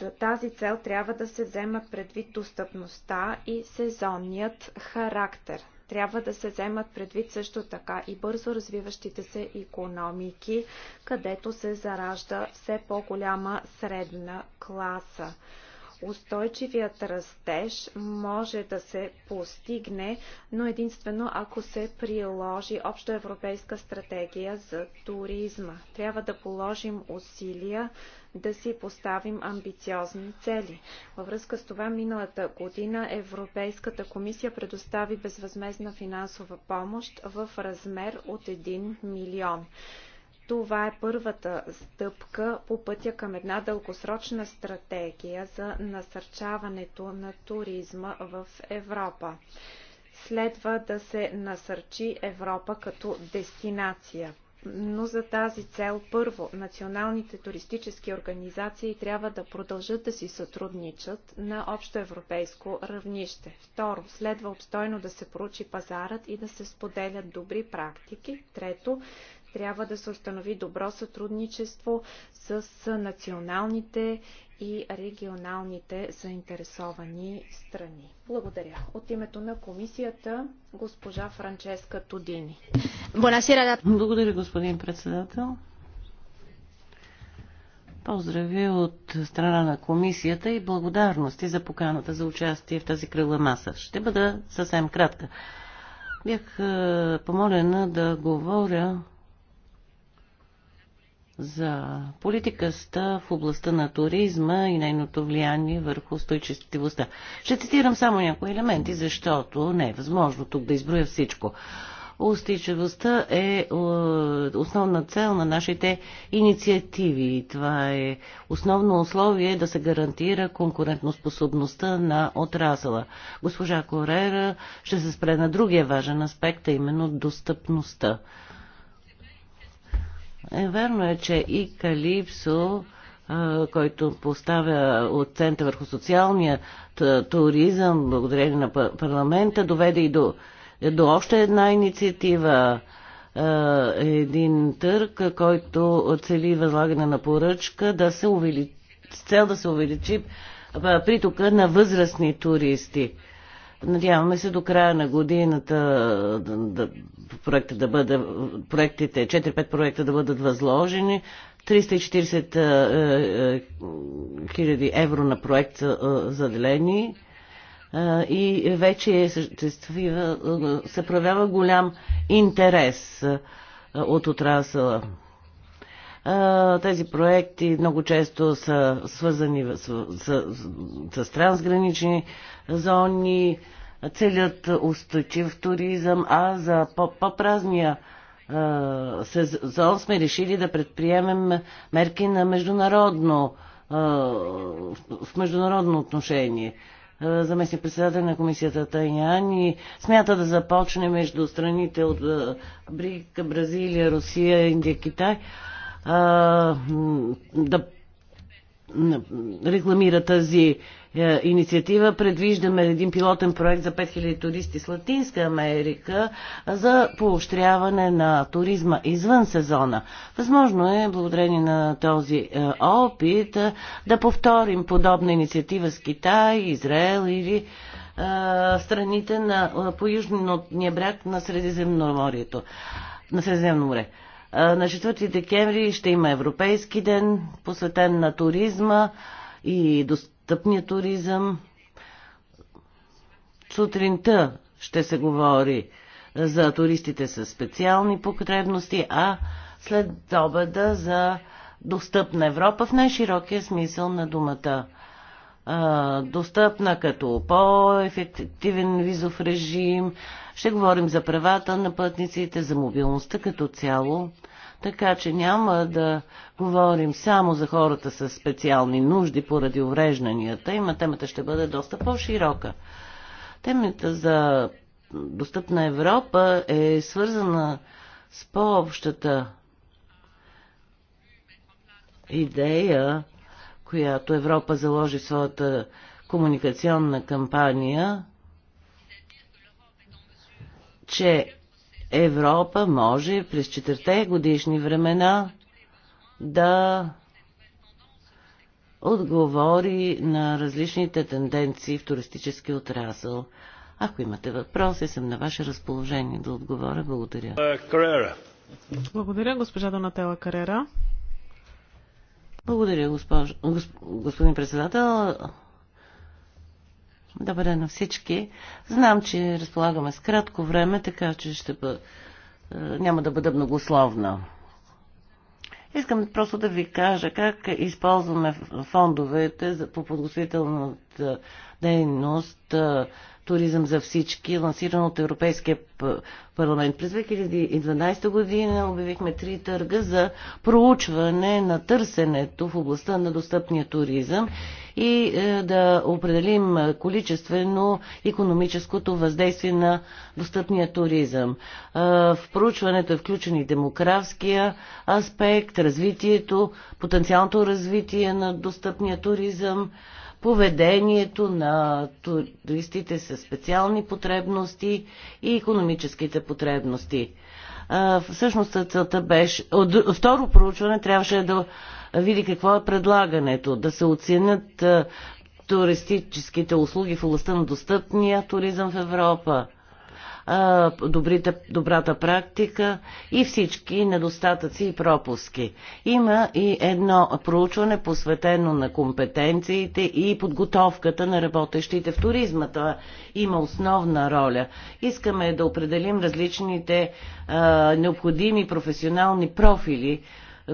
за тази цел трябва да се вземат предвид достъпността и сезонният характер трябва да се вземат предвид също така и бързо развиващите се економики, където се заражда все по-голяма средна класа. Устойчивият растеж може да се постигне, но единствено ако се приложи обща европейска стратегия за туризма. Трябва да положим усилия да си поставим амбициозни цели. Във връзка с това миналата година Европейската комисия предостави безвъзмезна финансова помощ в размер от 1 милион. Това е първата стъпка по пътя към една дългосрочна стратегия за насърчаването на туризма в Европа. Следва да се насърчи Европа като дестинация. Но за тази цел първо националните туристически организации трябва да продължат да си сътрудничат на общо европейско равнище. Второ, следва обстойно да се проучи пазарът и да се споделят добри практики. Трето, трябва да се установи добро сътрудничество с националните и регионалните заинтересовани страни. Благодаря. От името на комисията госпожа Франческа Тодини. Благодаря, господин председател. Поздрави от страна на комисията и благодарности за поканата за участие в тази кръгла маса. Ще бъда съвсем кратка. Бях е, помолена да говоря за политиката в областта на туризма и нейното влияние върху устойчивостта. Ще цитирам само някои елементи, защото не е възможно тук да изброя всичко. Устойчивостта е, е основна цел на нашите инициативи. Това е основно условие да се гарантира конкурентноспособността на отрасъла. Госпожа Корера ще се спре на другия важен аспект, а именно достъпността. Е, верно е, че и Калипсо, който поставя оценка върху социалния туризъм, благодарение на парламента, доведе и до, до още една инициатива един търк, който цели възлагане на поръчка да се увелич... с цел да се увеличи притока на възрастни туристи. Надяваме се до края на годината да, да, проекта да бъде, проектите, 4-5 проекта да бъдат възложени. 340 е, е, хиляди евро на проект е, заделени и вече съществува, се проявява голям интерес от отрасъла. Тези проекти много често са свързани с, с, с, с трансгранични зони, целят устойчив туризъм, а за по-празния -по сезон сме решили да предприемем мерки на международно, в международно отношение заместник председател на комисията Тайняни, смята да започне между страните от Брик, Бразилия, Русия, Индия, Китай да рекламира тази е, инициатива. Предвиждаме един пилотен проект за 5000 туристи с Латинска Америка за поощряване на туризма извън сезона. Възможно е, благодарение на този е, опит, е, да повторим подобна инициатива с Китай, Израел или е, страните на, е, по южния бряг на Средиземноморието. На Средиземно море. На 4 декември ще има Европейски ден, посветен на туризма и достъпния туризъм. Сутринта ще се говори за туристите с специални потребности, а след обеда за достъпна Европа в най-широкия смисъл на думата. Достъпна като по-ефективен визов режим, ще говорим за правата на пътниците, за мобилността като цяло, така че няма да говорим само за хората с специални нужди поради уврежданията. Има темата ще бъде доста по-широка. Темата за достъпна Европа е свързана с по-общата идея, която Европа заложи в своята комуникационна кампания че Европа може през четирте годишни времена да отговори на различните тенденции в туристически отрасъл. Ако имате въпроси, съм на ваше разположение да отговоря. Благодаря. Е, Благодаря, госпожа Донатела Карера. Благодаря, госпож... Госп... господин председател. Добър ден на всички. Знам, че разполагаме с кратко време, така че ще бъ... Е, няма да бъда многословна. Искам просто да ви кажа как използваме фондовете за, по подготвителната дейност е, туризъм за всички, лансиран от Европейския парламент. През 2012 година обявихме три търга за проучване на търсенето в областта на достъпния туризъм и е, да определим количествено економическото въздействие на достъпния туризъм. Е, в проучването е включен и демографския аспект, развитието, потенциалното развитие на достъпния туризъм, поведението на туристите с специални потребности и економическите потребности. Всъщност целта беше... Второ проучване трябваше да види какво е предлагането, да се оценят туристическите услуги в областта на достъпния туризъм в Европа – добрите, добрата практика и всички недостатъци и пропуски. Има и едно проучване посветено на компетенциите и подготовката на работещите в туризма. Това има основна роля. Искаме да определим различните а, необходими професионални профили,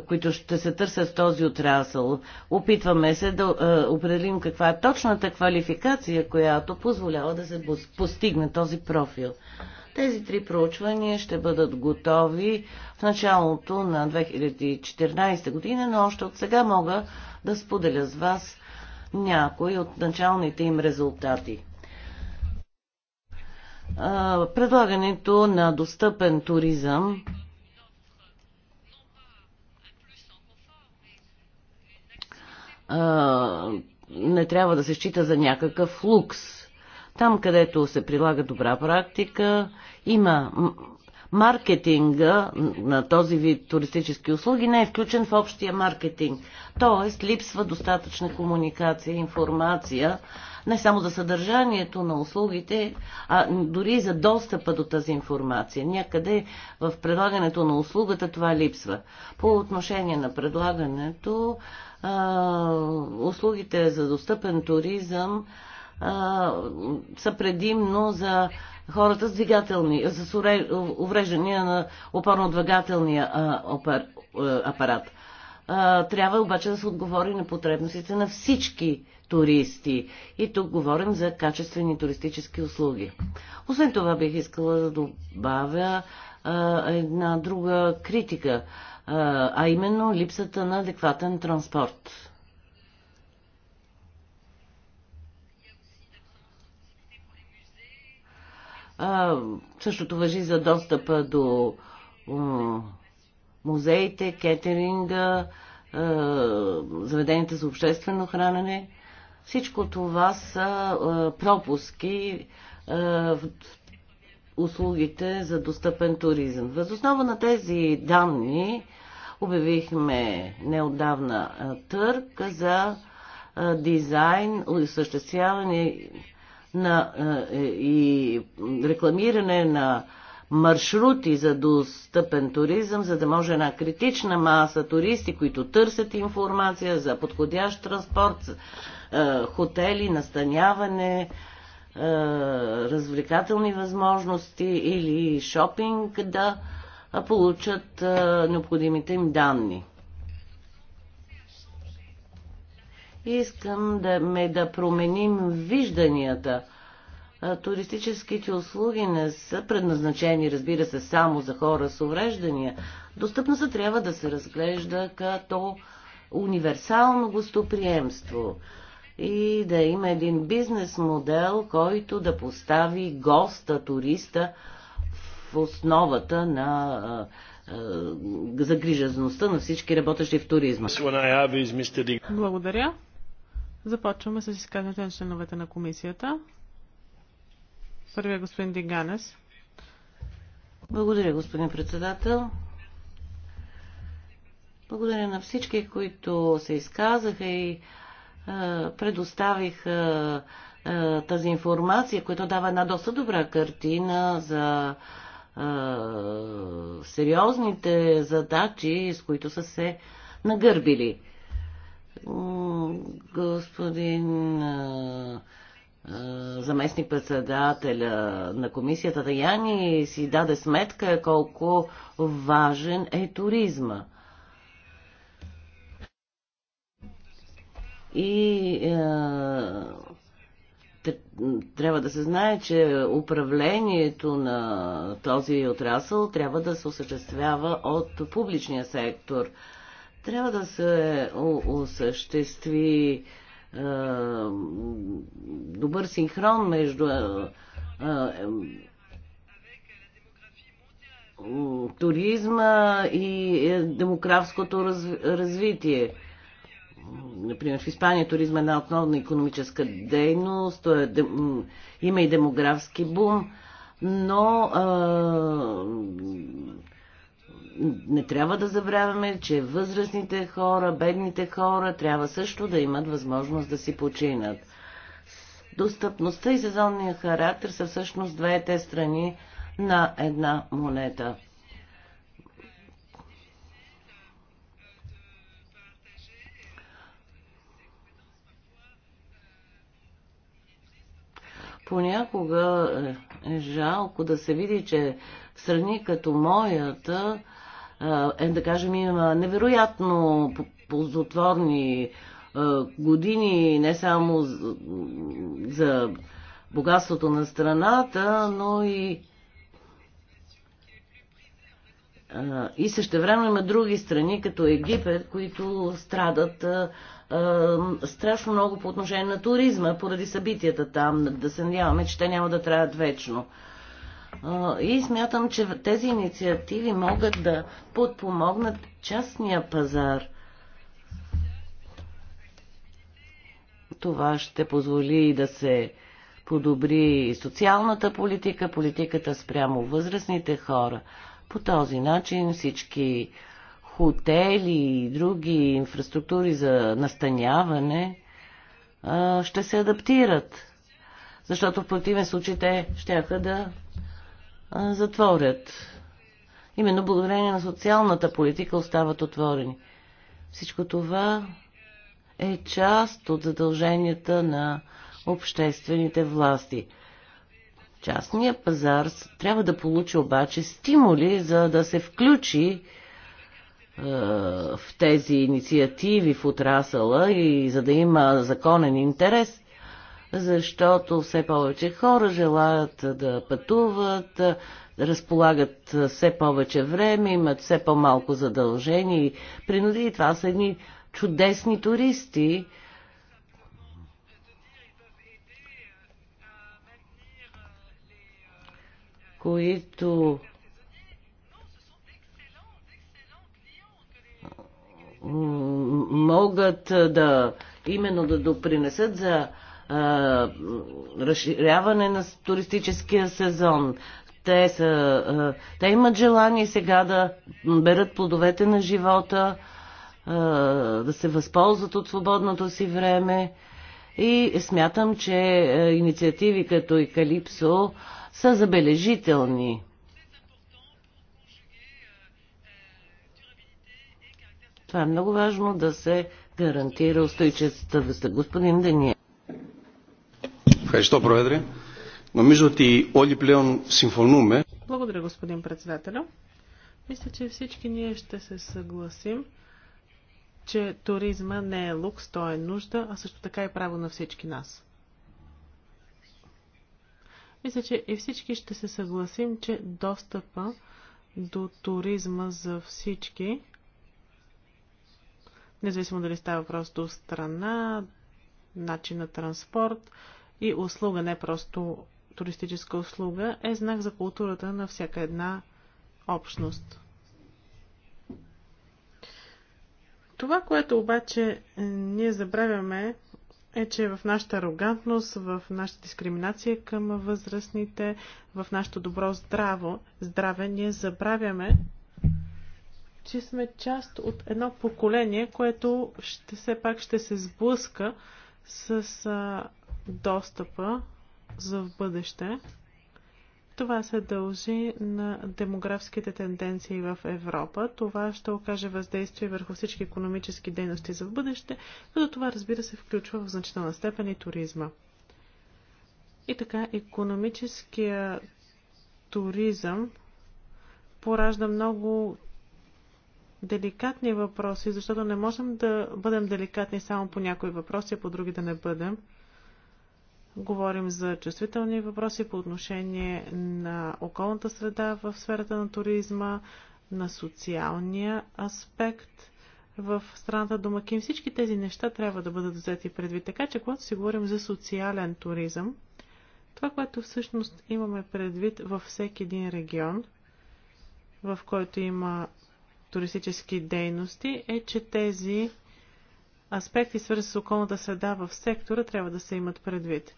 които ще се търсят в този отрасъл. Опитваме се да е, определим каква е точната квалификация, която позволява да се постигне този профил. Тези три проучвания ще бъдат готови в началото на 2014 година, но още от сега мога да споделя с вас някои от началните им резултати. Е, предлагането на достъпен туризъм а, не трябва да се счита за някакъв лукс. Там, където се прилага добра практика, има маркетинга на този вид туристически услуги не е включен в общия маркетинг. Тоест, липсва достатъчна комуникация, информация, не само за съдържанието на услугите, а дори и за достъпа до тази информация. Някъде в предлагането на услугата това липсва. По отношение на предлагането, а, услугите за достъпен туризъм а, са предимно за хората с двигателни, за увреждания на опорно-двигателния апарат. А, трябва обаче да се отговори на потребностите на всички туристи. И тук говорим за качествени туристически услуги. Освен това бих искала да добавя една друга критика, а, именно липсата на адекватен транспорт. А, същото въжи за достъпа до музеите, кетеринга, заведенията за обществено хранене. Всичко това са пропуски в услугите за достъпен туризъм. Възоснова на тези данни обявихме неодавна търг за дизайн, осъществяване на, е, и рекламиране на маршрути за достъпен туризъм, за да може една критична маса туристи, които търсят информация за подходящ транспорт, хотели, настаняване, е, развлекателни възможности или шопинг да получат е, необходимите им данни. Искам да ме да променим вижданията. Е, туристическите услуги не са предназначени, разбира се, само за хора с увреждания. Достъпността трябва да се разглежда като универсално гостоприемство и да има един бизнес модел, който да постави госта, туриста в основата на загрижазността на всички работещи в туризма. Благодаря. Започваме с изказването на членовете на комисията. Първият е господин Диганес. Благодаря, господин председател. Благодаря на всички, които се изказаха и е, предоставих е, е, тази информация, която дава една доста добра картина за сериозните задачи, с които са се нагърбили. Господин заместник председателя на комисията даяни, си даде сметка колко важен е туризма. И е, трябва да се знае, че управлението на този отрасъл трябва да се осъществява от публичния сектор. Трябва да се осъществи е, добър синхрон между е, е туризма и е, демографското разви, развитие например, в Испания туризма е една основна економическа дейност, е, де, има и демографски бум, но а, не трябва да забравяме, че възрастните хора, бедните хора трябва също да имат възможност да си починат. Достъпността и сезонния характер са всъщност двете страни на една монета. Понякога е жалко да се види, че в страни като моята, е, да кажем, има невероятно ползотворни години не само за богатството на страната, но и и също време има други страни, като Египет, които страдат е, страшно много по отношение на туризма, поради събитията там, да се надяваме, че те няма да траят вечно. Е, и смятам, че тези инициативи могат да подпомогнат частния пазар. Това ще позволи да се подобри социалната политика, политиката спрямо възрастните хора. По този начин всички хотели и други инфраструктури за настаняване ще се адаптират. Защото в противен случай те ще да затворят. Именно благодарение на социалната политика остават отворени. Всичко това е част от задълженията на обществените власти. Частният пазар трябва да получи обаче стимули, за да се включи е, в тези инициативи в отрасъла и за да има законен интерес, защото все повече хора желаят да пътуват, да разполагат все повече време, имат все по-малко задължения и принуди. Това са едни чудесни туристи, които могат да именно да допринесат за а, разширяване на туристическия сезон. Те, са, а, те имат желание сега да берат плодовете на живота, а, да се възползват от свободното си време и смятам, че инициативи като Калипсо са забележителни. Това е много важно да се гарантира устойчивостта. Господин Дения. Ευχαριστώ, Πρόεδρε. Νομίζω ти Оли Плеон симфонуме. Благодаря, господин председател. Мисля, че всички ние ще се съгласим, че туризма не е лукс, то е нужда, а също така е право на всички нас. Мисля, че и всички ще се съгласим, че достъпа до туризма за всички независимо дали става въпрос до страна, начин на транспорт и услуга, не просто туристическа услуга, е знак за културата на всяка една общност. Това, което обаче ние забравяме, е, че в нашата арогантност, в нашата дискриминация към възрастните, в нашето добро здраво, здраве, ние забравяме че сме част от едно поколение, което ще, все пак ще се сблъска с а, достъпа за в бъдеще. Това се дължи на демографските тенденции в Европа. Това ще окаже въздействие върху всички економически дейности за в бъдеще, като това разбира се включва в значителна степен и туризма. И така, економическия туризъм поражда много деликатни въпроси, защото не можем да бъдем деликатни само по някои въпроси, а по други да не бъдем. Говорим за чувствителни въпроси по отношение на околната среда в сферата на туризма, на социалния аспект в страната домакин. Всички тези неща трябва да бъдат взети предвид. Така че, когато си говорим за социален туризъм, това, което всъщност имаме предвид във всеки един регион, в който има туристически дейности е, че тези аспекти, свързани с околната среда в сектора, трябва да се имат предвид.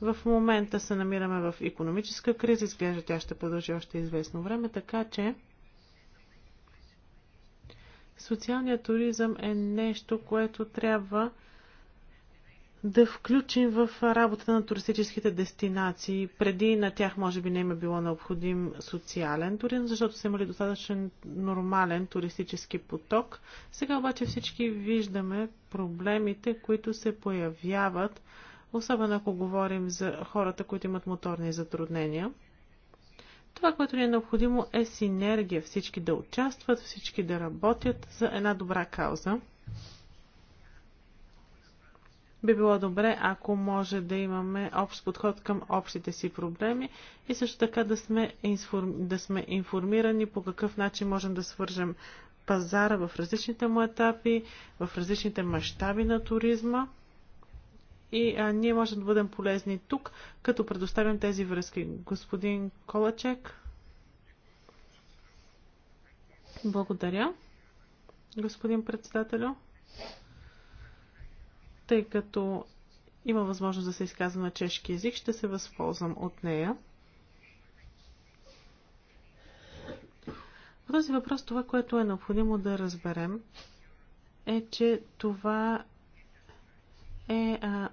В момента се намираме в економическа криза, изглежда тя ще продължи още известно време, така че социалният туризъм е нещо, което трябва да включим в работата на туристическите дестинации. Преди на тях може би не има е било необходим социален туризъм, защото са имали достатъчен нормален туристически поток. Сега обаче всички виждаме проблемите, които се появяват, особено ако говорим за хората, които имат моторни затруднения. Това, което ни е необходимо е синергия, всички да участват, всички да работят за една добра кауза би било добре, ако може да имаме общ подход към общите си проблеми и също така да сме, информ... да сме информирани по какъв начин можем да свържем пазара в различните му етапи, в различните мащаби на туризма. И а, ние можем да бъдем полезни тук, като предоставим тези връзки. Господин Колачек. Благодаря, господин председателю тъй като има възможност да се изказва на чешки язик, ще се възползвам от нея. В този въпрос това, което е необходимо да разберем, е, че това е а,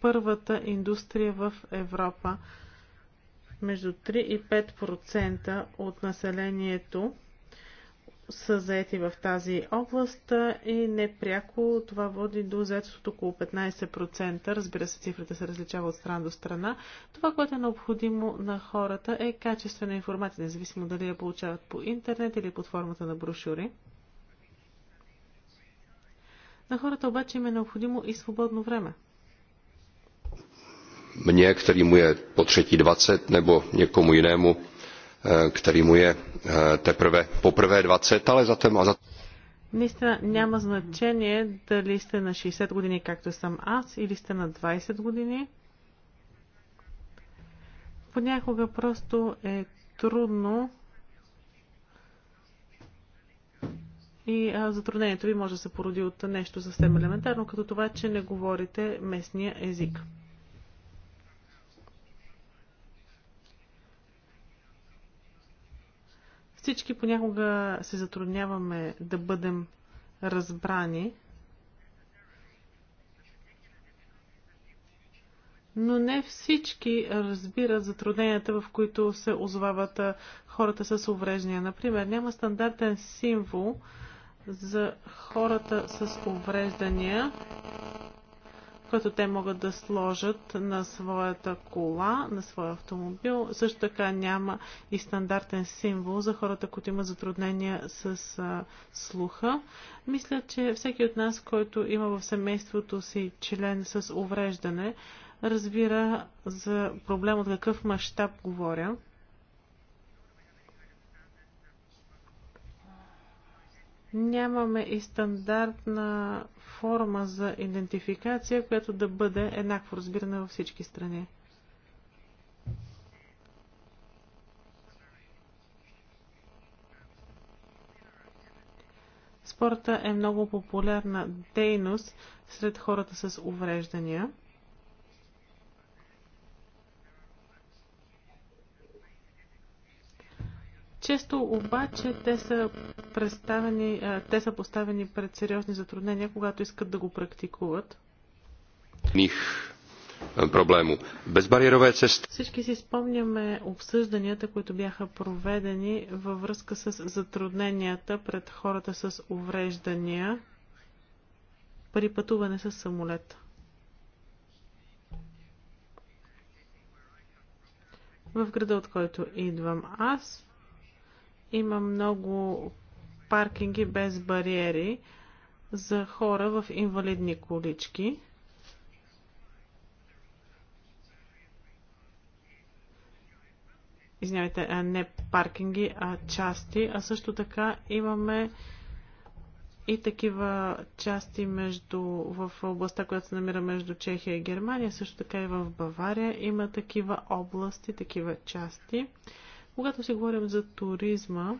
първата индустрия в Европа. Между 3 и 5% от населението са заети в тази област и непряко това води до заетост от около 15%. Разбира се, цифрата се различава от страна до страна. Това, което е необходимо на хората е качествена информация, независимо дали я получават по интернет или под формата на брошури. На хората обаче им е необходимо и свободно време. Мне, který mu je po třetí 20, nebo někomu jinému, E, který mu je e, teprve poprvé 20, ale za téma. za... Наистина няма значение дали сте на 60 години, както съм аз, или сте на 20 години. Понякога просто е трудно и а, затруднението ви може да се породи от нещо съвсем елементарно, като това, че не говорите местния език. Всички понякога се затрудняваме да бъдем разбрани, но не всички разбират затрудненията, в които се озовават хората с увреждания. Например, няма стандартен символ за хората с увреждания който те могат да сложат на своята кола, на своя автомобил. Също така няма и стандартен символ за хората, които имат затруднения с а, слуха. Мисля, че всеки от нас, който има в семейството си член с увреждане, разбира за проблем от какъв мащаб говоря. нямаме и стандартна форма за идентификация, която да бъде еднакво разбирана във всички страни. Спорта е много популярна дейност сред хората с увреждания. Често обаче те са представени, те са поставени пред сериозни затруднения, когато искат да го практикуват. Них проблему. Безбариерové cesty. Е Всички си спомняме обсъжданията, които бяха проведени във връзка с затрудненията пред хората с увреждания при пътуване с самолет. В града, от който идвам аз, има много паркинги без бариери за хора в инвалидни колички. Извинявайте, не паркинги, а части. А също така имаме и такива части между, в областта, която се намира между Чехия и Германия, също така и в Бавария има такива области, такива части. Когато си говорим за туризма,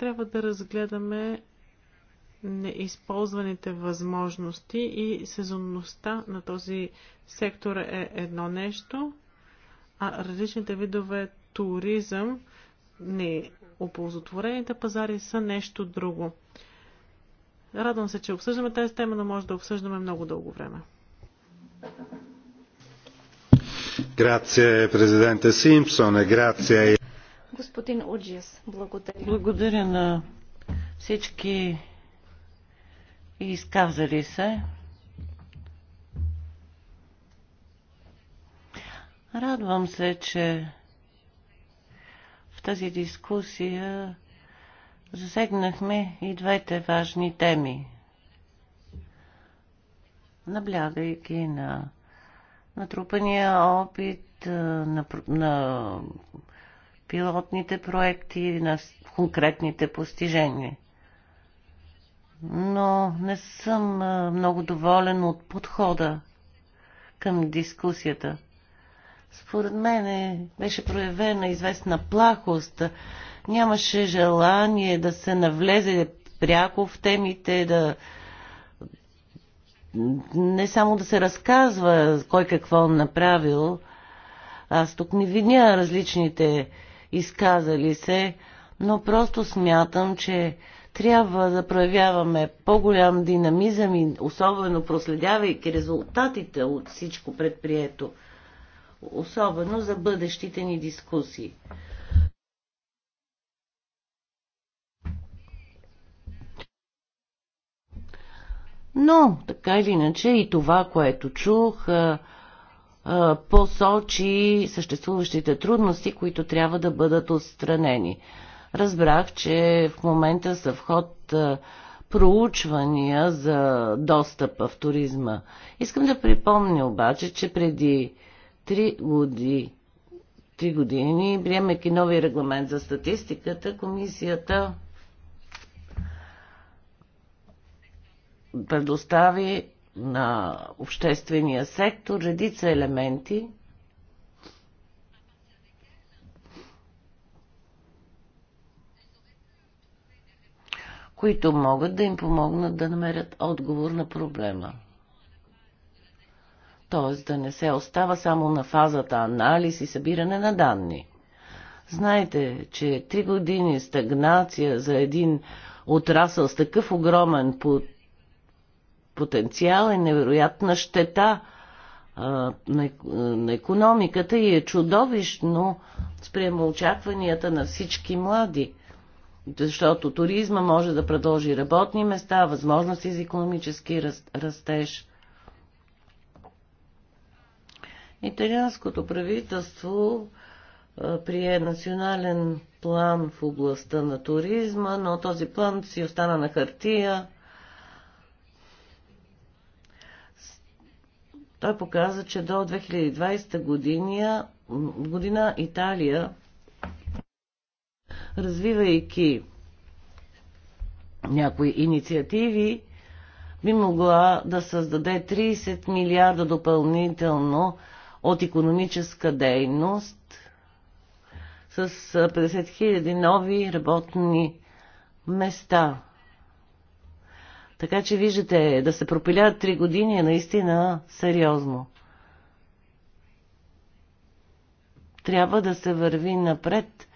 трябва да разгледаме неизползваните възможности и сезонността на този сектор е едно нещо, а различните видове туризъм, не оползотворените пазари са нещо друго. Радвам се, че обсъждаме тази тема, но може да обсъждаме много дълго време. президента Симпсон, грация и Господин Уджиас, благодаря. Благодаря на всички изказали се. Радвам се, че в тази дискусия засегнахме и двете важни теми. Наблягайки на натрупания опит, на, на пилотните проекти и на конкретните постижения. Но не съм много доволен от подхода към дискусията. Според мен е, беше проявена известна плахост. Нямаше желание да се навлезе пряко в темите, да не само да се разказва кой какво направил. Аз тук не виня различните изказали се, но просто смятам, че трябва да проявяваме по-голям динамизъм и особено проследявайки резултатите от всичко предприето, особено за бъдещите ни дискусии. Но, така или иначе, и това, което чух, посочи съществуващите трудности, които трябва да бъдат отстранени. Разбрах, че в момента са в ход проучвания за достъпа в туризма. Искам да припомня обаче, че преди 3 години, 3 години приемайки нови регламент за статистиката, комисията предостави на обществения сектор, редица елементи, които могат да им помогнат да намерят отговор на проблема. Тоест да не се остава само на фазата анализ и събиране на данни. Знаете, че три години стагнация за един отрасъл с такъв огромен потенциал потенциал е невероятна щета а, на, на економиката и е чудовищно спрямо очакванията на всички млади. Защото туризма може да продължи работни места, възможности за економически растеж. Италианското правителство прие национален план в областта на туризма, но този план си остана на хартия Той показа, че до 2020 година, година Италия, развивайки някои инициативи, би могла да създаде 30 милиарда допълнително от економическа дейност с 50 хиляди нови работни места. Така че виждате, да се пропиляват три години е наистина сериозно. Трябва да се върви напред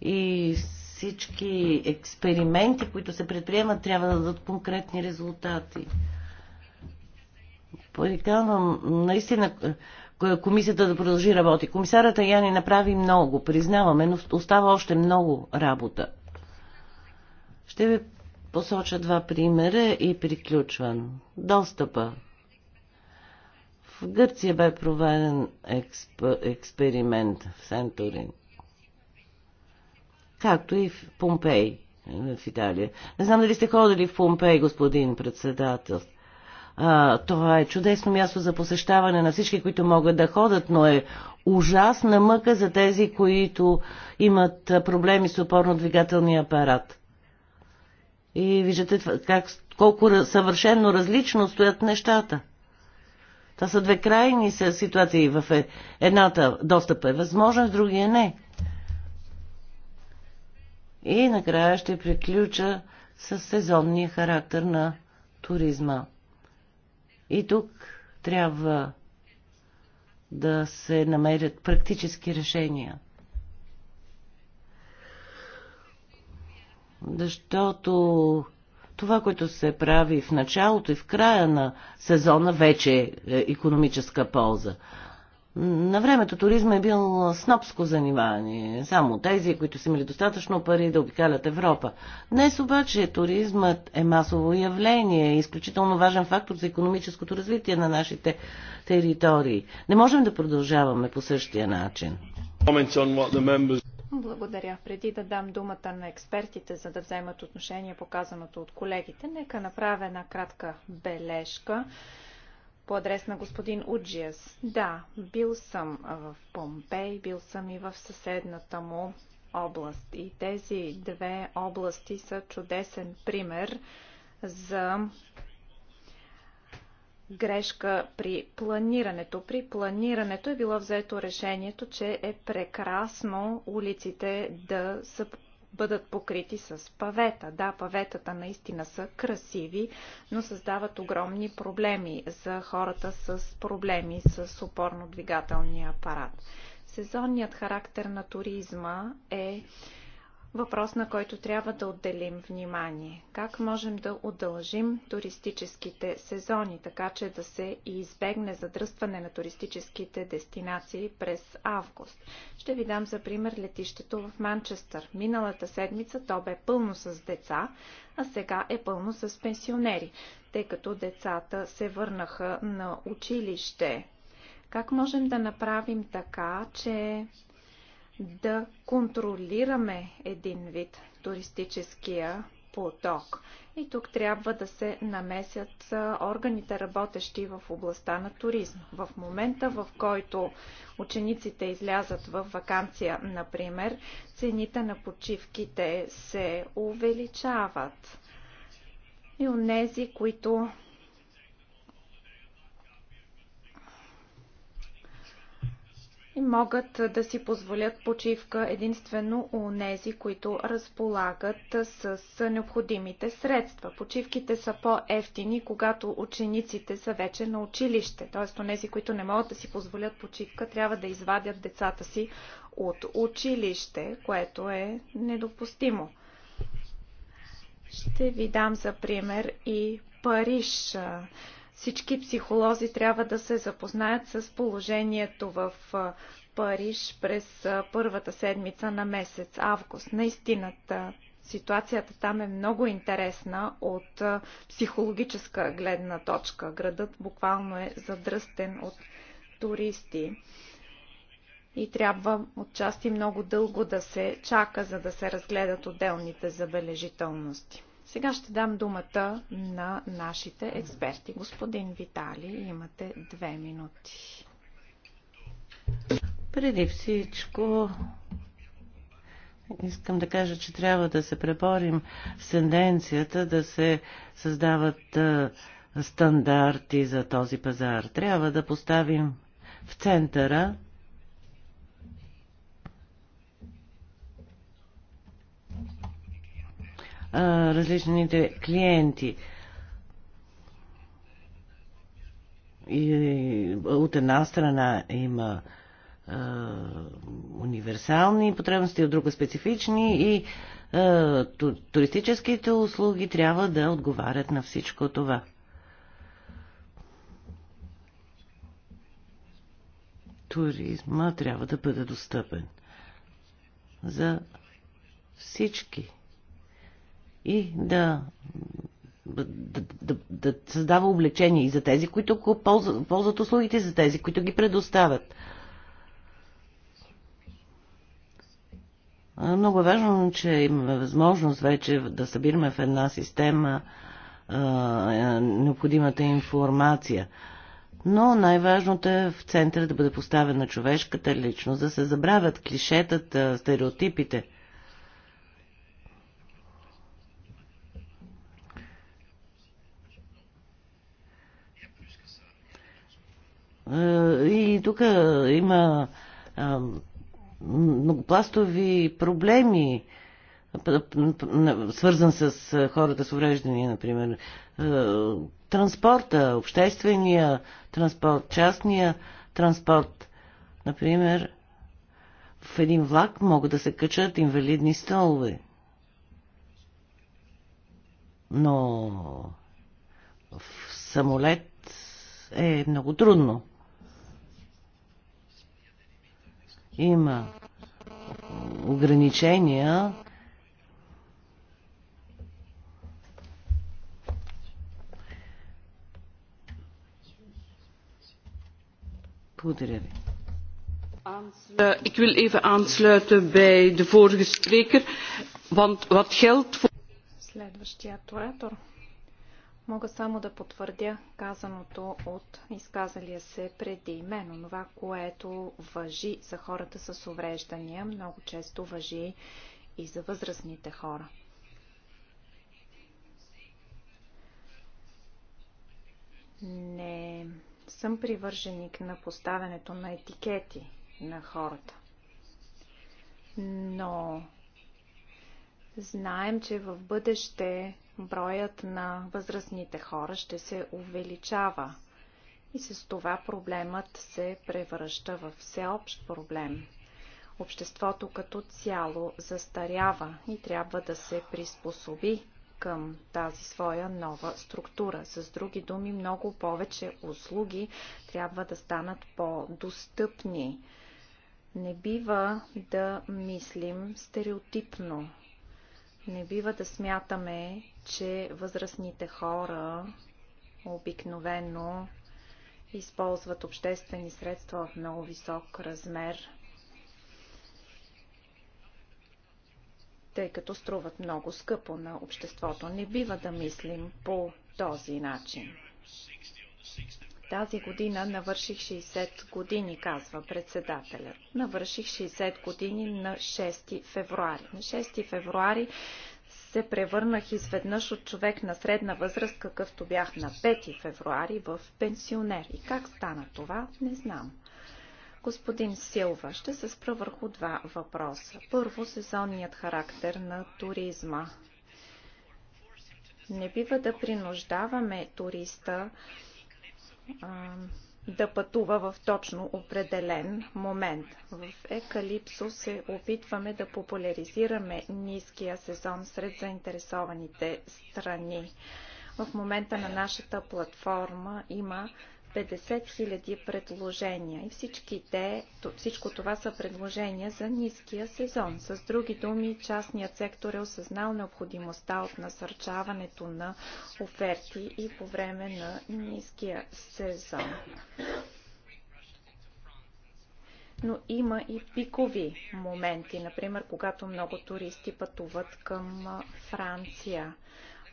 и всички експерименти, които се предприемат, трябва да дадат конкретни резултати. Приканвам наистина комисията да продължи работи. Комисарата Яни направи много, признаваме, но остава още много работа. Ще ви посоча два примера и приключвам. Достъпа. В Гърция бе проведен експ... експеримент в Сентурин. Както и в Помпей, в Италия. Не знам дали сте ходили в Помпей, господин председател. А, това е чудесно място за посещаване на всички, които могат да ходят, но е ужасна мъка за тези, които имат проблеми с опорно-двигателния апарат. И виждате как, колко съвършенно различно стоят нещата. Та са две крайни ситуации. В е, едната достъп е възможен, в другия не. И накрая ще приключа с сезонния характер на туризма. И тук трябва да се намерят практически решения. защото това, което се прави в началото и в края на сезона, вече е економическа полза. На времето туризма е бил снопско занимание. Само тези, които са имали достатъчно пари да обикалят Европа. Днес обаче туризмът е масово явление, е изключително важен фактор за економическото развитие на нашите територии. Не можем да продължаваме по същия начин. Благодаря. Преди да дам думата на експертите, за да вземат отношение по казаното от колегите, нека направя една кратка бележка по адрес на господин Уджиас. Да, бил съм в Помпей, бил съм и в съседната му област. И тези две области са чудесен пример за грешка при планирането. При планирането е било взето решението, че е прекрасно улиците да са бъдат покрити с павета. Да, паветата наистина са красиви, но създават огромни проблеми за хората с проблеми с опорно-двигателния апарат. Сезонният характер на туризма е въпрос, на който трябва да отделим внимание. Как можем да удължим туристическите сезони, така че да се избегне задръстване на туристическите дестинации през август? Ще ви дам за пример летището в Манчестър. Миналата седмица то бе пълно с деца, а сега е пълно с пенсионери, тъй като децата се върнаха на училище. Как можем да направим така, че да контролираме един вид туристическия поток. И тук трябва да се намесят органите, работещи в областта на туризма. В момента, в който учениците излязат в вакансия, например, цените на почивките се увеличават. И у нези, които и могат да си позволят почивка единствено у нези, които разполагат с необходимите средства. Почивките са по-ефтини, когато учениците са вече на училище, т.е. у нези, които не могат да си позволят почивка, трябва да извадят децата си от училище, което е недопустимо. Ще ви дам за пример и Париж. Париж всички психолози трябва да се запознаят с положението в Париж през първата седмица на месец август. Наистина, ситуацията там е много интересна от психологическа гледна точка. Градът буквално е задръстен от туристи и трябва отчасти много дълго да се чака, за да се разгледат отделните забележителности. Сега ще дам думата на нашите експерти. Господин Витали, имате две минути. Преди всичко, искам да кажа, че трябва да се преборим с тенденцията да се създават стандарти за този пазар. Трябва да поставим в центъра различните клиенти. И, от една страна има а, универсални потребности, от друга специфични и а, ту, туристическите услуги трябва да отговарят на всичко това. туризма трябва да бъде достъпен за всички и да, да, да, да създава облечение и за тези, които ползват, ползват услугите, и за тези, които ги предоставят. Много е важно, че имаме възможност вече да събираме в една система необходимата информация. Но най-важното е в центъра да бъде поставена човешката личност, да се забравят клишетата, стереотипите – Е, и тук има е, многопластови проблеми, свързан с е, хората с увреждания, например. Транспорта, обществения транспорт, частния транспорт. Например, в един влак могат да се качат инвалидни столове. Но в самолет е много трудно. Има ограничения. Благодаря ви. Ik wil even aansluiten bij de vorige spreker, want wat geldt voor. Следващият оратор. Мога само да потвърдя казаното от изказалия се преди мен. това, което въжи за хората с увреждания, много често въжи и за възрастните хора. Не съм привърженик на поставянето на етикети на хората. Но знаем, че в бъдеще броят на възрастните хора ще се увеличава и с това проблемът се превръща в всеобщ проблем. Обществото като цяло застарява и трябва да се приспособи към тази своя нова структура. С други думи, много повече услуги трябва да станат по-достъпни. Не бива да мислим стереотипно. Не бива да смятаме, че възрастните хора обикновено използват обществени средства в много висок размер, тъй като струват много скъпо на обществото. Не бива да мислим по този начин. Тази година навърших 60 години, казва председателят. Навърших 60 години на 6 февруари. На 6 февруари се превърнах изведнъж от човек на средна възраст, какъвто бях на 5 февруари, в пенсионер. И как стана това, не знам. Господин Силва, ще се спра върху два въпроса. Първо, сезонният характер на туризма. Не бива да принуждаваме туриста а, да пътува в точно определен момент. В Екалипсо се опитваме да популяризираме ниския сезон сред заинтересованите страни. В момента на нашата платформа има 50 000 предложения. И всички те, всичко това са предложения за ниския сезон. С други думи, частният сектор е осъзнал необходимостта от насърчаването на оферти и по време на ниския сезон. Но има и пикови моменти, например, когато много туристи пътуват към Франция.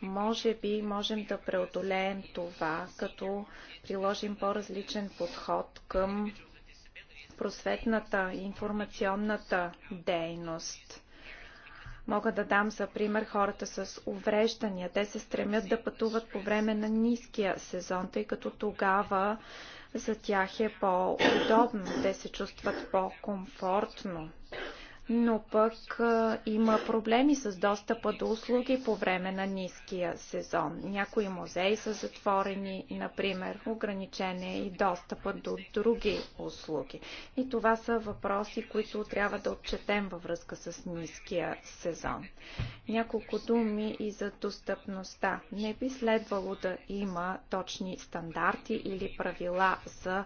Може би можем да преодолеем това, като приложим по-различен подход към просветната и информационната дейност. Мога да дам за пример хората с увреждания. Те се стремят да пътуват по време на ниския сезон, тъй като тогава за тях е по-удобно, те се чувстват по-комфортно но пък има проблеми с достъпа до услуги по време на ниския сезон. Някои музеи са затворени, например, ограничен е и достъпа до други услуги. И това са въпроси, които трябва да отчетем във връзка с ниския сезон. Няколко думи и за достъпността. Не би следвало да има точни стандарти или правила за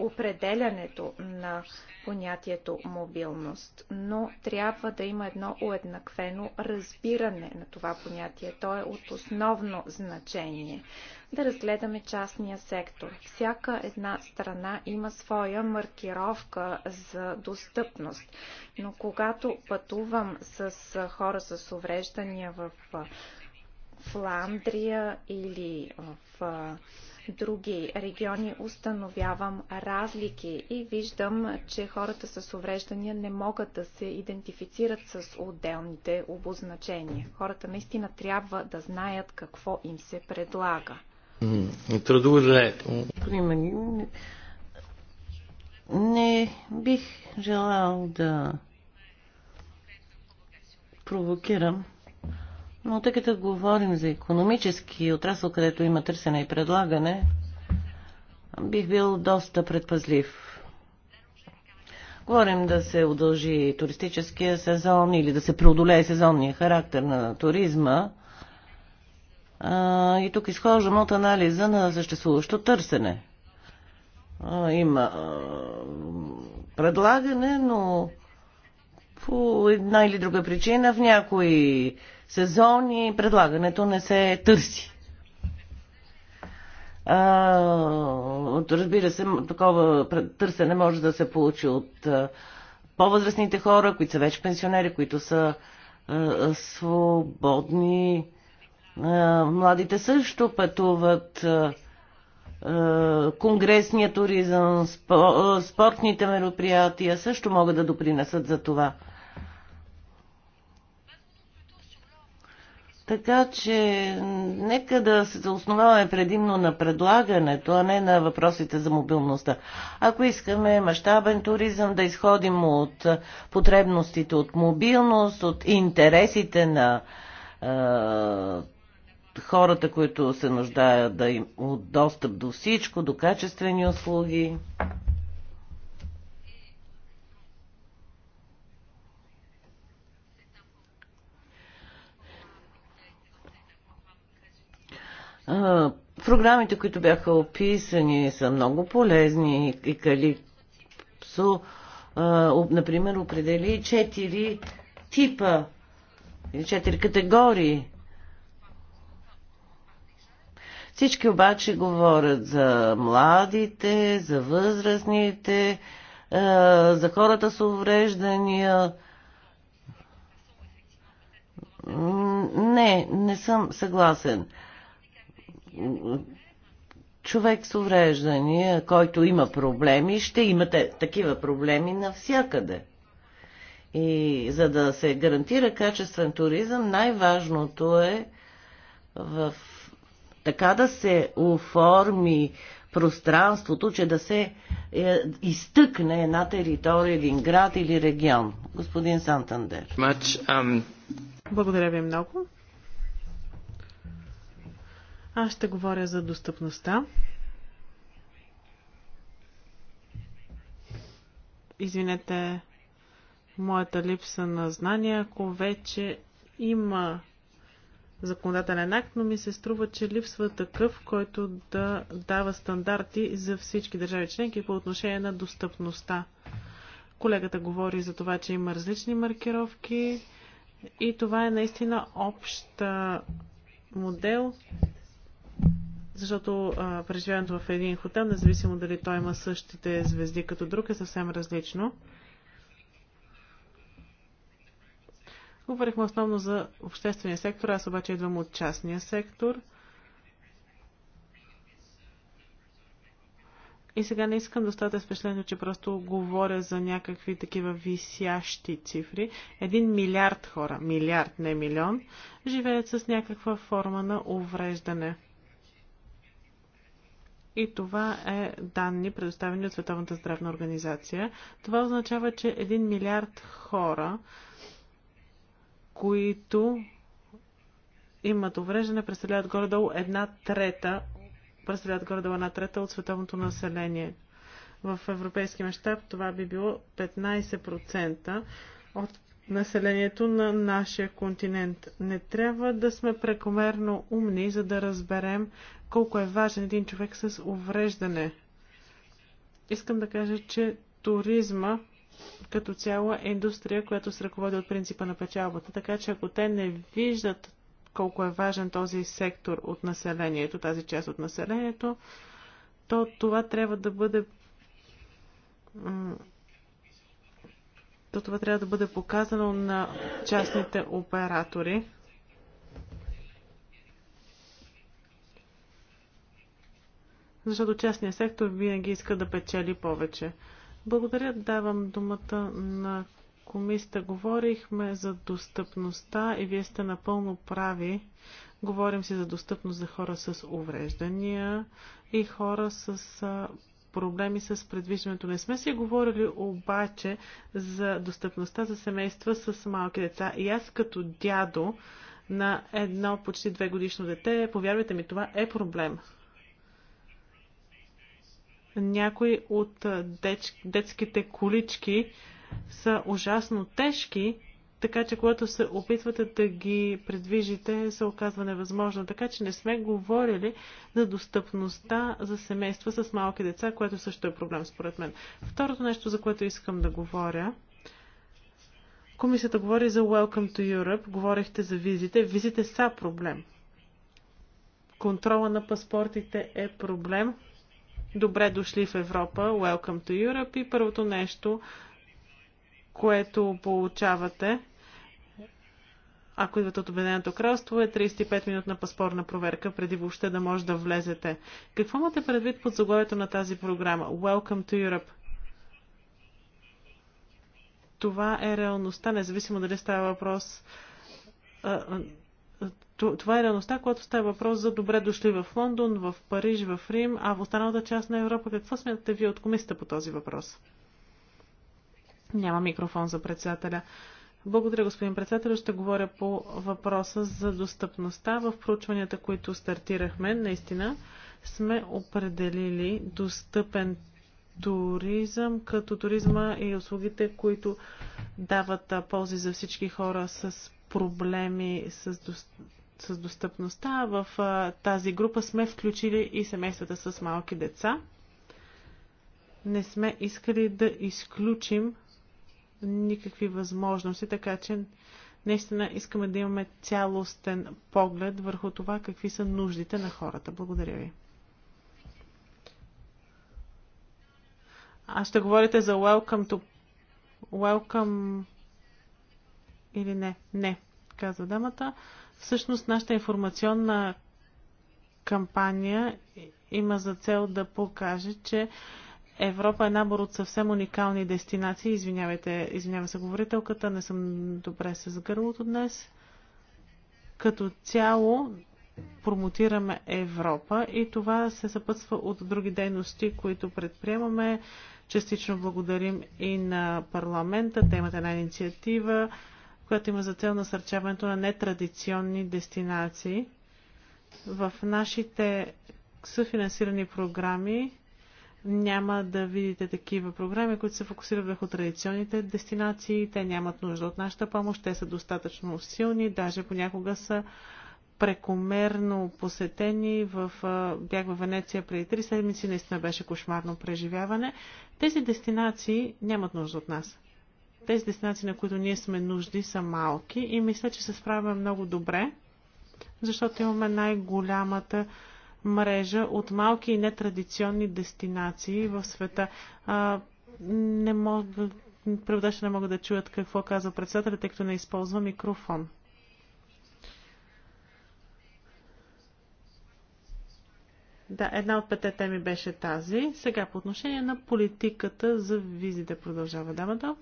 определянето на понятието мобилност, но трябва да има едно уеднаквено разбиране на това понятие. То е от основно значение. Да разгледаме частния сектор. Всяка една страна има своя маркировка за достъпност, но когато пътувам с хора с увреждания в Фландрия или в други региони установявам разлики и виждам, че хората с увреждания не могат да се идентифицират с отделните обозначения. Хората наистина трябва да знаят какво им се предлага. не бих желал да провокирам, но тъй като говорим за економически отрасъл, където има търсене и предлагане, бих бил доста предпазлив. Говорим да се удължи туристическия сезон или да се преодолее сезонния характер на туризма. и тук изхождам от анализа на съществуващо търсене. има предлагане, но по една или друга причина в някои сезони предлагането не се търси. А, разбира се, такова търсене може да се получи от по-възрастните хора, които са вече пенсионери, които са а, свободни. А, младите също пътуват. А, конгресния туризъм, спортните мероприятия също могат да допринесат за това. Така че нека да се основаваме предимно на предлагането, а не на въпросите за мобилността. Ако искаме мащабен туризъм, да изходим от потребностите от мобилност, от интересите на е, хората, които се нуждаят да им, от достъп до всичко, до качествени услуги. Програмите, които бяха описани, са много полезни и Калипсо, например, определи четири типа или четири категории. Всички обаче говорят за младите, за възрастните, за хората с увреждания. Не, не съм съгласен човек с увреждания, който има проблеми, ще имате такива проблеми навсякъде. И за да се гарантира качествен туризъм, най-важното е в така да се оформи пространството, че да се е, изтъкне една територия, един град или регион. Господин Сантандер. Um, Благодаря ви много. Аз ще говоря за достъпността. Извинете моята липса на знания, ако вече има законодателен акт, но ми се струва, че липсва такъв, който да дава стандарти за всички държави членки по отношение на достъпността. Колегата говори за това, че има различни маркировки и това е наистина общ модел, защото а, преживяването в един хотел, независимо дали той има същите звезди като друг, е съвсем различно. Говорихме основно за обществения сектор, аз обаче идвам от частния сектор. И сега не искам да оставате впечатлението, че просто говоря за някакви такива висящи цифри. Един милиард хора, милиард, не милион, живеят с някаква форма на увреждане. И това е данни, предоставени от Световната здравна организация. Това означава, че 1 милиард хора, които имат увреждане, представляват горе-долу една трета представляват горе-долу една трета от световното население. В европейски мащаб това би било 15% от населението на нашия континент. Не трябва да сме прекомерно умни, за да разберем колко е важен един човек с увреждане. Искам да кажа, че туризма като цяло е индустрия, която се ръководи от принципа на печалбата. Така че ако те не виждат колко е важен този сектор от населението, тази част от населението, то това трябва да бъде то това трябва да бъде показано на частните оператори. Защото частният сектор винаги иска да печели повече. Благодаря, давам думата на комисията. Говорихме за достъпността и вие сте напълно прави. Говорим си за достъпност за хора с увреждания и хора с проблеми с предвиждането. Не сме си говорили обаче за достъпността за семейства с малки деца. И аз като дядо на едно почти две годишно дете, повярвайте ми, това е проблем. Някои от детските колички са ужасно тежки така че когато се опитвате да ги предвижите, се оказва невъзможно. Така че не сме говорили за достъпността за семейства с малки деца, което също е проблем според мен. Второто нещо, за което искам да говоря, комисията говори за Welcome to Europe, говорихте за визите. Визите са проблем. Контрола на паспортите е проблем. Добре дошли в Европа, Welcome to Europe и първото нещо, което получавате, ако идвате от Обединеното кралство, е 35-минутна паспорна проверка, преди въобще да може да влезете. Какво имате предвид под заглавието на тази програма? Welcome to Europe. Това е реалността, независимо дали става въпрос това е реалността, която става въпрос за добре дошли в Лондон, в Париж, в Рим, а в останалата част на Европа. Какво смятате вие от комисията по този въпрос? Няма микрофон за председателя. Благодаря, господин председател. Ще говоря по въпроса за достъпността. В проучванията, които стартирахме, наистина сме определили достъпен туризъм, като туризма и услугите, които дават ползи за всички хора с проблеми с, до... с достъпността. В тази група сме включили и семействата с малки деца. Не сме искали да изключим никакви възможности, така че наистина искаме да имаме цялостен поглед върху това какви са нуждите на хората. Благодаря ви. А ще говорите за welcome to... Welcome... Или не? Не, казва дамата. Всъщност нашата информационна кампания има за цел да покаже, че Европа е набор от съвсем уникални дестинации. Извинявайте, извинява се говорителката, не съм добре с гърлото днес. Като цяло промотираме Европа и това се съпътства от други дейности, които предприемаме. Частично благодарим и на парламента. Те имат една инициатива, която има за цел насърчаването на нетрадиционни дестинации. В нашите съфинансирани програми няма да видите такива програми, които се фокусират върху традиционните дестинации. Те нямат нужда от нашата помощ, те са достатъчно силни, даже понякога са прекомерно посетени. В, бях в Венеция преди три седмици, наистина беше кошмарно преживяване. Тези дестинации нямат нужда от нас. Тези дестинации, на които ние сме нужди, са малки и мисля, че се справяме много добре, защото имаме най-голямата мрежа от малки и нетрадиционни дестинации в света. А, не мога, преводача не мога да чуят какво казва председателя, тъй като не използва микрофон. Да, една от пете теми беше тази. Сега по отношение на политиката за визите продължава дамата. Да?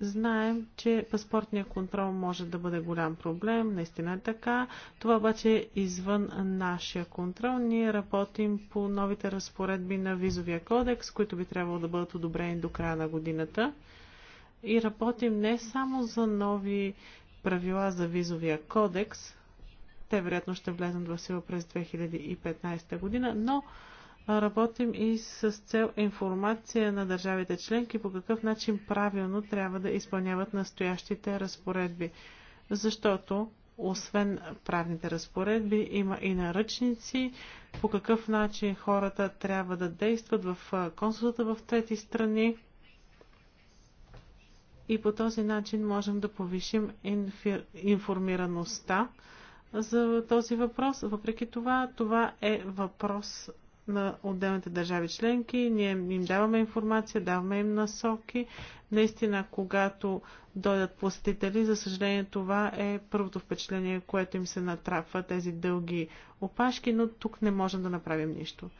Знаем, че паспортния контрол може да бъде голям проблем, наистина е така. Това обаче е извън нашия контрол. Ние работим по новите разпоредби на визовия кодекс, които би трябвало да бъдат одобрени до края на годината. И работим не само за нови правила за визовия кодекс, те вероятно ще влезнат в сила през 2015 година, но Работим и с цел информация на държавите членки по какъв начин правилно трябва да изпълняват настоящите разпоредби. Защото освен правните разпоредби, има и наръчници, по какъв начин хората трябва да действат в консулата в трети страни. И по този начин можем да повишим информираността за този въпрос. Въпреки това, това е въпрос на отделните държави членки, ние им даваме информация, даваме им насоки. Наистина, когато дойдат посетители, за съжаление това е първото впечатление, което им се натрапва, тези дълги опашки, но тук не можем да направим нищо.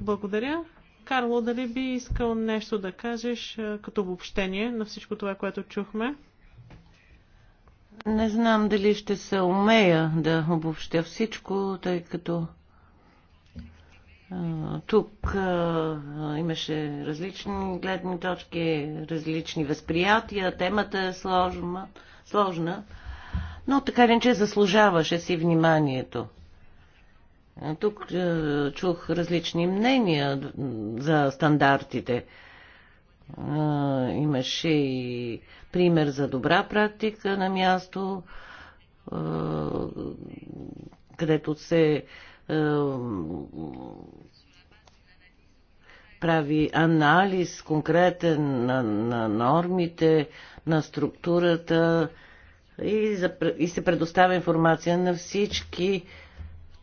Благодаря. Карло, дали би искал нещо да кажеш като обобщение на всичко това, което чухме? Не знам дали ще се умея да обобщя всичко, тъй като тук имаше различни гледни точки, различни възприятия, темата е сложна, сложна но така ли, че заслужаваше си вниманието. Тук чух различни мнения за стандартите. Имаше и пример за добра практика на място, където се е, прави анализ конкретен на, на нормите, на структурата и, за, и се предоставя информация на всички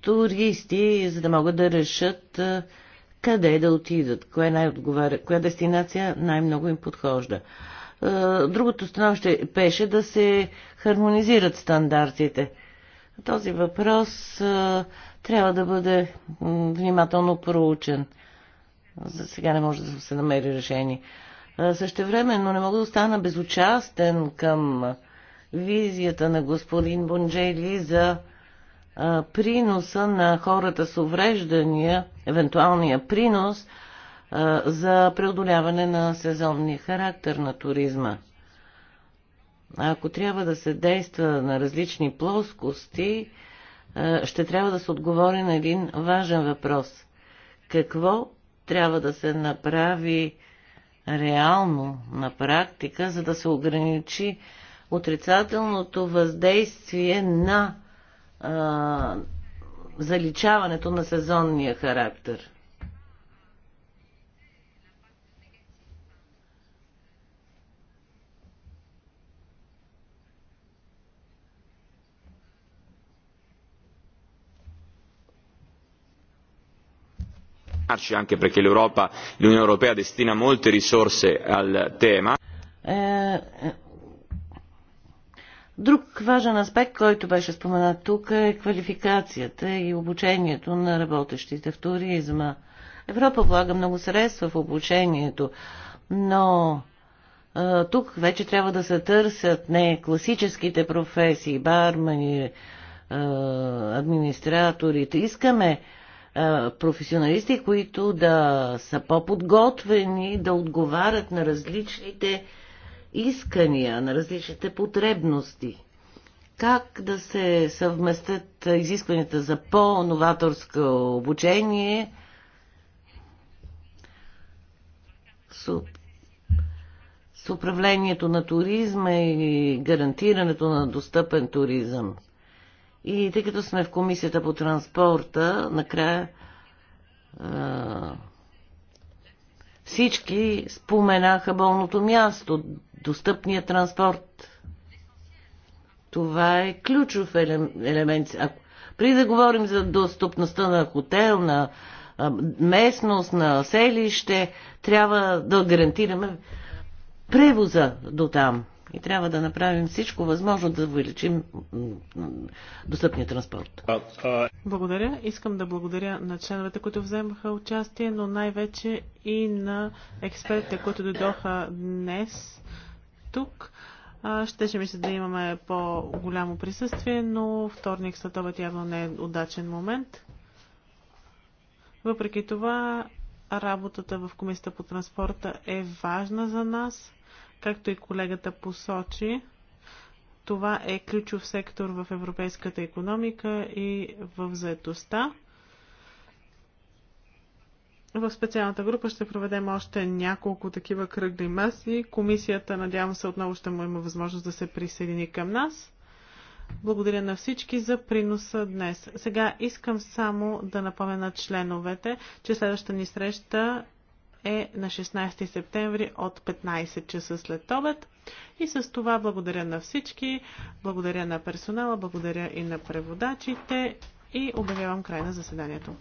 туристи, за да могат да решат е, къде да отидат, кое е най-отговаря, коя дестинация най-много им подхожда. Другото становище беше да се хармонизират стандартите. Този въпрос трябва да бъде внимателно проучен. За сега не може да се намери решение. Също време, но не мога да остана безучастен към визията на господин Бонджели за приноса на хората с увреждания, евентуалния принос за преодоляване на сезонния характер на туризма. Ако трябва да се действа на различни плоскости, ще трябва да се отговори на един важен въпрос. Какво трябва да се направи реално на практика, за да се ограничи отрицателното въздействие на а, заличаването на сезонния характер? anche perché l'Europa, l'Unione Europea destina molte risorse al tema. Е, е, друг важен аспект, който беше споменат тук е квалификацията и обучението на работещите в туризма. Европа влага много средства в обучението, но е, тук вече трябва да се търсят не класическите професии, бармани, администраторите. Искаме е, професионалисти, които да са по-подготвени, да отговарят на различните искания, на различните потребности. Как да се съвместят изискванията за по-новаторско обучение с, с управлението на туризма и гарантирането на достъпен туризъм? И тъй като сме в комисията по транспорта, накрая а, всички споменаха болното място, достъпния транспорт. Това е ключов елемент. Ако, при да говорим за достъпността на хотел, на местност, на селище, трябва да гарантираме превоза до там. И трябва да направим всичко възможно да увеличим достъпния транспорт. Благодаря. Искам да благодаря на членовете, които вземаха участие, но най-вече и на експертите, които дойдоха днес тук. Щеше ми се да имаме по-голямо присъствие, но вторник след обед явно не е удачен момент. Въпреки това, работата в Комисията по транспорта е важна за нас. Както и колегата посочи, това е ключов сектор в европейската економика и в заедостта. В специалната група ще проведем още няколко такива кръгли маси. Комисията, надявам се, отново ще му има възможност да се присъедини към нас. Благодаря на всички за приноса днес. Сега искам само да напомня на членовете, че следващата ни среща е на 16 септември от 15 часа след обед. И с това благодаря на всички, благодаря на персонала, благодаря и на преводачите и обявявам край на заседанието.